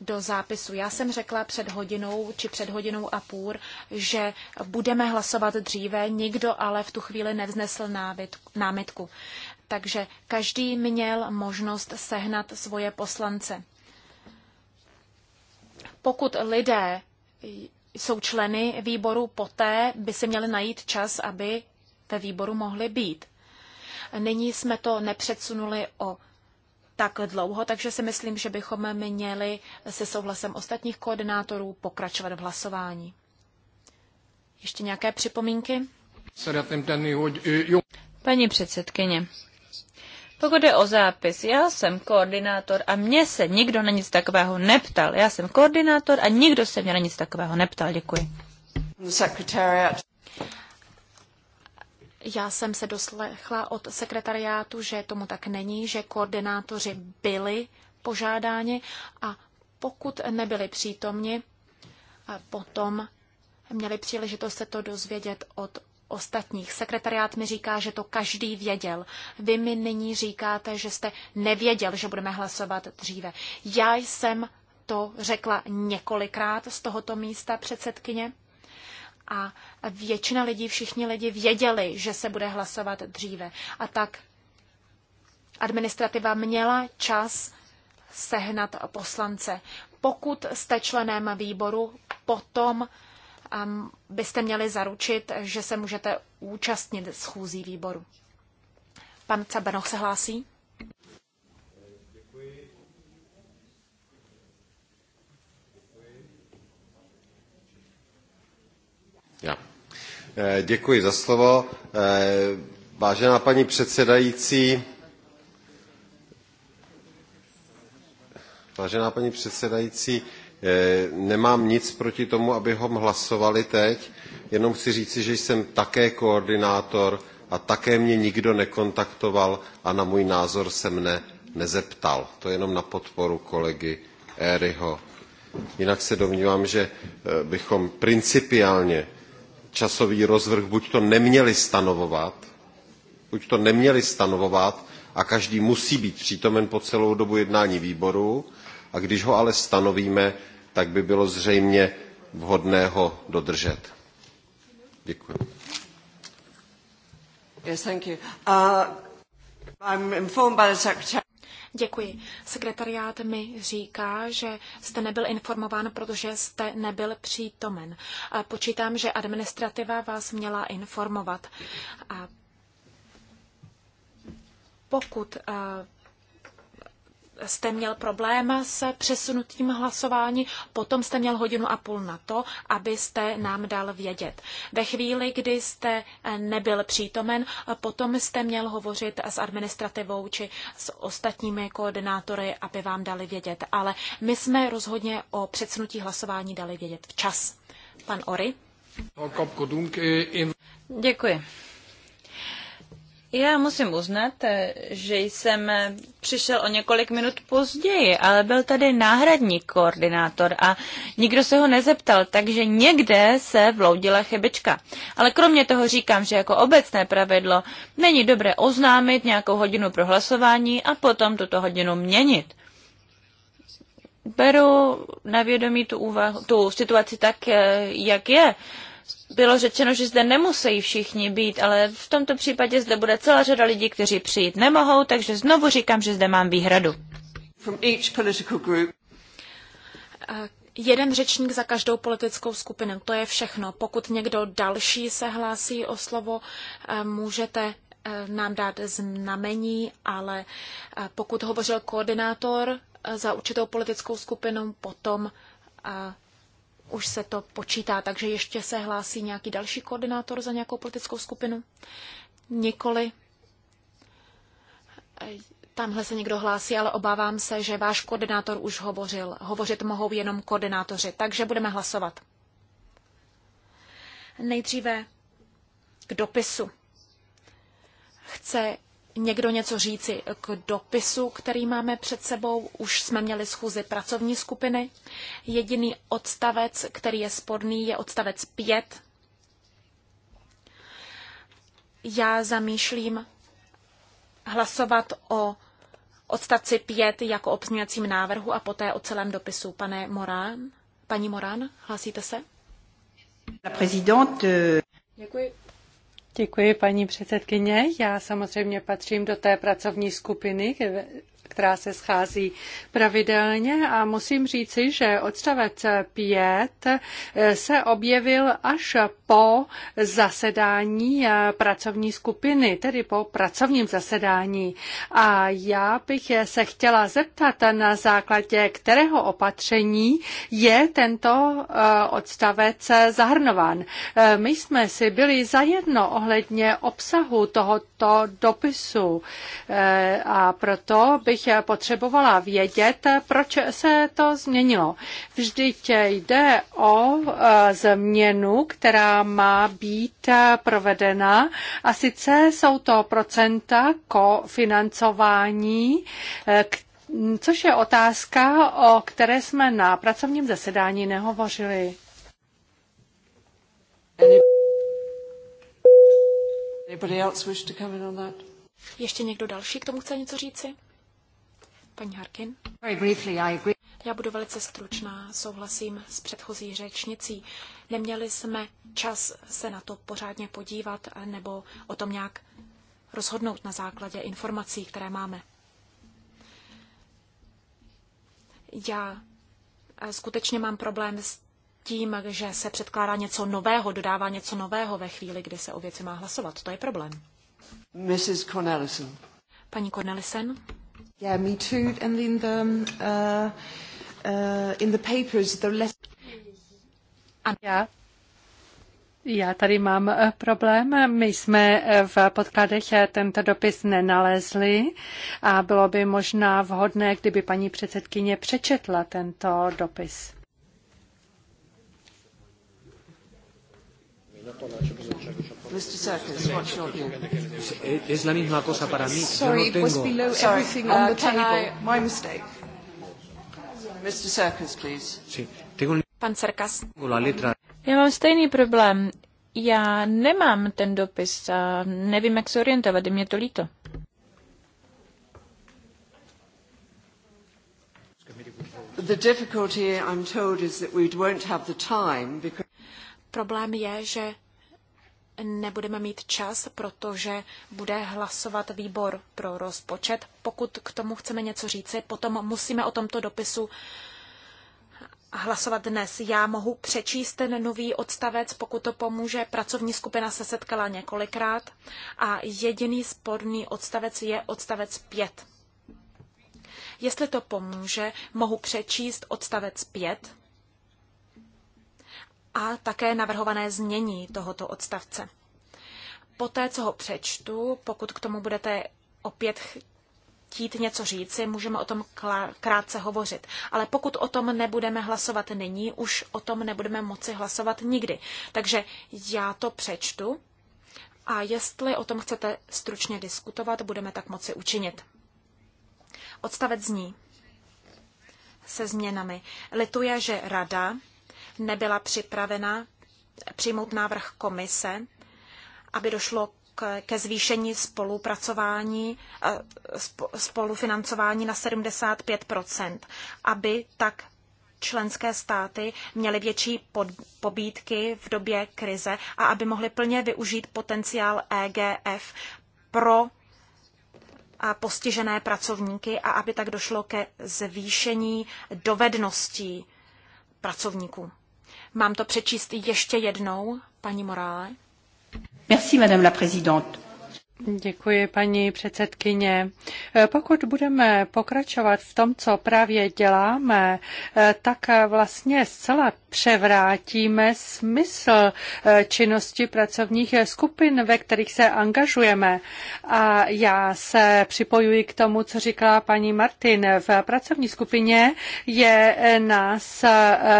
do zápisu. Já jsem řekla před hodinou či před hodinou a půl, že budeme hlasovat dříve, nikdo ale v tu chvíli nevznesl námitku. Takže každý měl možnost sehnat svoje poslance. Pokud lidé jsou členy výboru, poté by si měli najít čas, aby ve výboru mohli být. Nyní jsme to nepředsunuli o tak dlouho, takže si myslím, že bychom měli se souhlasem ostatních koordinátorů pokračovat v hlasování. Ještě nějaké připomínky? Paní předsedkyně, pokud jde o zápis, já jsem koordinátor a mě se nikdo na nic takového neptal. Já jsem koordinátor a nikdo se mě na nic takového neptal. Děkuji. Já jsem se doslechla od sekretariátu, že tomu tak není, že koordinátoři byli požádáni a pokud nebyli přítomni, potom měli příležitost se to dozvědět od ostatních. Sekretariát mi říká, že to každý věděl. Vy mi nyní říkáte, že jste nevěděl, že budeme hlasovat dříve. Já jsem to řekla několikrát z tohoto místa předsedkyně a většina lidí, všichni lidi věděli, že se bude hlasovat dříve. A tak administrativa měla čas sehnat poslance. Pokud jste členem výboru, potom byste měli zaručit, že se můžete účastnit schůzí výboru. Pan Cabanoch se hlásí. Já. Eh, děkuji za slovo. Eh, vážená paní předsedající, vážená paní předsedající, Eh, nemám nic proti tomu, abychom hlasovali teď, jenom chci říci, že jsem také koordinátor a také mě nikdo nekontaktoval a na můj názor se mne nezeptal. To jenom na podporu kolegy Éryho. Jinak se domnívám, že eh, bychom principiálně časový rozvrh buď to neměli stanovovat, buď to neměli stanovovat a každý musí být přítomen po celou dobu jednání výboru, a když ho ale stanovíme, tak by bylo zřejmě vhodné ho dodržet. Děkuji. Yes, thank you. Uh, Děkuji. Sekretariát mi říká, že jste nebyl informován, protože jste nebyl přítomen. Počítám, že administrativa vás měla informovat. A pokud uh, jste měl problém s přesunutím hlasování, potom jste měl hodinu a půl na to, abyste nám dal vědět. Ve chvíli, kdy jste eh, nebyl přítomen, eh, potom jste měl hovořit s administrativou či s ostatními koordinátory, aby vám dali vědět. Ale my jsme rozhodně o přesunutí hlasování dali vědět včas. Pan Ory. Děkuji. Já musím uznat, eh, že jsem eh, přišel o několik minut později, ale byl tady náhradní koordinátor a nikdo se ho nezeptal, takže někde se vloudila chybička. Ale kromě toho říkám, že jako obecné pravidlo není dobré oznámit nějakou hodinu pro hlasování a potom tuto hodinu měnit. Beru na vědomí tu, úvahu, tu situaci tak, eh, jak je bylo řečeno, že zde nemusí všichni být, ale v tomto případě zde bude celá řada lidí, kteří přijít nemohou, takže znovu říkám, že zde mám výhradu. Jeden řečník za každou politickou skupinu, to je všechno. Pokud někdo další se hlásí o slovo, e, můžete e, nám dát znamení, ale e, pokud hovořil koordinátor za určitou politickou skupinu, potom už se to počítá, takže ještě se hlásí nějaký další koordinátor za nějakou politickou skupinu? Nikoli. Tamhle se někdo hlásí, ale obávám se, že váš koordinátor už hovořil. Hovořit mohou jenom koordinátoři, takže budeme hlasovat. Nejdříve k dopisu. Chce někdo něco říci k dopisu, který máme před sebou. Už jsme měli schůzi pracovní skupiny. Jediný odstavec, který je sporný, je odstavec 5. Já zamýšlím hlasovat o odstavci 5 jako o pozměňovacím návrhu a poté o celém dopisu. Pane Morán, paní Morán, hlasíte se? La euh, Děkuji. Děkuji, paní předsedkyně. Já samozřejmě patřím do té pracovní skupiny, která se schází pravidelně a musím říci, že odstavec 5 eh, se objevil až po zasedání eh, pracovní skupiny, tedy po pracovním zasedání. A já bych se chtěla zeptat, na základě kterého opatření je tento eh, odstavec zahrnován. My jsme si byli zajedno ohledně obsahu tohoto dopisu a proto by bych potřebovala vědět, proč se to změnilo. Vždyť jde o e, změnu, která má být provedena a sice jsou to procenta kofinancování, e, což je otázka, o které jsme na pracovním zasedání nehovořili. Ještě někdo další k tomu chce něco říci? Paní Harkin. Já budu velice stručná, souhlasím s předchozí řečnicí. Neměli jsme čas se na to pořádně podívat nebo o tom nějak rozhodnout na základě informací, které máme. Já eh, skutečně mám problém s tím, že se předkládá něco nového, dodává něco nového ve chvíli, kdy se o věci má hlasovat. To je problém. Mrs. Cornelison. Paní Cornelison. Yeah, me too. And in the, um, uh, uh, in the papers, the less... Já. tady mám eh, problém. My jsme eh, v podkladech eh, tento dopis nenalezli a bylo by možná vhodné, kdyby paní předsedkyně přečetla tento dopis. Napadá, Mr. Serkis, what's your view? Es la misma cosa para mí. Sorry, Yo no tengo... was below Sorry. uh, table. I... My mistake. Mr. Serkis, please. Sí. Tengo... Pan Serkas. La letra. Já mám stejný problém. Já nemám ten dopis a nevím, jak se orientovat, mě to líto. The difficulty, I'm told, is that we won't have the time because... Problém je, že nebudeme mít čas, protože bude hlasovat výbor pro rozpočet. Pokud k tomu chceme něco říci, potom musíme o tomto dopisu hlasovat dnes. Já mohu přečíst ten nový odstavec, pokud to pomůže. Pracovní skupina se setkala několikrát a jediný sporný odstavec je odstavec 5. Jestli to pomůže, mohu přečíst odstavec 5 a také navrhované znění tohoto odstavce. Poté, co ho přečtu, pokud k tomu budete opět chtít něco říci, můžeme o tom krátce hovořit. Ale pokud o tom nebudeme hlasovat nyní, už o tom nebudeme moci hlasovat nikdy. Takže já to přečtu a jestli o tom chcete stručně diskutovat, budeme tak moci učinit. Odstavec zní se změnami. Lituje, že Rada nebyla připravena přijmout návrh komise, aby došlo k, ke zvýšení spolupracování, eh, spolufinancování na 75 aby tak členské státy měly větší pod, pobídky v době krize a aby mohly plně využít potenciál EGF pro a eh, postižené pracovníky a aby tak došlo ke zvýšení dovedností pracovníků. Mám to přečíst ještě jednou, paní Morále? Merci, madame la présidente. Děkuji, paní předsedkyně. Pokud budeme pokračovat v tom, co právě děláme, tak vlastně zcela převrátíme smysl činnosti pracovních skupin, ve kterých se angažujeme. A já se připojuji k tomu, co říkala paní Martin. V pracovní skupině je nás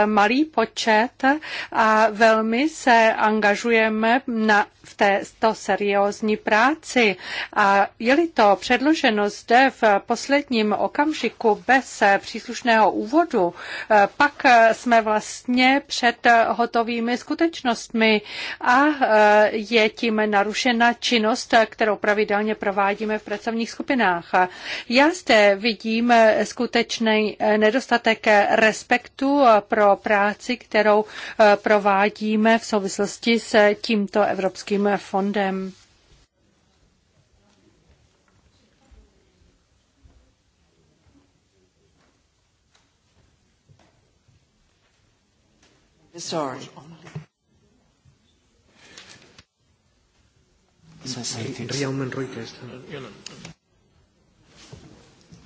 malý počet a velmi se angažujeme na, v této seriózní práci práci a je-li to předloženo zde v posledním okamžiku bez eh, příslušného úvodu, eh, pak eh, jsme vlastně před hotovými skutečnostmi a je tím narušena činnost, kterou pravidelně provádíme v pracovních skupinách. Já zde vidím skutečný nedostatek respektu pro práci, kterou provádíme v souvislosti s tímto Evropským fondem. Sorry.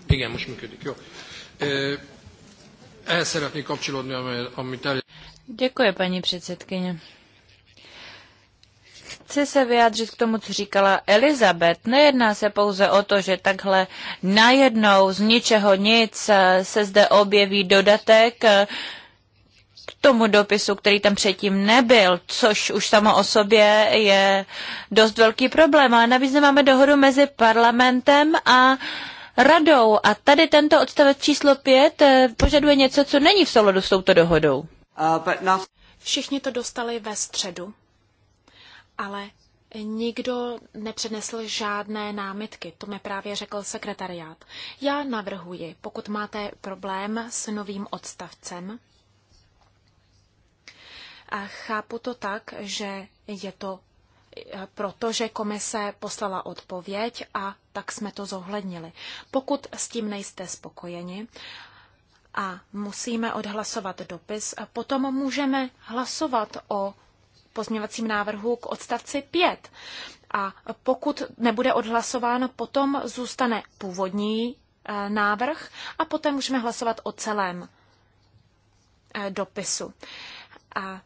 Igen, most működik. Jó. Ehhez szeretnék kapcsolódni, amit el... Děkuji, paní předsedkyně. Chci se vyjádřit k tomu, co říkala Elizabeth. Nejedná se pouze o to, že takhle najednou z ničeho nic se zde objeví dodatek, k tomu dopisu, který tam předtím nebyl, což už samo o sobě je dost velký problém. Ale navíc máme dohodu mezi parlamentem a radou. A tady tento odstavec číslo 5 eh, požaduje něco, co není v souladu s touto dohodou. Všichni to dostali ve středu, ale nikdo nepřenesl žádné námitky, to mi právě řekl sekretariát. Já navrhuji, pokud máte problém s novým odstavcem, a Chápu to tak, že je to e, proto, že komise poslala odpověď a tak jsme to zohlednili. Pokud s tím nejste spokojeni a musíme odhlasovat dopis, potom můžeme hlasovat o pozměvacím návrhu k odstavci 5. A pokud nebude odhlasován, potom zůstane původní e, návrh a poté můžeme hlasovat o celém e, dopisu. A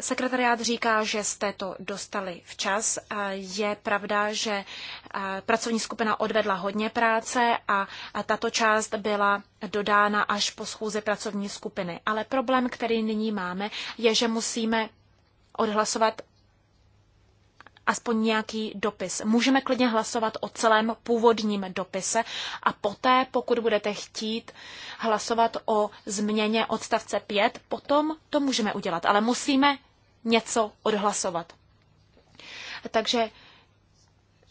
Sekretariát říká, že jste to dostali včas. Je pravda, že pracovní skupina odvedla hodně práce a tato část byla dodána až po schůzi pracovní skupiny. Ale problém, který nyní máme, je, že musíme odhlasovat aspoň nějaký dopis. Můžeme klidně hlasovat o celém původním dopise a poté, pokud budete chtít hlasovat o změně odstavce 5, potom to můžeme udělat, ale musíme něco odhlasovat. Takže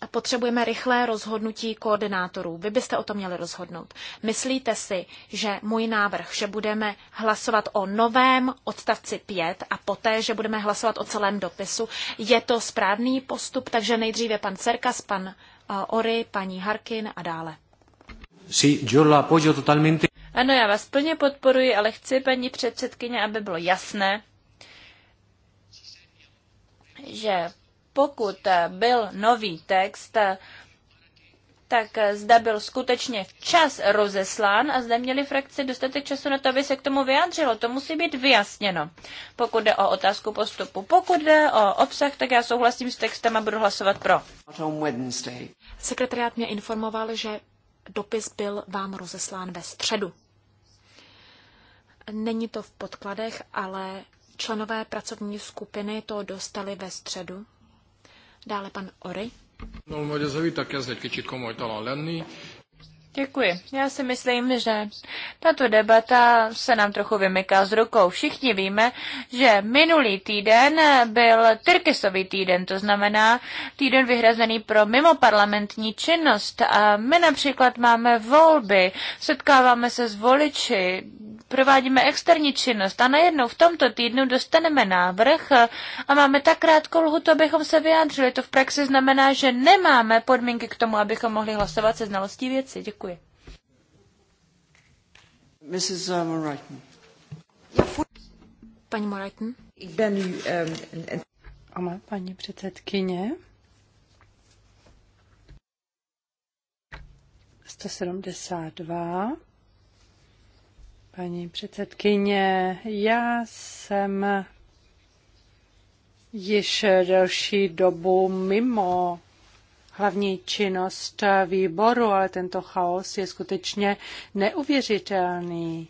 potřebujeme rychlé rozhodnutí koordinátorů. Vy byste o tom měli rozhodnout. Myslíte si, že můj návrh, že budeme hlasovat o novém odstavci 5 a poté, že budeme hlasovat o celém dopisu, je to správný postup, takže nejdříve pan Cerkas, pan eh, Ory, paní Harkin a dále. Sí, yo lo apoyo totalmente. Ano, já vás plně podporuji, ale chci, paní předsedkyně, aby bylo jasné, že pokud byl nový text, tak zda byl skutečně včas rozeslán a zde měli frakce dostatek času na to, aby se k tomu vyjádřilo. To musí být vyjasněno, pokud jde o otázku postupu. Pokud jde o obsah, tak já souhlasím s textem a budu hlasovat pro. Sekretariát mě informoval, že dopis byl vám rozeslán ve středu. Není to v podkladech, ale členové pracovní skupiny to dostali ve středu Dále pan Ory. No, Děkuji. Já si myslím, že tato debata se nám trochu vymyká z rukou. Všichni víme, že minulý týden byl Tyrkisový týden, to znamená týden vyhrazený pro mimoparlamentní činnost. A my například máme volby, setkáváme se s voliči, provádíme externí činnost a najednou v tomto týdnu dostaneme návrh eh, a máme tak krátkou to abychom se vyjádřili. To v praxi znamená, že nemáme podmínky k tomu, abychom mohli hlasovat se znalostí věci. Děkuji. Mrs. Morajten. Paní Morajten. Um, ano, paní předsedkyně. 172 Paní předsedkyně, já jsem již delší dobu mimo hlavní činnost výboru, ale tento chaos je skutečně neuvěřitelný.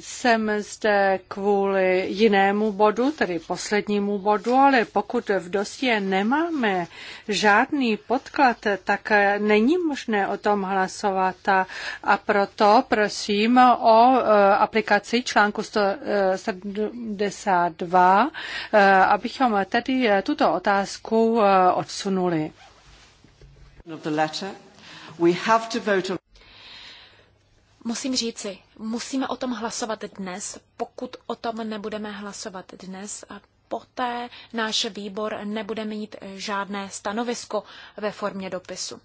Jsem zde kvůli jinému bodu, tedy poslednímu bodu, ale pokud v dosie nemáme žádný podklad, tak není možné o tom hlasovat a proto prosím o e, aplikaci článku 172, e, e, abychom tedy tuto otázku odsunuli. We have to vote on... Musím říci, musíme o tom hlasovat dnes. Pokud o tom nebudeme hlasovat dnes, a poté náš výbor nebude mít žádné stanovisko ve formě dopisu.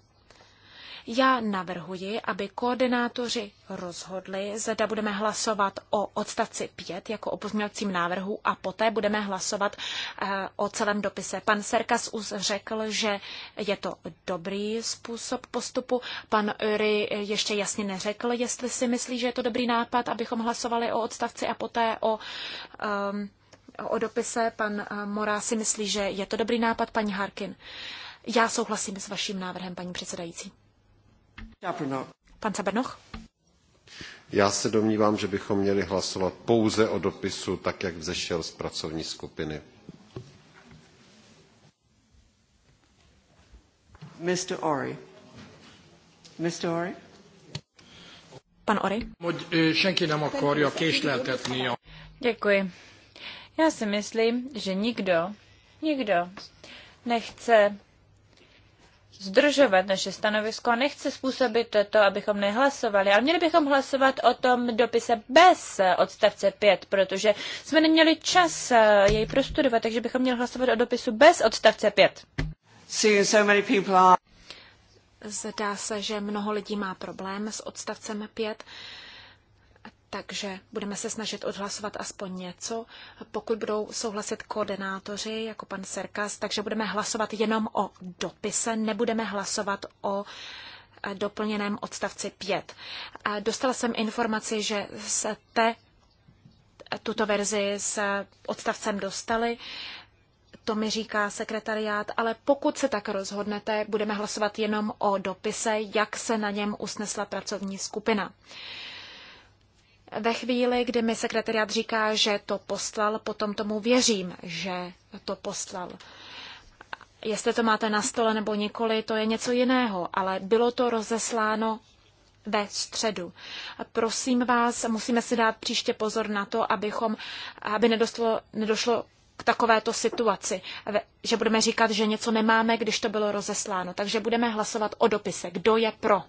Já navrhuji, aby koordinátoři rozhodli, zda budeme hlasovat o odstavci 5 jako o pozměňovacím návrhu a poté budeme hlasovat eh, o celém dopise. Pan Serkas už řekl, že je to dobrý způsob postupu. Pan Uri ještě jasně neřekl, jestli si myslí, že je to dobrý nápad, abychom hlasovali o odstavci a poté o. Um, o dopise pan eh, Morá si myslí, že je to dobrý nápad, paní Harkin. Já souhlasím s vaším návrhem, paní předsedající. Pan Cabernoch? Já se domnívám, že bychom měli hlasovat pouze o dopisu, tak jak vzešel z pracovní skupiny. Mr. Ori. Mr. Ori? Pan Ori? Senki nem akarja késleltetni Děkuji. Já si myslím, že nikdo, nikdo nechce zdržovat naše stanovisko a nechce způsobit to, abychom nehlasovali. Ale měli bychom hlasovat o tom dopise bez odstavce 5, protože jsme neměli čas eh, jej prostudovat, takže bychom měli hlasovat o dopisu bez odstavce 5. Zdá se, že mnoho lidí má problém s odstavcem 5 takže budeme se snažit odhlasovat aspoň něco. Pokud budou souhlasit koordinátoři, jako pan Serkas, takže budeme hlasovat jenom o dopise, nebudeme hlasovat o eh, doplněném odstavci 5. Dostala jsem informaci, že jste eh, tuto verzi s odstavcem dostali. To mi říká sekretariát, ale pokud se tak rozhodnete, budeme hlasovat jenom o dopise, jak se na něm usnesla pracovní skupina. Ve chvíli, kdy mi sekretariat říká, že to poslal, potom tomu věřím, že to poslal. Jestli to máte na stole nebo nikoli, to je něco jiného, ale bylo to rozesláno ve středu. Prosím vás, musíme si dát příště pozor na to, abychom, aby nedostalo, nedošlo k takovéto situaci, že budeme říkat, že něco nemáme, když to bylo rozesláno. Takže budeme hlasovat o dopise. Kdo je pro?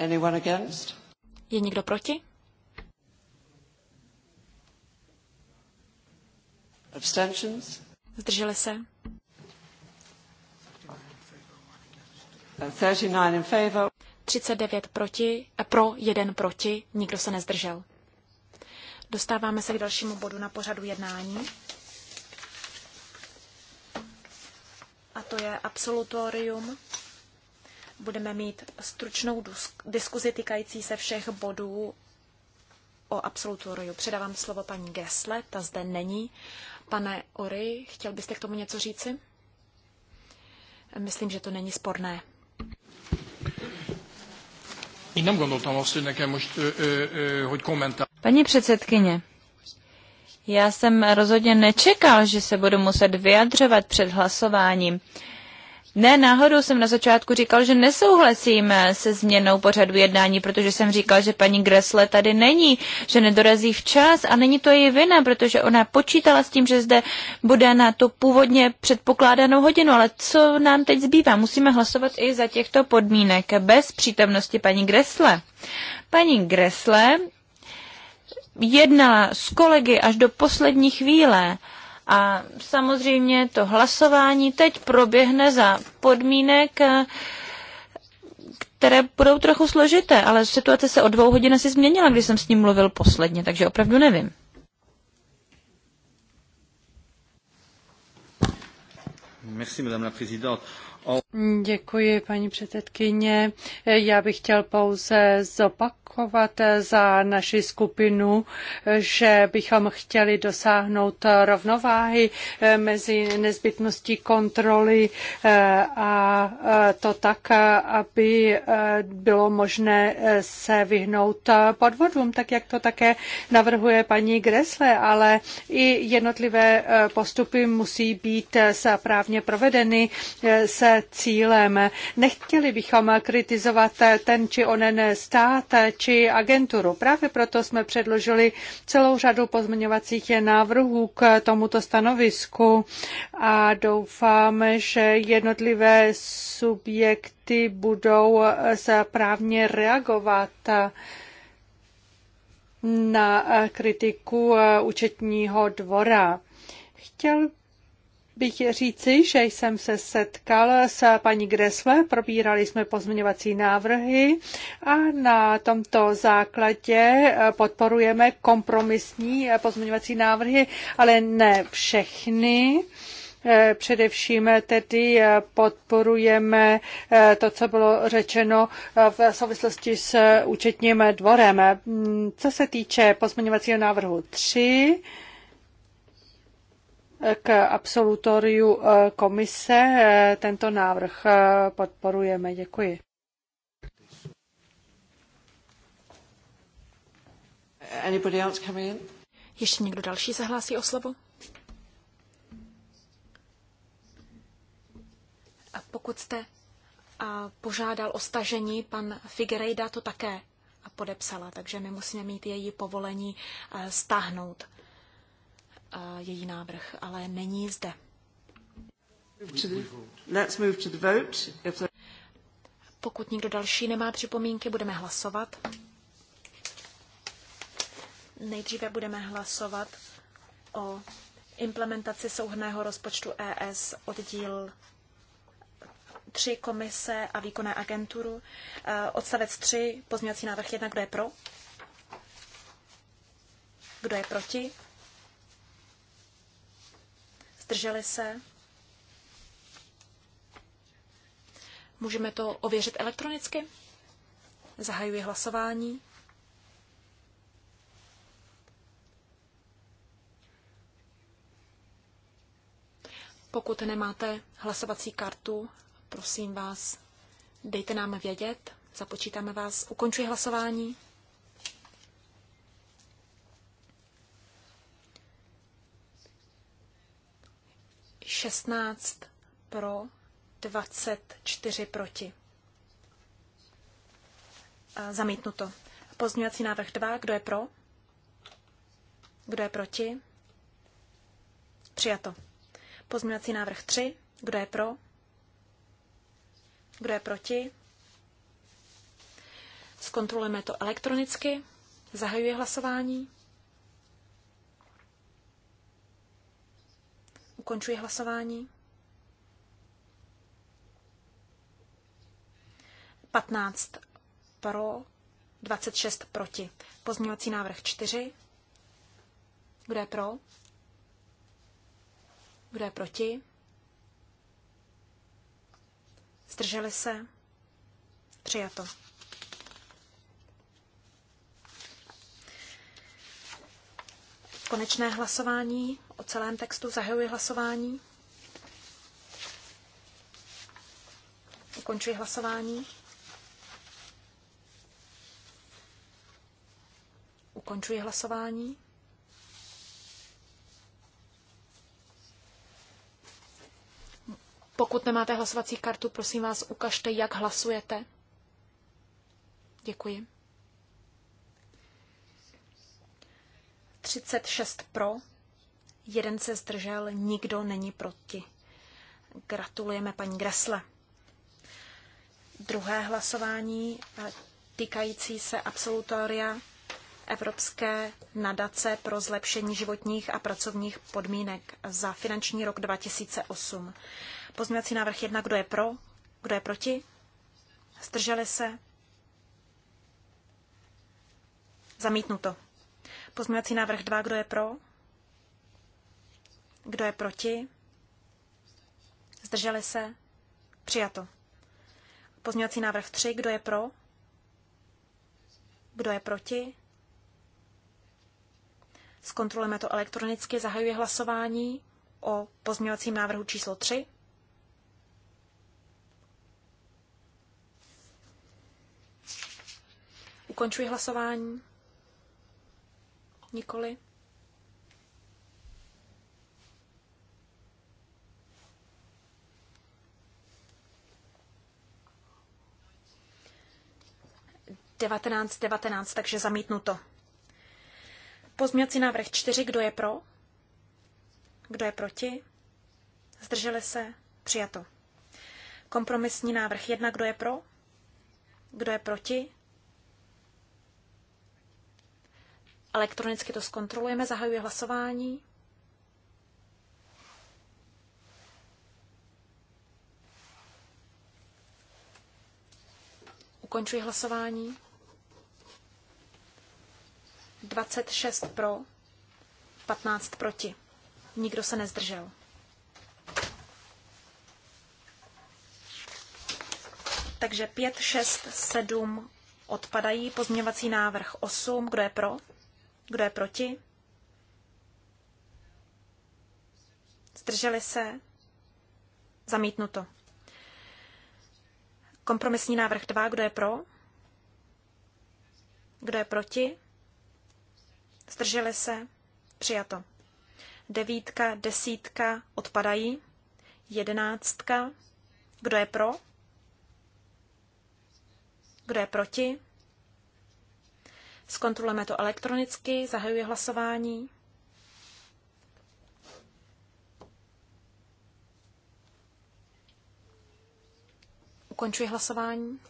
Anyone against? Je někdo proti? Abstentions? Zdrželi se? 39 uh, in favor. 39 proti, eh, pro, jeden proti, nikdo se nezdržel. Dostáváme se k dalšímu bodu na pořadu jednání. A to je absolutorium budeme mít stručnou diskuzi týkající se všech bodů o absolutoriu. Předávám slovo paní Gesle. ta zde není. Pane Ory, chtěl byste k tomu něco říci? Myslím, že to není sporné. Eh, eh, paní předsedkyně, já jsem rozhodně nečekal, že se budu muset vyjadřovat před hlasováním. Ne, náhodou jsem na začátku říkal, že nesouhlasím eh, se změnou pořadu jednání, protože jsem říkal, že paní Gressle tady není, že nedorazí včas a není to její vina, protože ona počítala s tím, že zde bude na tu původně předpokládanou hodinu, ale co nám teď zbývá? Musíme hlasovat i za těchto podmínek bez přítomnosti paní Gressle. Paní Gressle jednala s kolegy až do poslední chvíle a samozřejmě to hlasování teď proběhne za podmínek, eh, které budou trochu složité, ale situace se o dvou hodin asi změnila, když jsem s ním mluvil posledně, takže opravdu nevím. Merci, madame la présidente. Oh. Děkuji, paní předsedkyně. Já bych chtěl pouze zopakovat, poděkovat za naši skupinu, že bychom chtěli dosáhnout rovnováhy eh, mezi nezbytností kontroly eh, a eh, to tak, aby bylo možné se vyhnout podvodům, tak jak to také navrhuje paní Gresle, ale i jednotlivé postupy musí být správně provedeny se cílem. Nechtěli bychom kritizovat ten či onen stát či agenturu. Právě proto jsme předložili celou řadu pozměňovacích návrhů k tomuto stanovisku a doufáme, že jednotlivé subjekty budou správně reagovat na kritiku účetního dvora. Chtěl bych říci, že jsem se setkal s paní Gresle, probírali jsme pozměňovací návrhy a na tomto základě podporujeme kompromisní pozměňovací návrhy, ale ne všechny. Především tedy podporujeme to, co bylo řečeno v souvislosti s účetním dvorem. Co se týče pozměňovacího návrhu 3, k absolutoriu eh, komise eh, tento návrh eh, podporujeme. Děkuji. Ještě někdo další se hlásí o slovo? pokud jste požádal o stažení, pan Figueiredo to také podepsala, takže my musíme mít její povolení stáhnout její návrh, ale není zde. Pokud nikdo další nemá připomínky, budeme hlasovat. Nejdříve budeme hlasovat o implementaci souhrného rozpočtu ES oddíl 3 komise a výkonné agenturu. E, odstavec 3, pozměňovací návrh 1, kdo je pro? Kdo je proti? zdrželi se. Můžeme to ověřit elektronicky. Zahajuji hlasování. Pokud nemáte hlasovací kartu, prosím vás, dejte nám vědět, započítáme vás. Ukončuji hlasování. 16 pro, 24 proti. Zamítnuto. Pozměňovací návrh 2. Kdo je pro? Kdo je proti? Přijato. Pozměňovací návrh 3. Kdo je pro? Kdo je proti? Zkontrolujeme to elektronicky. Zahajuji hlasování. Ukončuji hlasování. 15 pro, 26 proti. Pozměňovací návrh 4. Kdo je pro? Kdo je proti? Zdrželi se? Přijato. Konečné hlasování o celém textu. Zahajuji hlasování. Ukončuji hlasování. Ukončuji hlasování. Pokud nemáte hlasovací kartu, prosím vás, ukažte, jak hlasujete. Děkuji. 36 pro, jeden se zdržel, nikdo není proti. Gratulujeme paní Gresle. Druhé hlasování eh, týkající se absolutoria Evropské nadace pro zlepšení životních a pracovních podmínek za finanční rok 2008. Pozměňovací návrh 1. Kdo je pro? Kdo je proti? Zdrželi se? Zamítnuto. Pozměňovací návrh 2. Kdo je pro? Kdo je proti? Zdrželi se? Přijato. Pozměňovací návrh 3. Kdo je pro? Kdo je proti? Zkontrolujeme to elektronicky. Zahajuje hlasování o pozměňovacím návrhu číslo 3. Ukončuji hlasování. Nikoli. 19, 19, takže zamítnuto. Pozměňovací návrh 4, kdo je pro? Kdo je proti? Zdrželi se? Přijato. Kompromisní návrh 1, kdo je pro? Kdo je proti? Elektronicky to zkontrolujeme, zahajuje hlasování. Ukončuji hlasování. 26 pro, 15 proti. Nikdo se nezdržel. Takže 5, 6, 7 odpadají. Pozměňovací návrh 8. Kdo je pro? Kdo je proti? Zdrželi se? Zamítnuto. Kompromisní návrh 2. Kdo je pro? Kdo je proti? Zdrželi se? Přijato. Devítka, desítka odpadají. Jedenáctka. Kdo je pro? Kdo je proti? Zkontrolujeme to elektronicky, zahajuji hlasování. Ukončuji hlasování.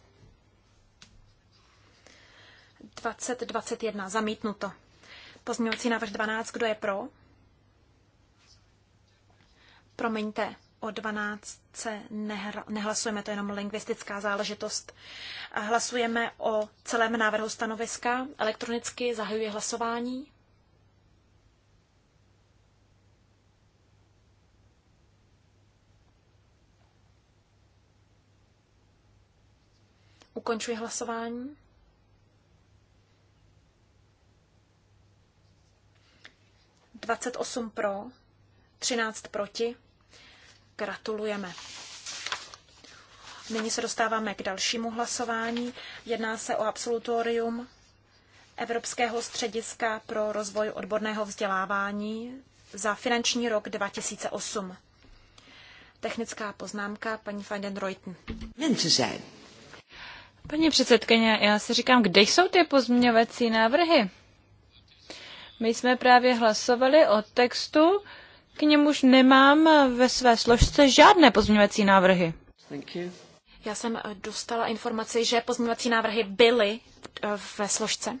20, 21, zamítnuto. Pozměňovací návrh 12, kdo je pro? Promiňte, o 12 nehlasujeme, to je jenom lingvistická záležitost. Hlasujeme o celém návrhu stanoviska, elektronicky zahajuje hlasování. Ukončuji hlasování. 28 pro, 13 proti. Gratulujeme. Nyní se dostáváme k dalšímu hlasování. Jedná se o absolutorium Evropského střediska pro rozvoj odborného vzdělávání za finanční rok 2008. Technická poznámka paní van den Reuten. Paní předsedkyně, já si říkám, kde jsou ty pozměňovací návrhy? My jsme právě hlasovali o textu, k němuž nemám ve své složce žádné pozměňovací návrhy. Já jsem eh, dostala informaci, že pozměňovací návrhy byly eh, ve složce.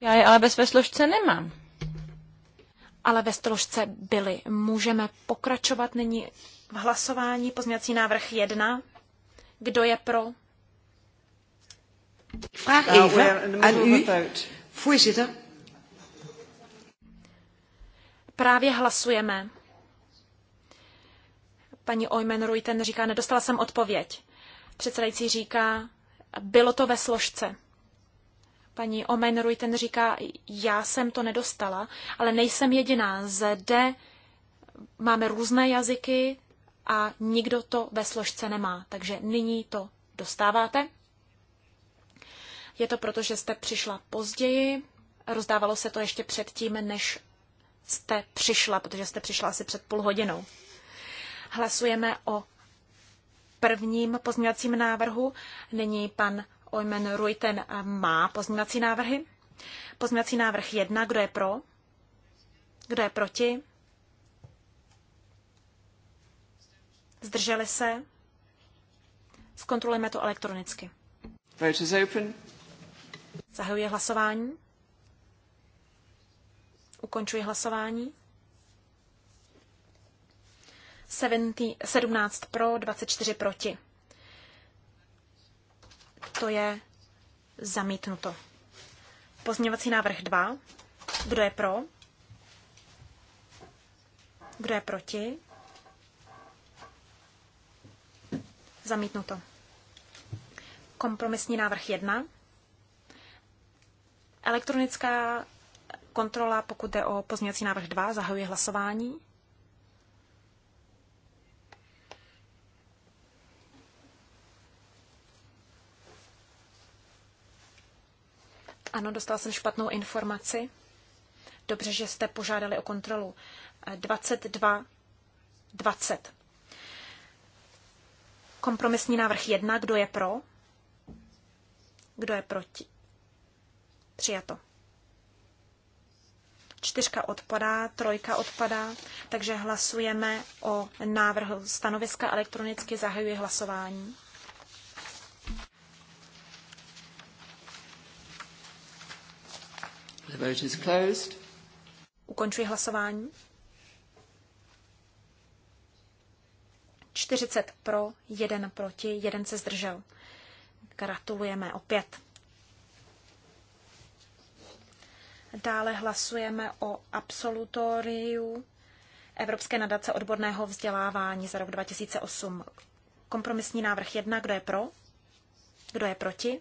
Já je ale ve své složce nemám. Ale ve složce byly. Můžeme pokračovat nyní v hlasování. Pozměňovací návrh 1. Kdo je pro? Vraag even aan u, voorzitter právě hlasujeme. Paní Oymen Ruiten říká, nedostala jsem odpověď. Předsedající říká, bylo to ve složce. Paní Omen Ruiten říká, já jsem to nedostala, ale nejsem jediná. Zde máme různé jazyky a nikdo to ve složce nemá. Takže nyní to dostáváte. Je to proto, že jste přišla později. Rozdávalo se to ještě předtím, než jste přišla, protože jste přišla asi před půl hodinou. Hlasujeme o prvním pozměňovacím návrhu. Nyní pan Ojmen Ruiten má pozměňovací návrhy. Pozměňovací návrh 1, kdo je pro? Kdo je proti? Zdrželi se? Zkontrolujeme to elektronicky. Vote is open. Zahajuji hlasování. Ukončuji hlasování. 17 pro, 24 proti. To je zamítnuto. Pozměňovací návrh 2. Kdo je pro? Kdo je proti? Zamítnuto. Kompromisní návrh 1. Elektronická kontrola, pokud jde o pozměňovací návrh 2, zahajuje hlasování. Ano, dostal jsem špatnou informaci. Dobře, že jste požádali o kontrolu. 22, 20. Kompromisní návrh 1. Kdo je pro? Kdo je proti? Přijato. Čtyřka odpadá, trojka odpadá, takže hlasujeme o návrhu stanoviska elektronicky zahajuji hlasování. The vote is closed. Ukončuji hlasování. 40 pro, 1 proti, 1 se zdržel. Gratulujeme opět. Dále hlasujeme o absolutoriu Evropské nadace odborného vzdělávání za rok 2008. Kompromisní návrh 1, kdo je pro? Kdo je proti?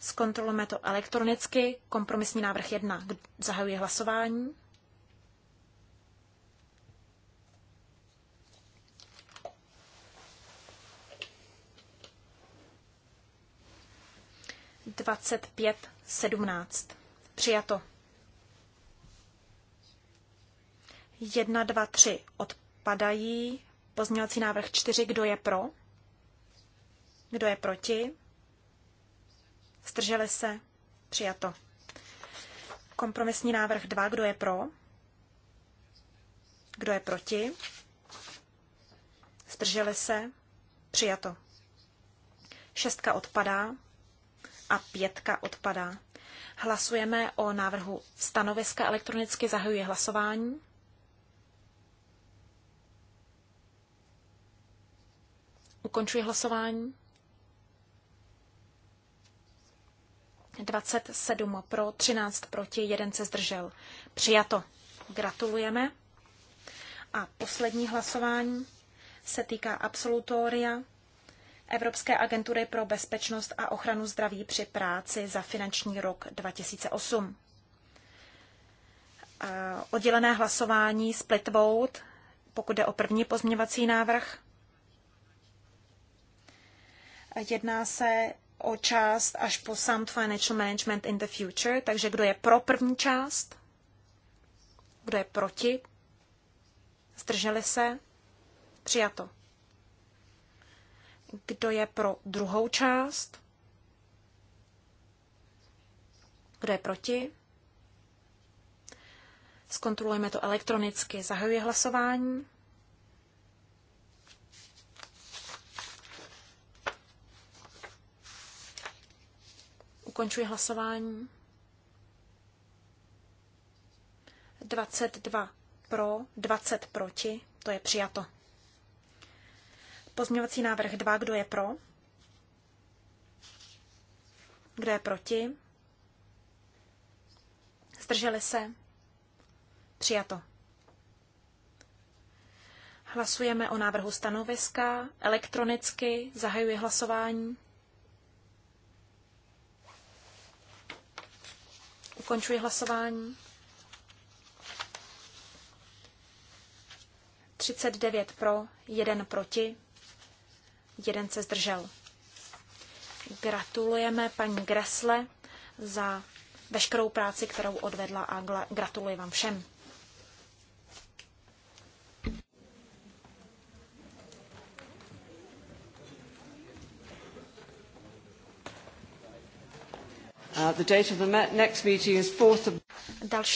Zkontrolujeme to elektronicky. Kompromisní návrh 1. Zahajuji hlasování. 25, 17. Přijato. 1, 2, 3 odpadají. Pozměňovací návrh 4. Kdo je pro? Kdo je proti? Zdrželi se? Přijato. Kompromisní návrh 2. Kdo je pro? Kdo je proti? Zdrželi se? Přijato. Šestka odpadá a pětka odpadá. Hlasujeme o návrhu stanoviska elektronicky zahajuje hlasování. Ukončuji hlasování. 27 pro, 13 proti, 1 se zdržel. Přijato. Gratulujeme. A poslední hlasování se týká absolutoria Evropské agentury pro bezpečnost a ochranu zdraví při práci za finanční rok 2008. Oddělené hlasování split vote, pokud jde o první pozměňovací návrh. Jedná se o část až po Sound Financial Management in the Future, takže kdo je pro první část, kdo je proti, zdrželi se, přijato. Kdo je pro druhou část? Kdo je proti? Zkontrolujeme to elektronicky. Zahajuji hlasování. Ukončuji hlasování. 22 pro, 20 proti. To je přijato. Pozměňovací návrh 2, kdo je pro? Kdo je proti? Zdrželi se? Přijato. Hlasujeme o návrhu stanoviska. Elektronicky zahajuji hlasování. Ukončuji hlasování. 39 pro, 1 proti jeden se zdržel. Gratulujeme paní Gresle za veškerou práci, kterou odvedla a gratuluji vám všem. Uh, the date of the next meeting is 4th of... Další